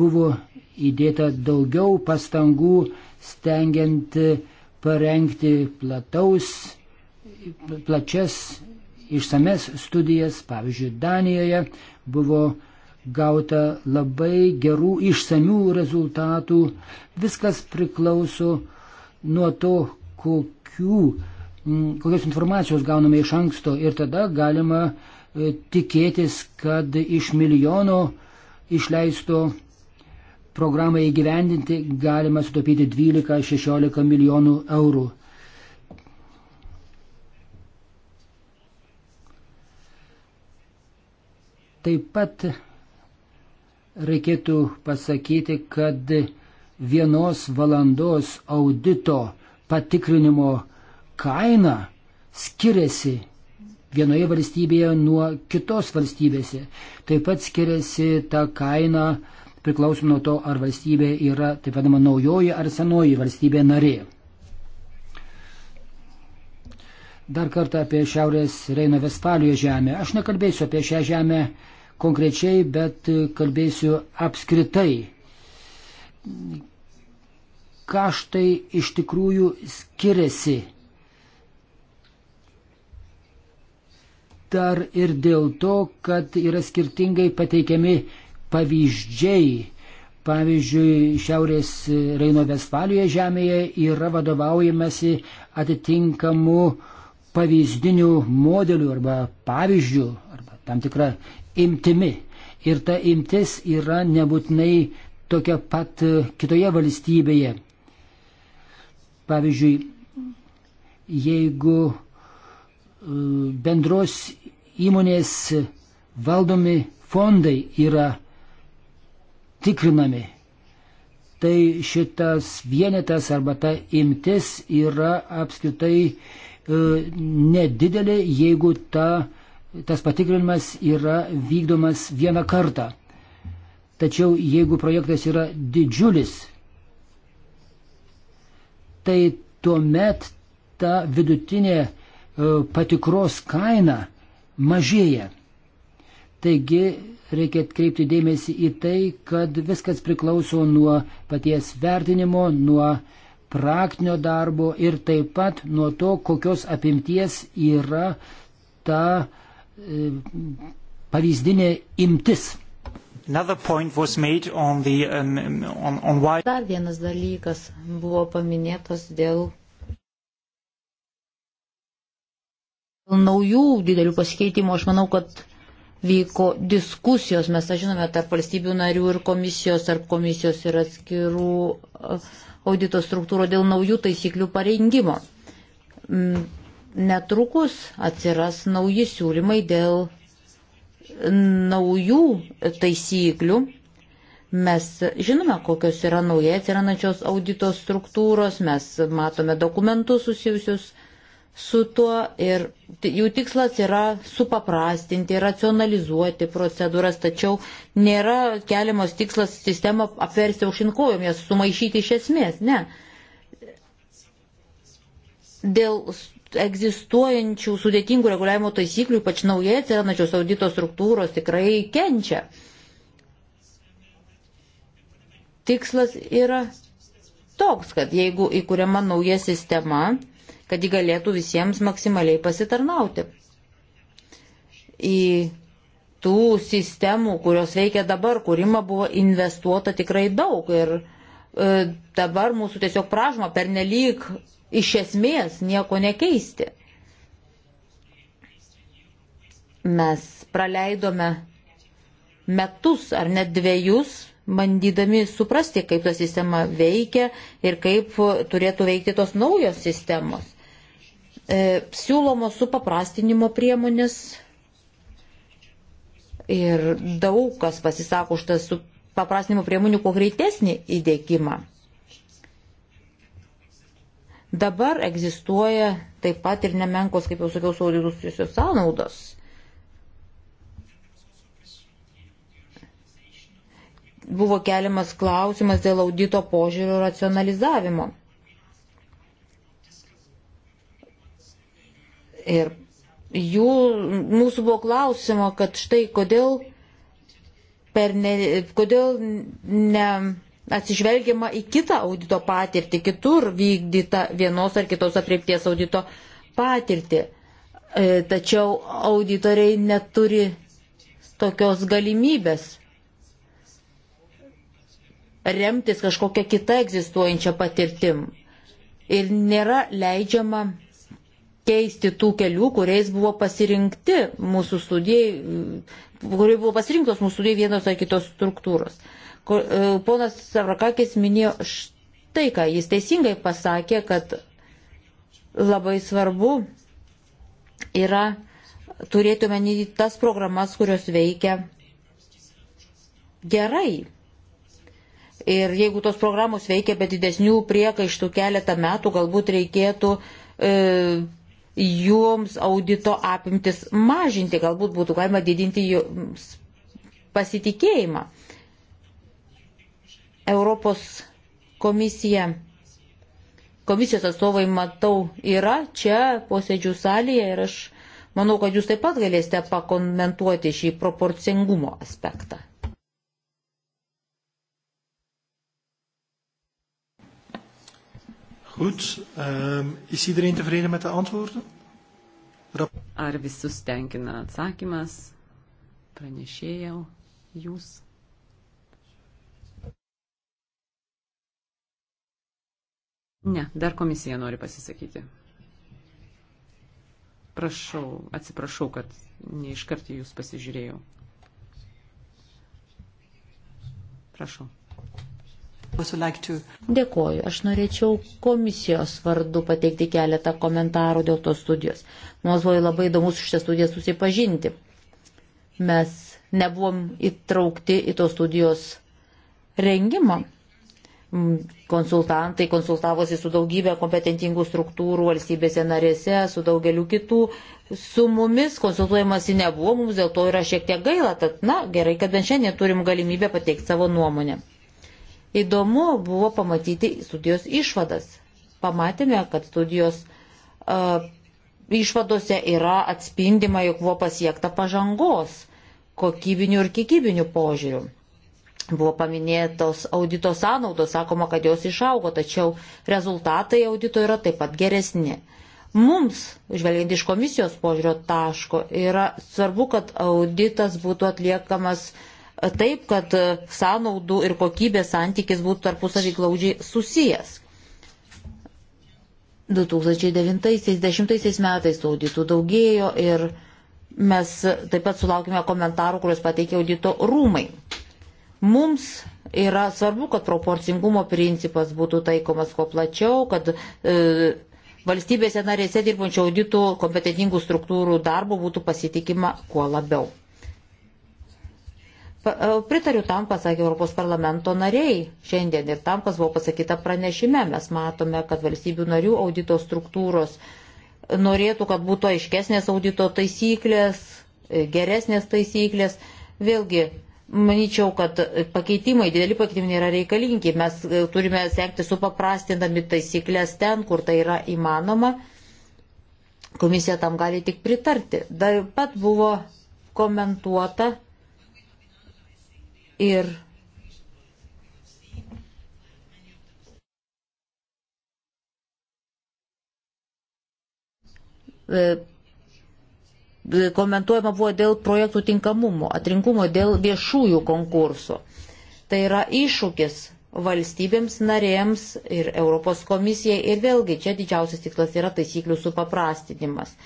buvo įdėta daugiau pastangų stengiant parengti plataus, plačias išsames studijas, pavyzdžiui, Danijoje buvo gauta labai gerų išsamių rezultatų. Viskas priklauso nuo to, kokių, kokios informacijos gauname iš anksto ir tada galima e, tikėtis, kad iš milijono išleisto programai įgyvendinti galima sutaupyti 12-16 milijonų eurų. Taip pat reikėtų pasakyti, kad vienos valandos audito patikrinimo kaina skiriasi vienoje valstybėje nuo kitos valstybėse. Taip pat skiriasi ta kaina priklausomai nuo to, ar valstybė yra, taip vadinama, naujoji ar senoji valstybė narė. Dar kartą apie Šiaurės Reino Vespalijo žemę. Aš nekalbėsiu apie šią žemę konkrečiai, bet kalbėsiu apskritai. Kaštai iš tikrųjų skiriasi. Dar ir dėl to, kad yra skirtingai pateikiami pavyzdžiai. Pavyzdžiui, Šiaurės Reino Vestfalijoje žemėje yra vadovaujamasi atitinkamu pavyzdiniu modeliu arba pavyzdžiu, arba tam tikra imtimi. Ir ta imtis yra nebūtinai tokia pat e, kitoje valstybėje. Pavyzdžiui, jeigu e, bendros įmonės valdomi fondai yra tikrinami, tai šitas vienetas arba ta imtis yra apskritai e, nedidelė, jeigu ta uh, tas patikrinimas yra vykdomas vieną kartą. Tačiau jeigu projektas yra didžiulis, tai tuomet ta vidutinė e, patikros kaina mažėja. Taigi reikia atkreipti dėmesį į tai, kad viskas priklauso nuo paties vertinimo, nuo praktinio darbo ir taip pat nuo to, kokios apimties yra ta uh, pavyzdinė imtis. The, um, on, on why... Dar vienas dalykas buvo paminėtas dėl naujų didelių pasikeitimų. Aš manau, kad vyko diskusijos, mes tą žinome, tarp valstybių narių ir komisijos, tarp komisijos ir atskirų uh, audito struktūrų dėl naujų taisyklių parengimo. Mm, netrukus atsiras nauji siūlymai dėl naujų taisyklių. Mes žinome, kokios yra naujai atsirandančios audito struktūros, mes matome dokumentus susijusius su tuo ir jų tikslas yra supaprastinti, racionalizuoti procedūras, tačiau nėra keliamas tikslas sistemą apversti aukšinkojom, jas sumaišyti iš esmės, ne. Dėl egzistuojančių sudėtingų reguliavimo taisyklių, ypač naujai atsirandančios audito struktūros, tikrai kenčia. Tikslas yra toks, kad jeigu įkuriama nauja sistema, kad ji galėtų visiems maksimaliai pasitarnauti. Į tų sistemų, kurios veikia dabar, kūrimą buvo investuota tikrai daug ir e, dabar mūsų tiesiog prašoma per nelik iš esmės nieko nekeisti. Mes praleidome metus ar net dviejus bandydami suprasti, kaip ta sistema veikia ir kaip turėtų veikti tos naujos sistemos. E, siūlomos supaprastinimo priemonės ir daug kas pasisako už tą supaprastinimo priemonių kuo greitesnį įdėkimą. Dabar egzistuoja taip pat ir nemenkos, kaip jau sakiau, saulių susijusios sąnaudos. Buvo keliamas klausimas dėl audito požiūrio racionalizavimo. Ir jų, mūsų buvo klausimo, kad štai kodėl, per ne, kodėl ne atsižvelgiama į kitą audito patirtį, kitur vykdyta vienos ar kitos apriepties audito patirtį. E, tačiau auditoriai neturi tokios galimybės remtis kažkokią kitą egzistuojančią patirtim. Ir nėra leidžiama keisti tų kelių, kuriais buvo pasirinkti mūsų studijai, kurie buvo pasirinktos mūsų studijai vienos ar kitos struktūros. Uh, E, ponas Savrakakis minėjo štai ką, jis teisingai pasakė, kad labai svarbu yra turėtume tas programas, kurios veikia gerai. Ir jeigu tos programos veikia be didesnių priekaištų keletą metų, galbūt reikėtų e, joms audito apimtis mažinti, galbūt būtų galima didinti joms pasitikėjimą. Europos komisija, komisijos atstovai, matau, yra čia posėdžių salėje ir aš manau, kad jūs taip pat galėsite pakomentuoti šį proporcingumo aspektą. Goed, um, is iedereen tevreden met de antwoorden? Rap Ar visus tenkina atsakymas? Pranešėjau, jūs. Ne, dar komisija nori pasisakyti. Prašau, atsiprašau, kad neiškart jūs pasižiūrėjau. Prašau. Dėkoju. Aš norėčiau komisijos vardu pateikti keletą komentarų dėl tos studijos. Mums buvo labai įdomus su šią studiją susipažinti. Mes nebuvom įtraukti į tos studijos rengimą. Mm, konsultantai konsultavosi su daugybė kompetentingų struktūrų valstybėse narėse, su daugeliu kitų. Su mumis konsultuojamasi nebuvo, mums dėl to yra šiek tiek gaila, tad na gerai, kad bent šiandien turim galimybę pateikti savo nuomonę. Įdomu buvo pamatyti studijos išvadas. Pamatėme, kad studijos uh, išvadose yra atspindima, jog buvo pasiekta pažangos kokybinių ir kiekybinių požiūrių Buvo paminėtos audito sąnaudos, sakoma, kad jos išaugo, tačiau rezultatai audito yra taip pat geresni. Mums, žvelgiant iš komisijos požiūrio taško, yra svarbu, kad auditas būtų atliekamas taip, kad sąnaudų ir kokybės santykis būtų tarpusavį glaudžiai susijęs. 2009-2010 metais auditų daugėjo ir mes taip pat sulaukime komentarų, kuriuos pateikė audito rūmai. Mums yra svarbu, kad proporcingumo principas būtų taikomas kuo plačiau, kad e, valstybėse narėse dirbančių auditų kompetentingų struktūrų darbo būtų pasitikima kuo labiau. E, pritariu tam, kas sakė Europos parlamento nariai šiandien ir tam, kas buvo pasakyta pranešime. Mes matome, kad valstybių narių audito struktūros norėtų, kad būtų aiškesnės audito taisyklės, e, geresnės taisyklės. Vėlgi, Manyčiau, kad pakeitimai, dideli pakeitimai yra reikalingi. Mes e, turime sekti supaprastindami taisyklės ten, kur tai yra įmanoma. Komisija tam gali tik pritarti. Dar pat buvo komentuota ir e, komentuojama buvo dėl projektų tinkamumo, atrinkumo dėl viešųjų konkursų. Tai yra iššūkis valstybėms narėms ir Europos komisijai ir vėlgi čia didžiausias tikslas yra taisyklių supaprastinimas.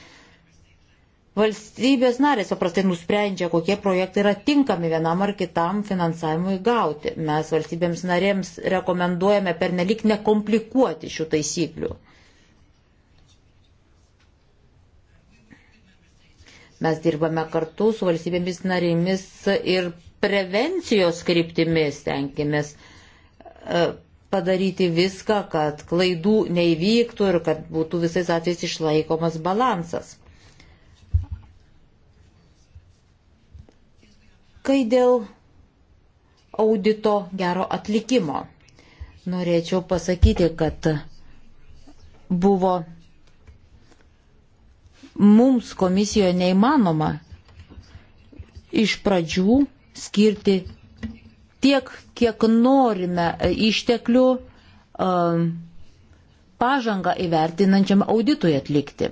Valstybės narės paprastai nusprendžia, kokie projektai yra tinkami vienam ar kitam finansavimui gauti. Mes valstybėms narėms rekomenduojame pernelik nekomplikuoti šių taisyklių. Mes dirbame kartu su valstybėmis narėmis ir prevencijos kryptimis tenkimės e, padaryti viską, kad klaidų neįvyktų ir kad būtų visais atvejais išlaikomas balansas. Kai dėl audito gero atlikimo, norėčiau pasakyti, kad buvo mums komisijoje neįmanoma iš pradžių skirti tiek, kiek norime išteklių um, pažangą įvertinančiam auditui atlikti.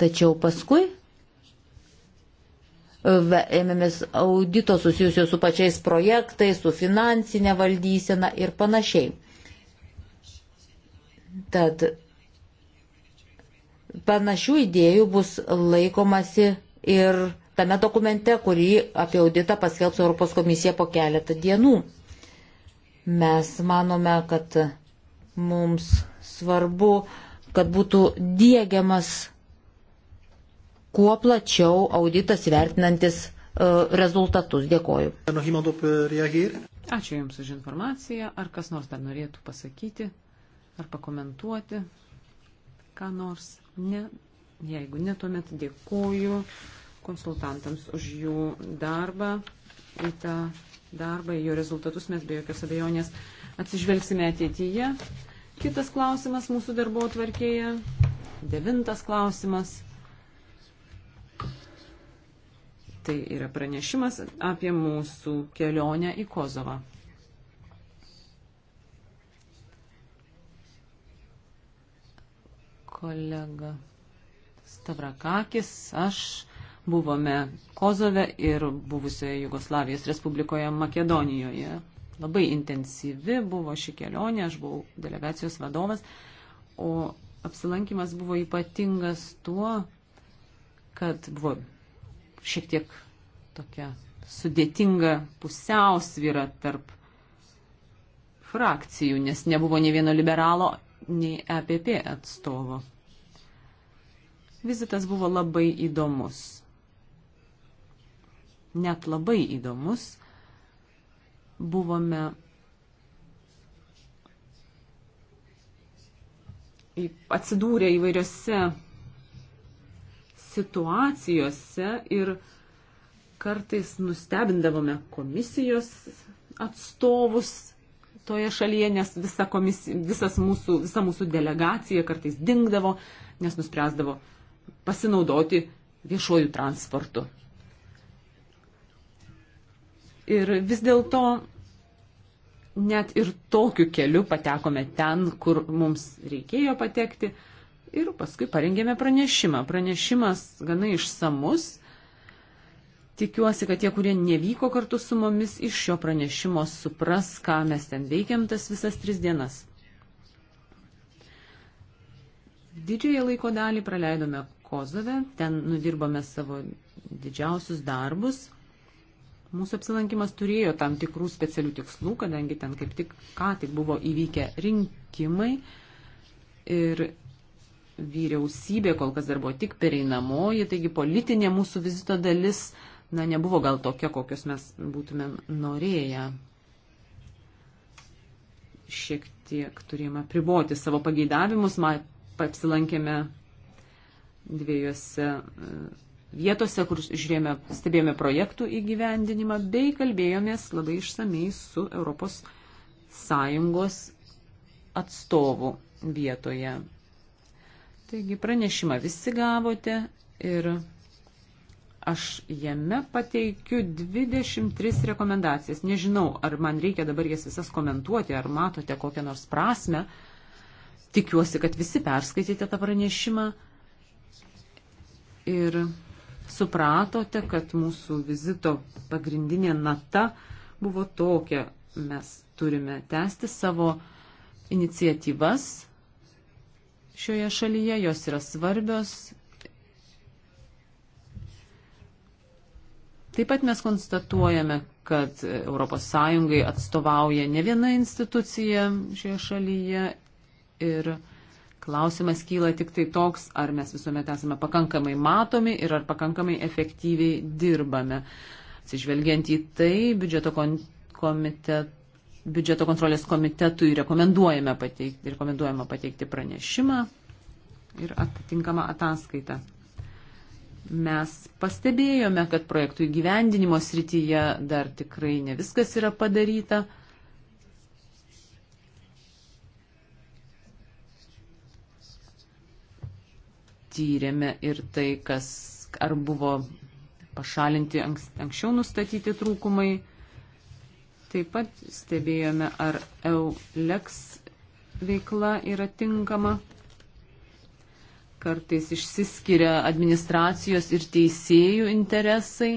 Tačiau paskui uh, ėmėmės audito susijusio su pačiais projektais, su finansinė valdysena ir panašiai. Tad Panašių idėjų bus laikomasi ir tame dokumente, kurį apie auditą paskelbs Europos komisija po keletą dienų. Mes manome, kad mums svarbu, kad būtų dėgiamas kuo plačiau auditas vertinantis e, rezultatus. Dėkoju. Ačiū Jums už informaciją. Ar kas nors dar norėtų pasakyti, ar pakomentuoti, ką nors? Ne. Jeigu ne, tuomet dėkoju konsultantams už jų darbą. Į tą darbą, į jo rezultatus mes be jokios abejonės atsižvelgsime ateityje. Kitas klausimas mūsų darbo atvarkėje. Devintas klausimas. Tai yra pranešimas apie mūsų kelionę į Kozovą. kolega Stavrakakis, aš buvome Kozove ir buvusioje Jugoslavijos Respublikoje Makedonijoje. Labai intensyvi buvo ši kelionė, aš buvau delegacijos vadovas, o apsilankimas buvo ypatingas tuo, kad buvo šiek tiek tokia sudėtinga pusiausvyra tarp frakcijų, nes nebuvo ne vieno liberalo nei EPP atstovo. Vizitas buvo labai įdomus. Net labai įdomus. Buvome atsidūrę įvairiose situacijose ir kartais nustebindavome komisijos atstovus toje šalyje, nes visa, komisija, visas mūsų, visa mūsų delegacija kartais dingdavo, nes nuspręsdavo pasinaudoti viešojų transportu. Ir vis dėlto net ir tokiu keliu patekome ten, kur mums reikėjo patekti. Ir paskui parengėme pranešimą. Pranešimas gana išsamus Tikiuosi, kad tie, kurie nevyko kartu su mumis, iš šio pranešimo supras, ką mes ten veikiam tas visas tris dienas. Didžiąją laiko dalį praleidome Kozove, ten nudirbome savo didžiausius darbus. Mūsų apsilankimas turėjo tam tikrų specialių tikslų, kadangi ten kaip tik ką tik buvo įvykę rinkimai ir vyriausybė kol kas dar buvo tik pereinamoji, taigi politinė mūsų vizito dalis uh, na, nebuvo gal tokia, kokius mes būtume norėję. Šiek tiek turėjome priboti savo pageidavimus, apsilankėme dviejose e, vietose, kur žiūrėjome, stebėjome projektų įgyvendinimą bei kalbėjomės labai išsamei su Europos Sąjungos atstovu vietoje. Taigi pranešimą visi gavote ir Aš jame pateikiu 23 rekomendacijas. Nežinau, ar man reikia dabar jas visas komentuoti, ar matote kokią nors prasme. Tikiuosi, kad visi perskaitėte tą pranešimą ir supratote, kad mūsų vizito pagrindinė nata buvo tokia. Mes turime tęsti savo iniciatyvas šioje šalyje, jos yra svarbios Taip pat mes konstatuojame, kad ES atstovauja ne viena institucija šioje šalyje ir klausimas kyla tik tai toks, ar mes visuomet esame pakankamai matomi ir ar pakankamai efektyviai dirbame. Atsižvelgiant į tai, biudžeto, komitet, biudžeto kontrolės komitetui rekomenduojame pateikti, rekomenduojama pateikti pranešimą ir atitinkamą ataskaitą. Mes pastebėjome, kad projektų įgyvendinimo srityje dar tikrai ne viskas yra padaryta. Tyrėme ir tai, kas ar buvo pašalinti anksčiau nustatyti trūkumai. Taip pat stebėjome, ar EULEX veikla yra tinkama kartais išsiskiria administracijos ir teisėjų interesai.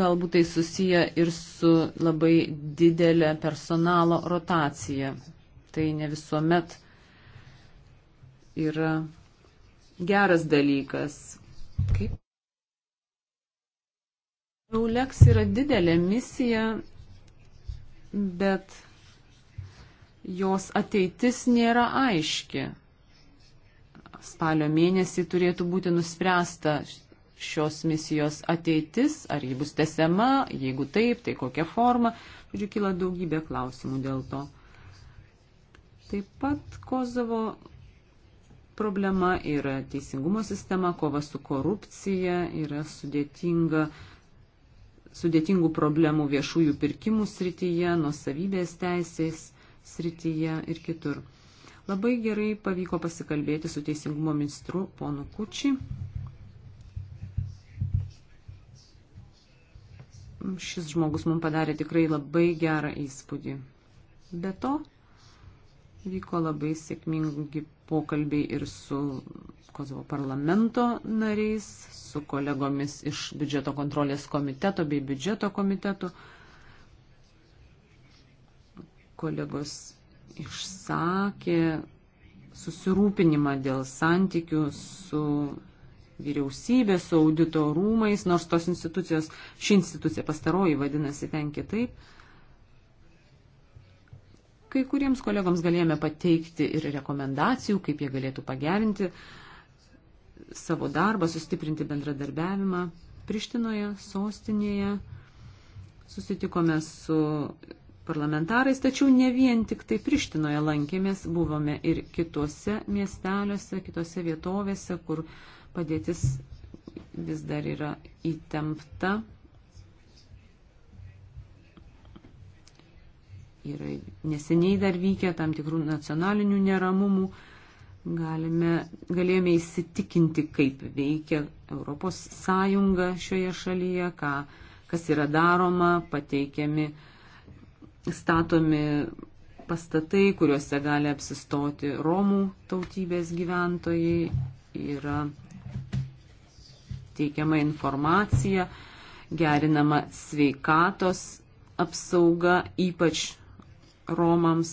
Galbūt tai susiję ir su labai didelė personalo rotacija. Tai ne visuomet yra geras dalykas. Kaip? Euleks yra didelė misija, bet jos ateitis nėra aiški spalio mėnesį turėtų būti nuspręsta šios misijos ateitis, ar ji bus tesama, jeigu taip, tai kokia forma. Žodžiu, kyla daugybė klausimų dėl to. Taip pat Kozovo problema yra teisingumo sistema, kova su korupcija, yra sudėtinga sudėtingų problemų viešųjų pirkimų srityje, nuosavybės teisės srityje ir kitur. Labai gerai pavyko pasikalbėti su teisingumo ministru ponu Kučiai. Šis žmogus mums padarė tikrai labai gerą įspūdį. Be to, vyko labai sėkmingi pokalbiai ir su Kosovo parlamento nariais, su kolegomis iš biudžeto kontrolės komiteto bei biudžeto komitetų. Kolegos išsakė susirūpinimą dėl santykių su vyriausybė, su audito rūmais, nors tos institucijos, ši institucija pastaroji vadinasi ten kitaip. Kai kuriems kolegoms galėjome pateikti ir rekomendacijų, kaip jie galėtų pagerinti savo darbą, sustiprinti bendradarbiavimą. Prištinoje, sostinėje susitikome su parlamentarais, tačiau ne vien tik tai Prištinoje lankėmės, buvome ir kitose miesteliuose, kitose vietovėse, kur padėtis vis dar yra įtempta. Ir neseniai dar vykę tam tikrų nacionalinių neramumų, galime, galėjome įsitikinti, kaip veikia ES šioje šalyje, ką, kas yra daroma, pateikiami uh, statomi pastatai, kuriuose gali apsistoti Romų tautybės gyventojai, yra teikiama informacija, gerinama sveikatos apsauga, ypač Romams.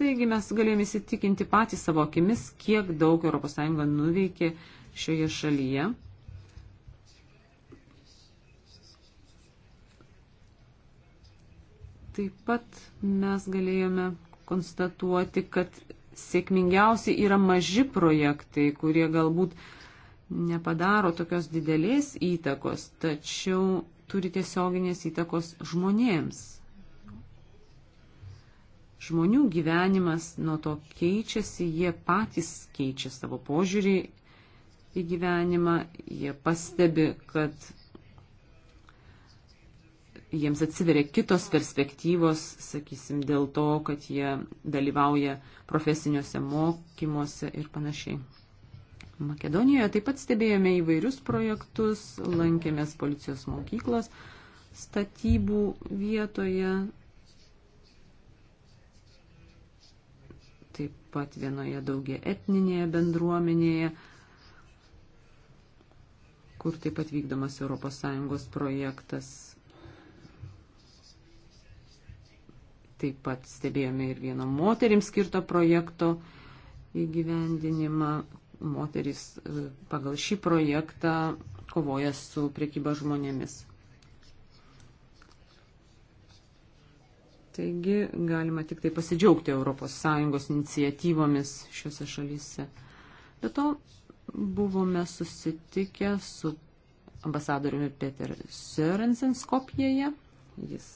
Taigi mes galėjome įsitikinti patys savo akimis, kiek daug ES nuveikė šioje šalyje. Taip pat mes galėjome konstatuoti, kad sėkmingiausi yra maži projektai, kurie galbūt nepadaro tokios didelės įtakos, tačiau turi tiesioginės įtakos žmonėms. Žmonių gyvenimas nuo to keičiasi, jie patys keičia savo požiūrį į gyvenimą, jie pastebi, kad jiems atsiveria kitos perspektyvos, sakysim, dėl to, kad jie dalyvauja profesiniuose mokymuose ir panašiai. Makedonijoje taip pat stebėjome įvairius projektus, lankėmės policijos mokyklos statybų vietoje, taip pat vienoje daugia etninėje bendruomenėje, kur taip pat vykdomas ES projektas Taip pat stebėjome ir vieno moterims skirto projekto įgyvendinimą. Moteris e, pagal šį projektą kovoja su priekyba žmonėmis. Taigi galima tik tai pasidžiaugti ES inicijatyvomis šiuose šalyse. Be to buvome susitikę su ambasadoriumi Peter Sörensen Skopijoje. Jis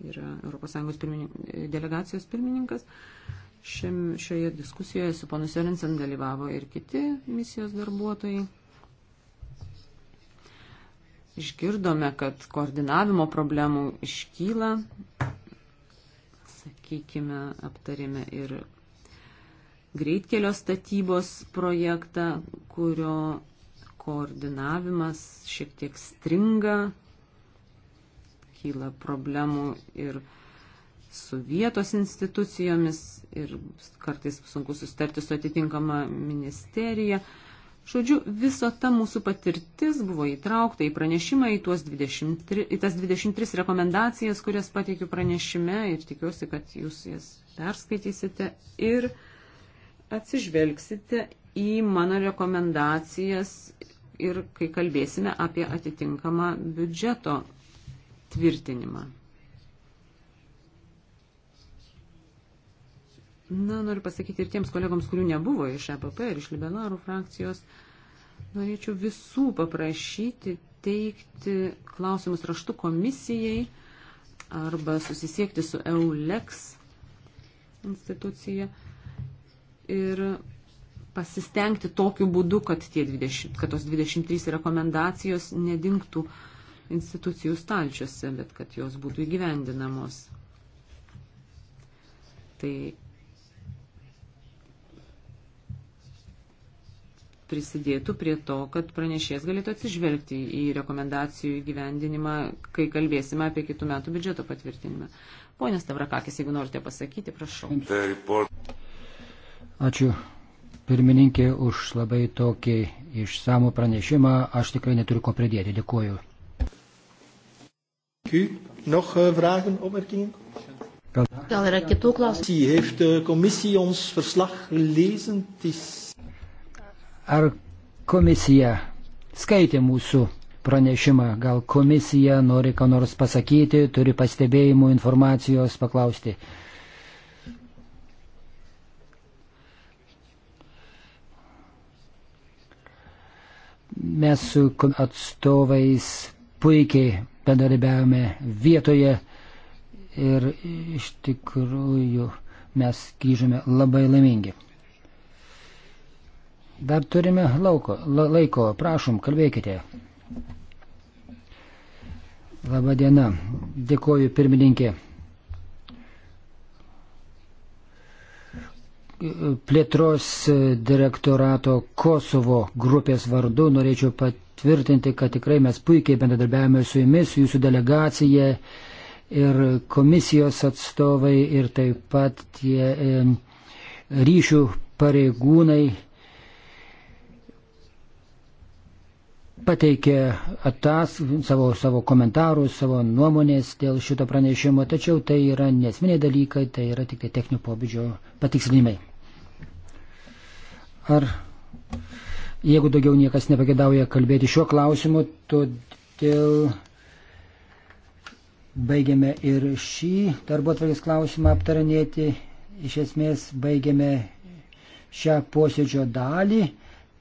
yra ES pirmininkas, delegacijos pirmininkas. Šiam, šioje diskusijoje su panu Sorensen dalyvavo ir kiti misijos darbuotojai. Išgirdome, kad koordinavimo problemų iškyla, sakykime, aptarėme ir greitkelio statybos projektą, kurio koordinavimas šiek tiek stringa, kyla problemų ir su vietos institucijomis ir kartais sunku sustarti su atitinkama ministerija. Žodžiu, visa ta mūsų patirtis buvo įtraukta į pranešimą, į, 23, į tas 23 rekomendacijas, kurias pateikiu pranešime ir tikiuosi, kad jūs jas perskaitysite ir atsižvelgsite į mano rekomendacijas ir kai kalbėsime apie atitinkamą biudžeto tvirtinimą. Na, noriu pasakyti ir tiems kolegoms, kurių nebuvo iš EPP ir iš liberalų frakcijos, norėčiau visų paprašyti teikti klausimus raštu komisijai arba susisiekti su EULEX institucija ir pasistengti tokiu būdu, kad, 20, kad tos 23 rekomendacijos nedingtų uh, institucijų stalčiuose, bet kad jos būtų įgyvendinamos. Tai prisidėtų prie to, kad pranešėjas galėtų atsižvelgti į rekomendacijų įgyvendinimą, kai kalbėsime apie kitų metų biudžeto patvirtinimą. Pone Stavrakakis, jeigu norite pasakyti, prašau. Ačiū pirmininkė už labai tokį išsamų pranešimą. Aš tikrai neturiu ko pridėti. Dėkuoju. Gal yra kitų klausimų? Ar komisija skaitė mūsų pranešimą? Gal komisija nori ką nors pasakyti, turi pastebėjimų, informacijos paklausti? mes su atstovais puikiai bendarbiavome vietoje ir iš tikrųjų mes grįžome labai laimingi. Dar turime lauko, la, laiko, prašom, kalbėkite. Labą dieną, dėkoju pirmininkė. Plėtros direktorato Kosovo grupės vardu norėčiau pat patvirtinti, kad tikrai mes puikiai bendradarbiavome su jumis, su jūsų delegacija ir komisijos atstovai ir taip pat tie e, ryšių pareigūnai pateikė atas savo, savo komentarus, savo nuomonės dėl šito pranešimo, tačiau tai yra nesminiai dalykai, tai yra tik tai techninio pobūdžio patikslinimai. Ar Jeigu daugiau niekas nepagėdauja kalbėti šiuo klausimu, todėl baigiame ir šį darbo atvarkės klausimą aptarinėti. Iš esmės baigiame šią posėdžio dalį,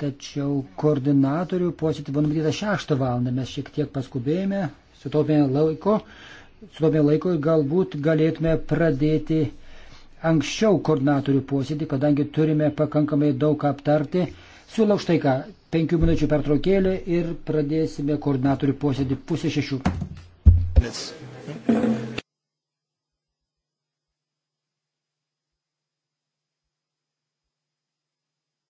tačiau koordinatorių posėdį buvo numatyta 6 valandą, mes šiek tiek paskubėjome, sutaupėme laiko, sutaupėme laiko ir galbūt galėtume pradėti anksčiau koordinatorių posėdį, kadangi turime pakankamai daug aptarti. Siūlau štai ką, penkių minučių pertraukėlį ir pradėsime koordinatorių posėdį pusę šešių. Yes.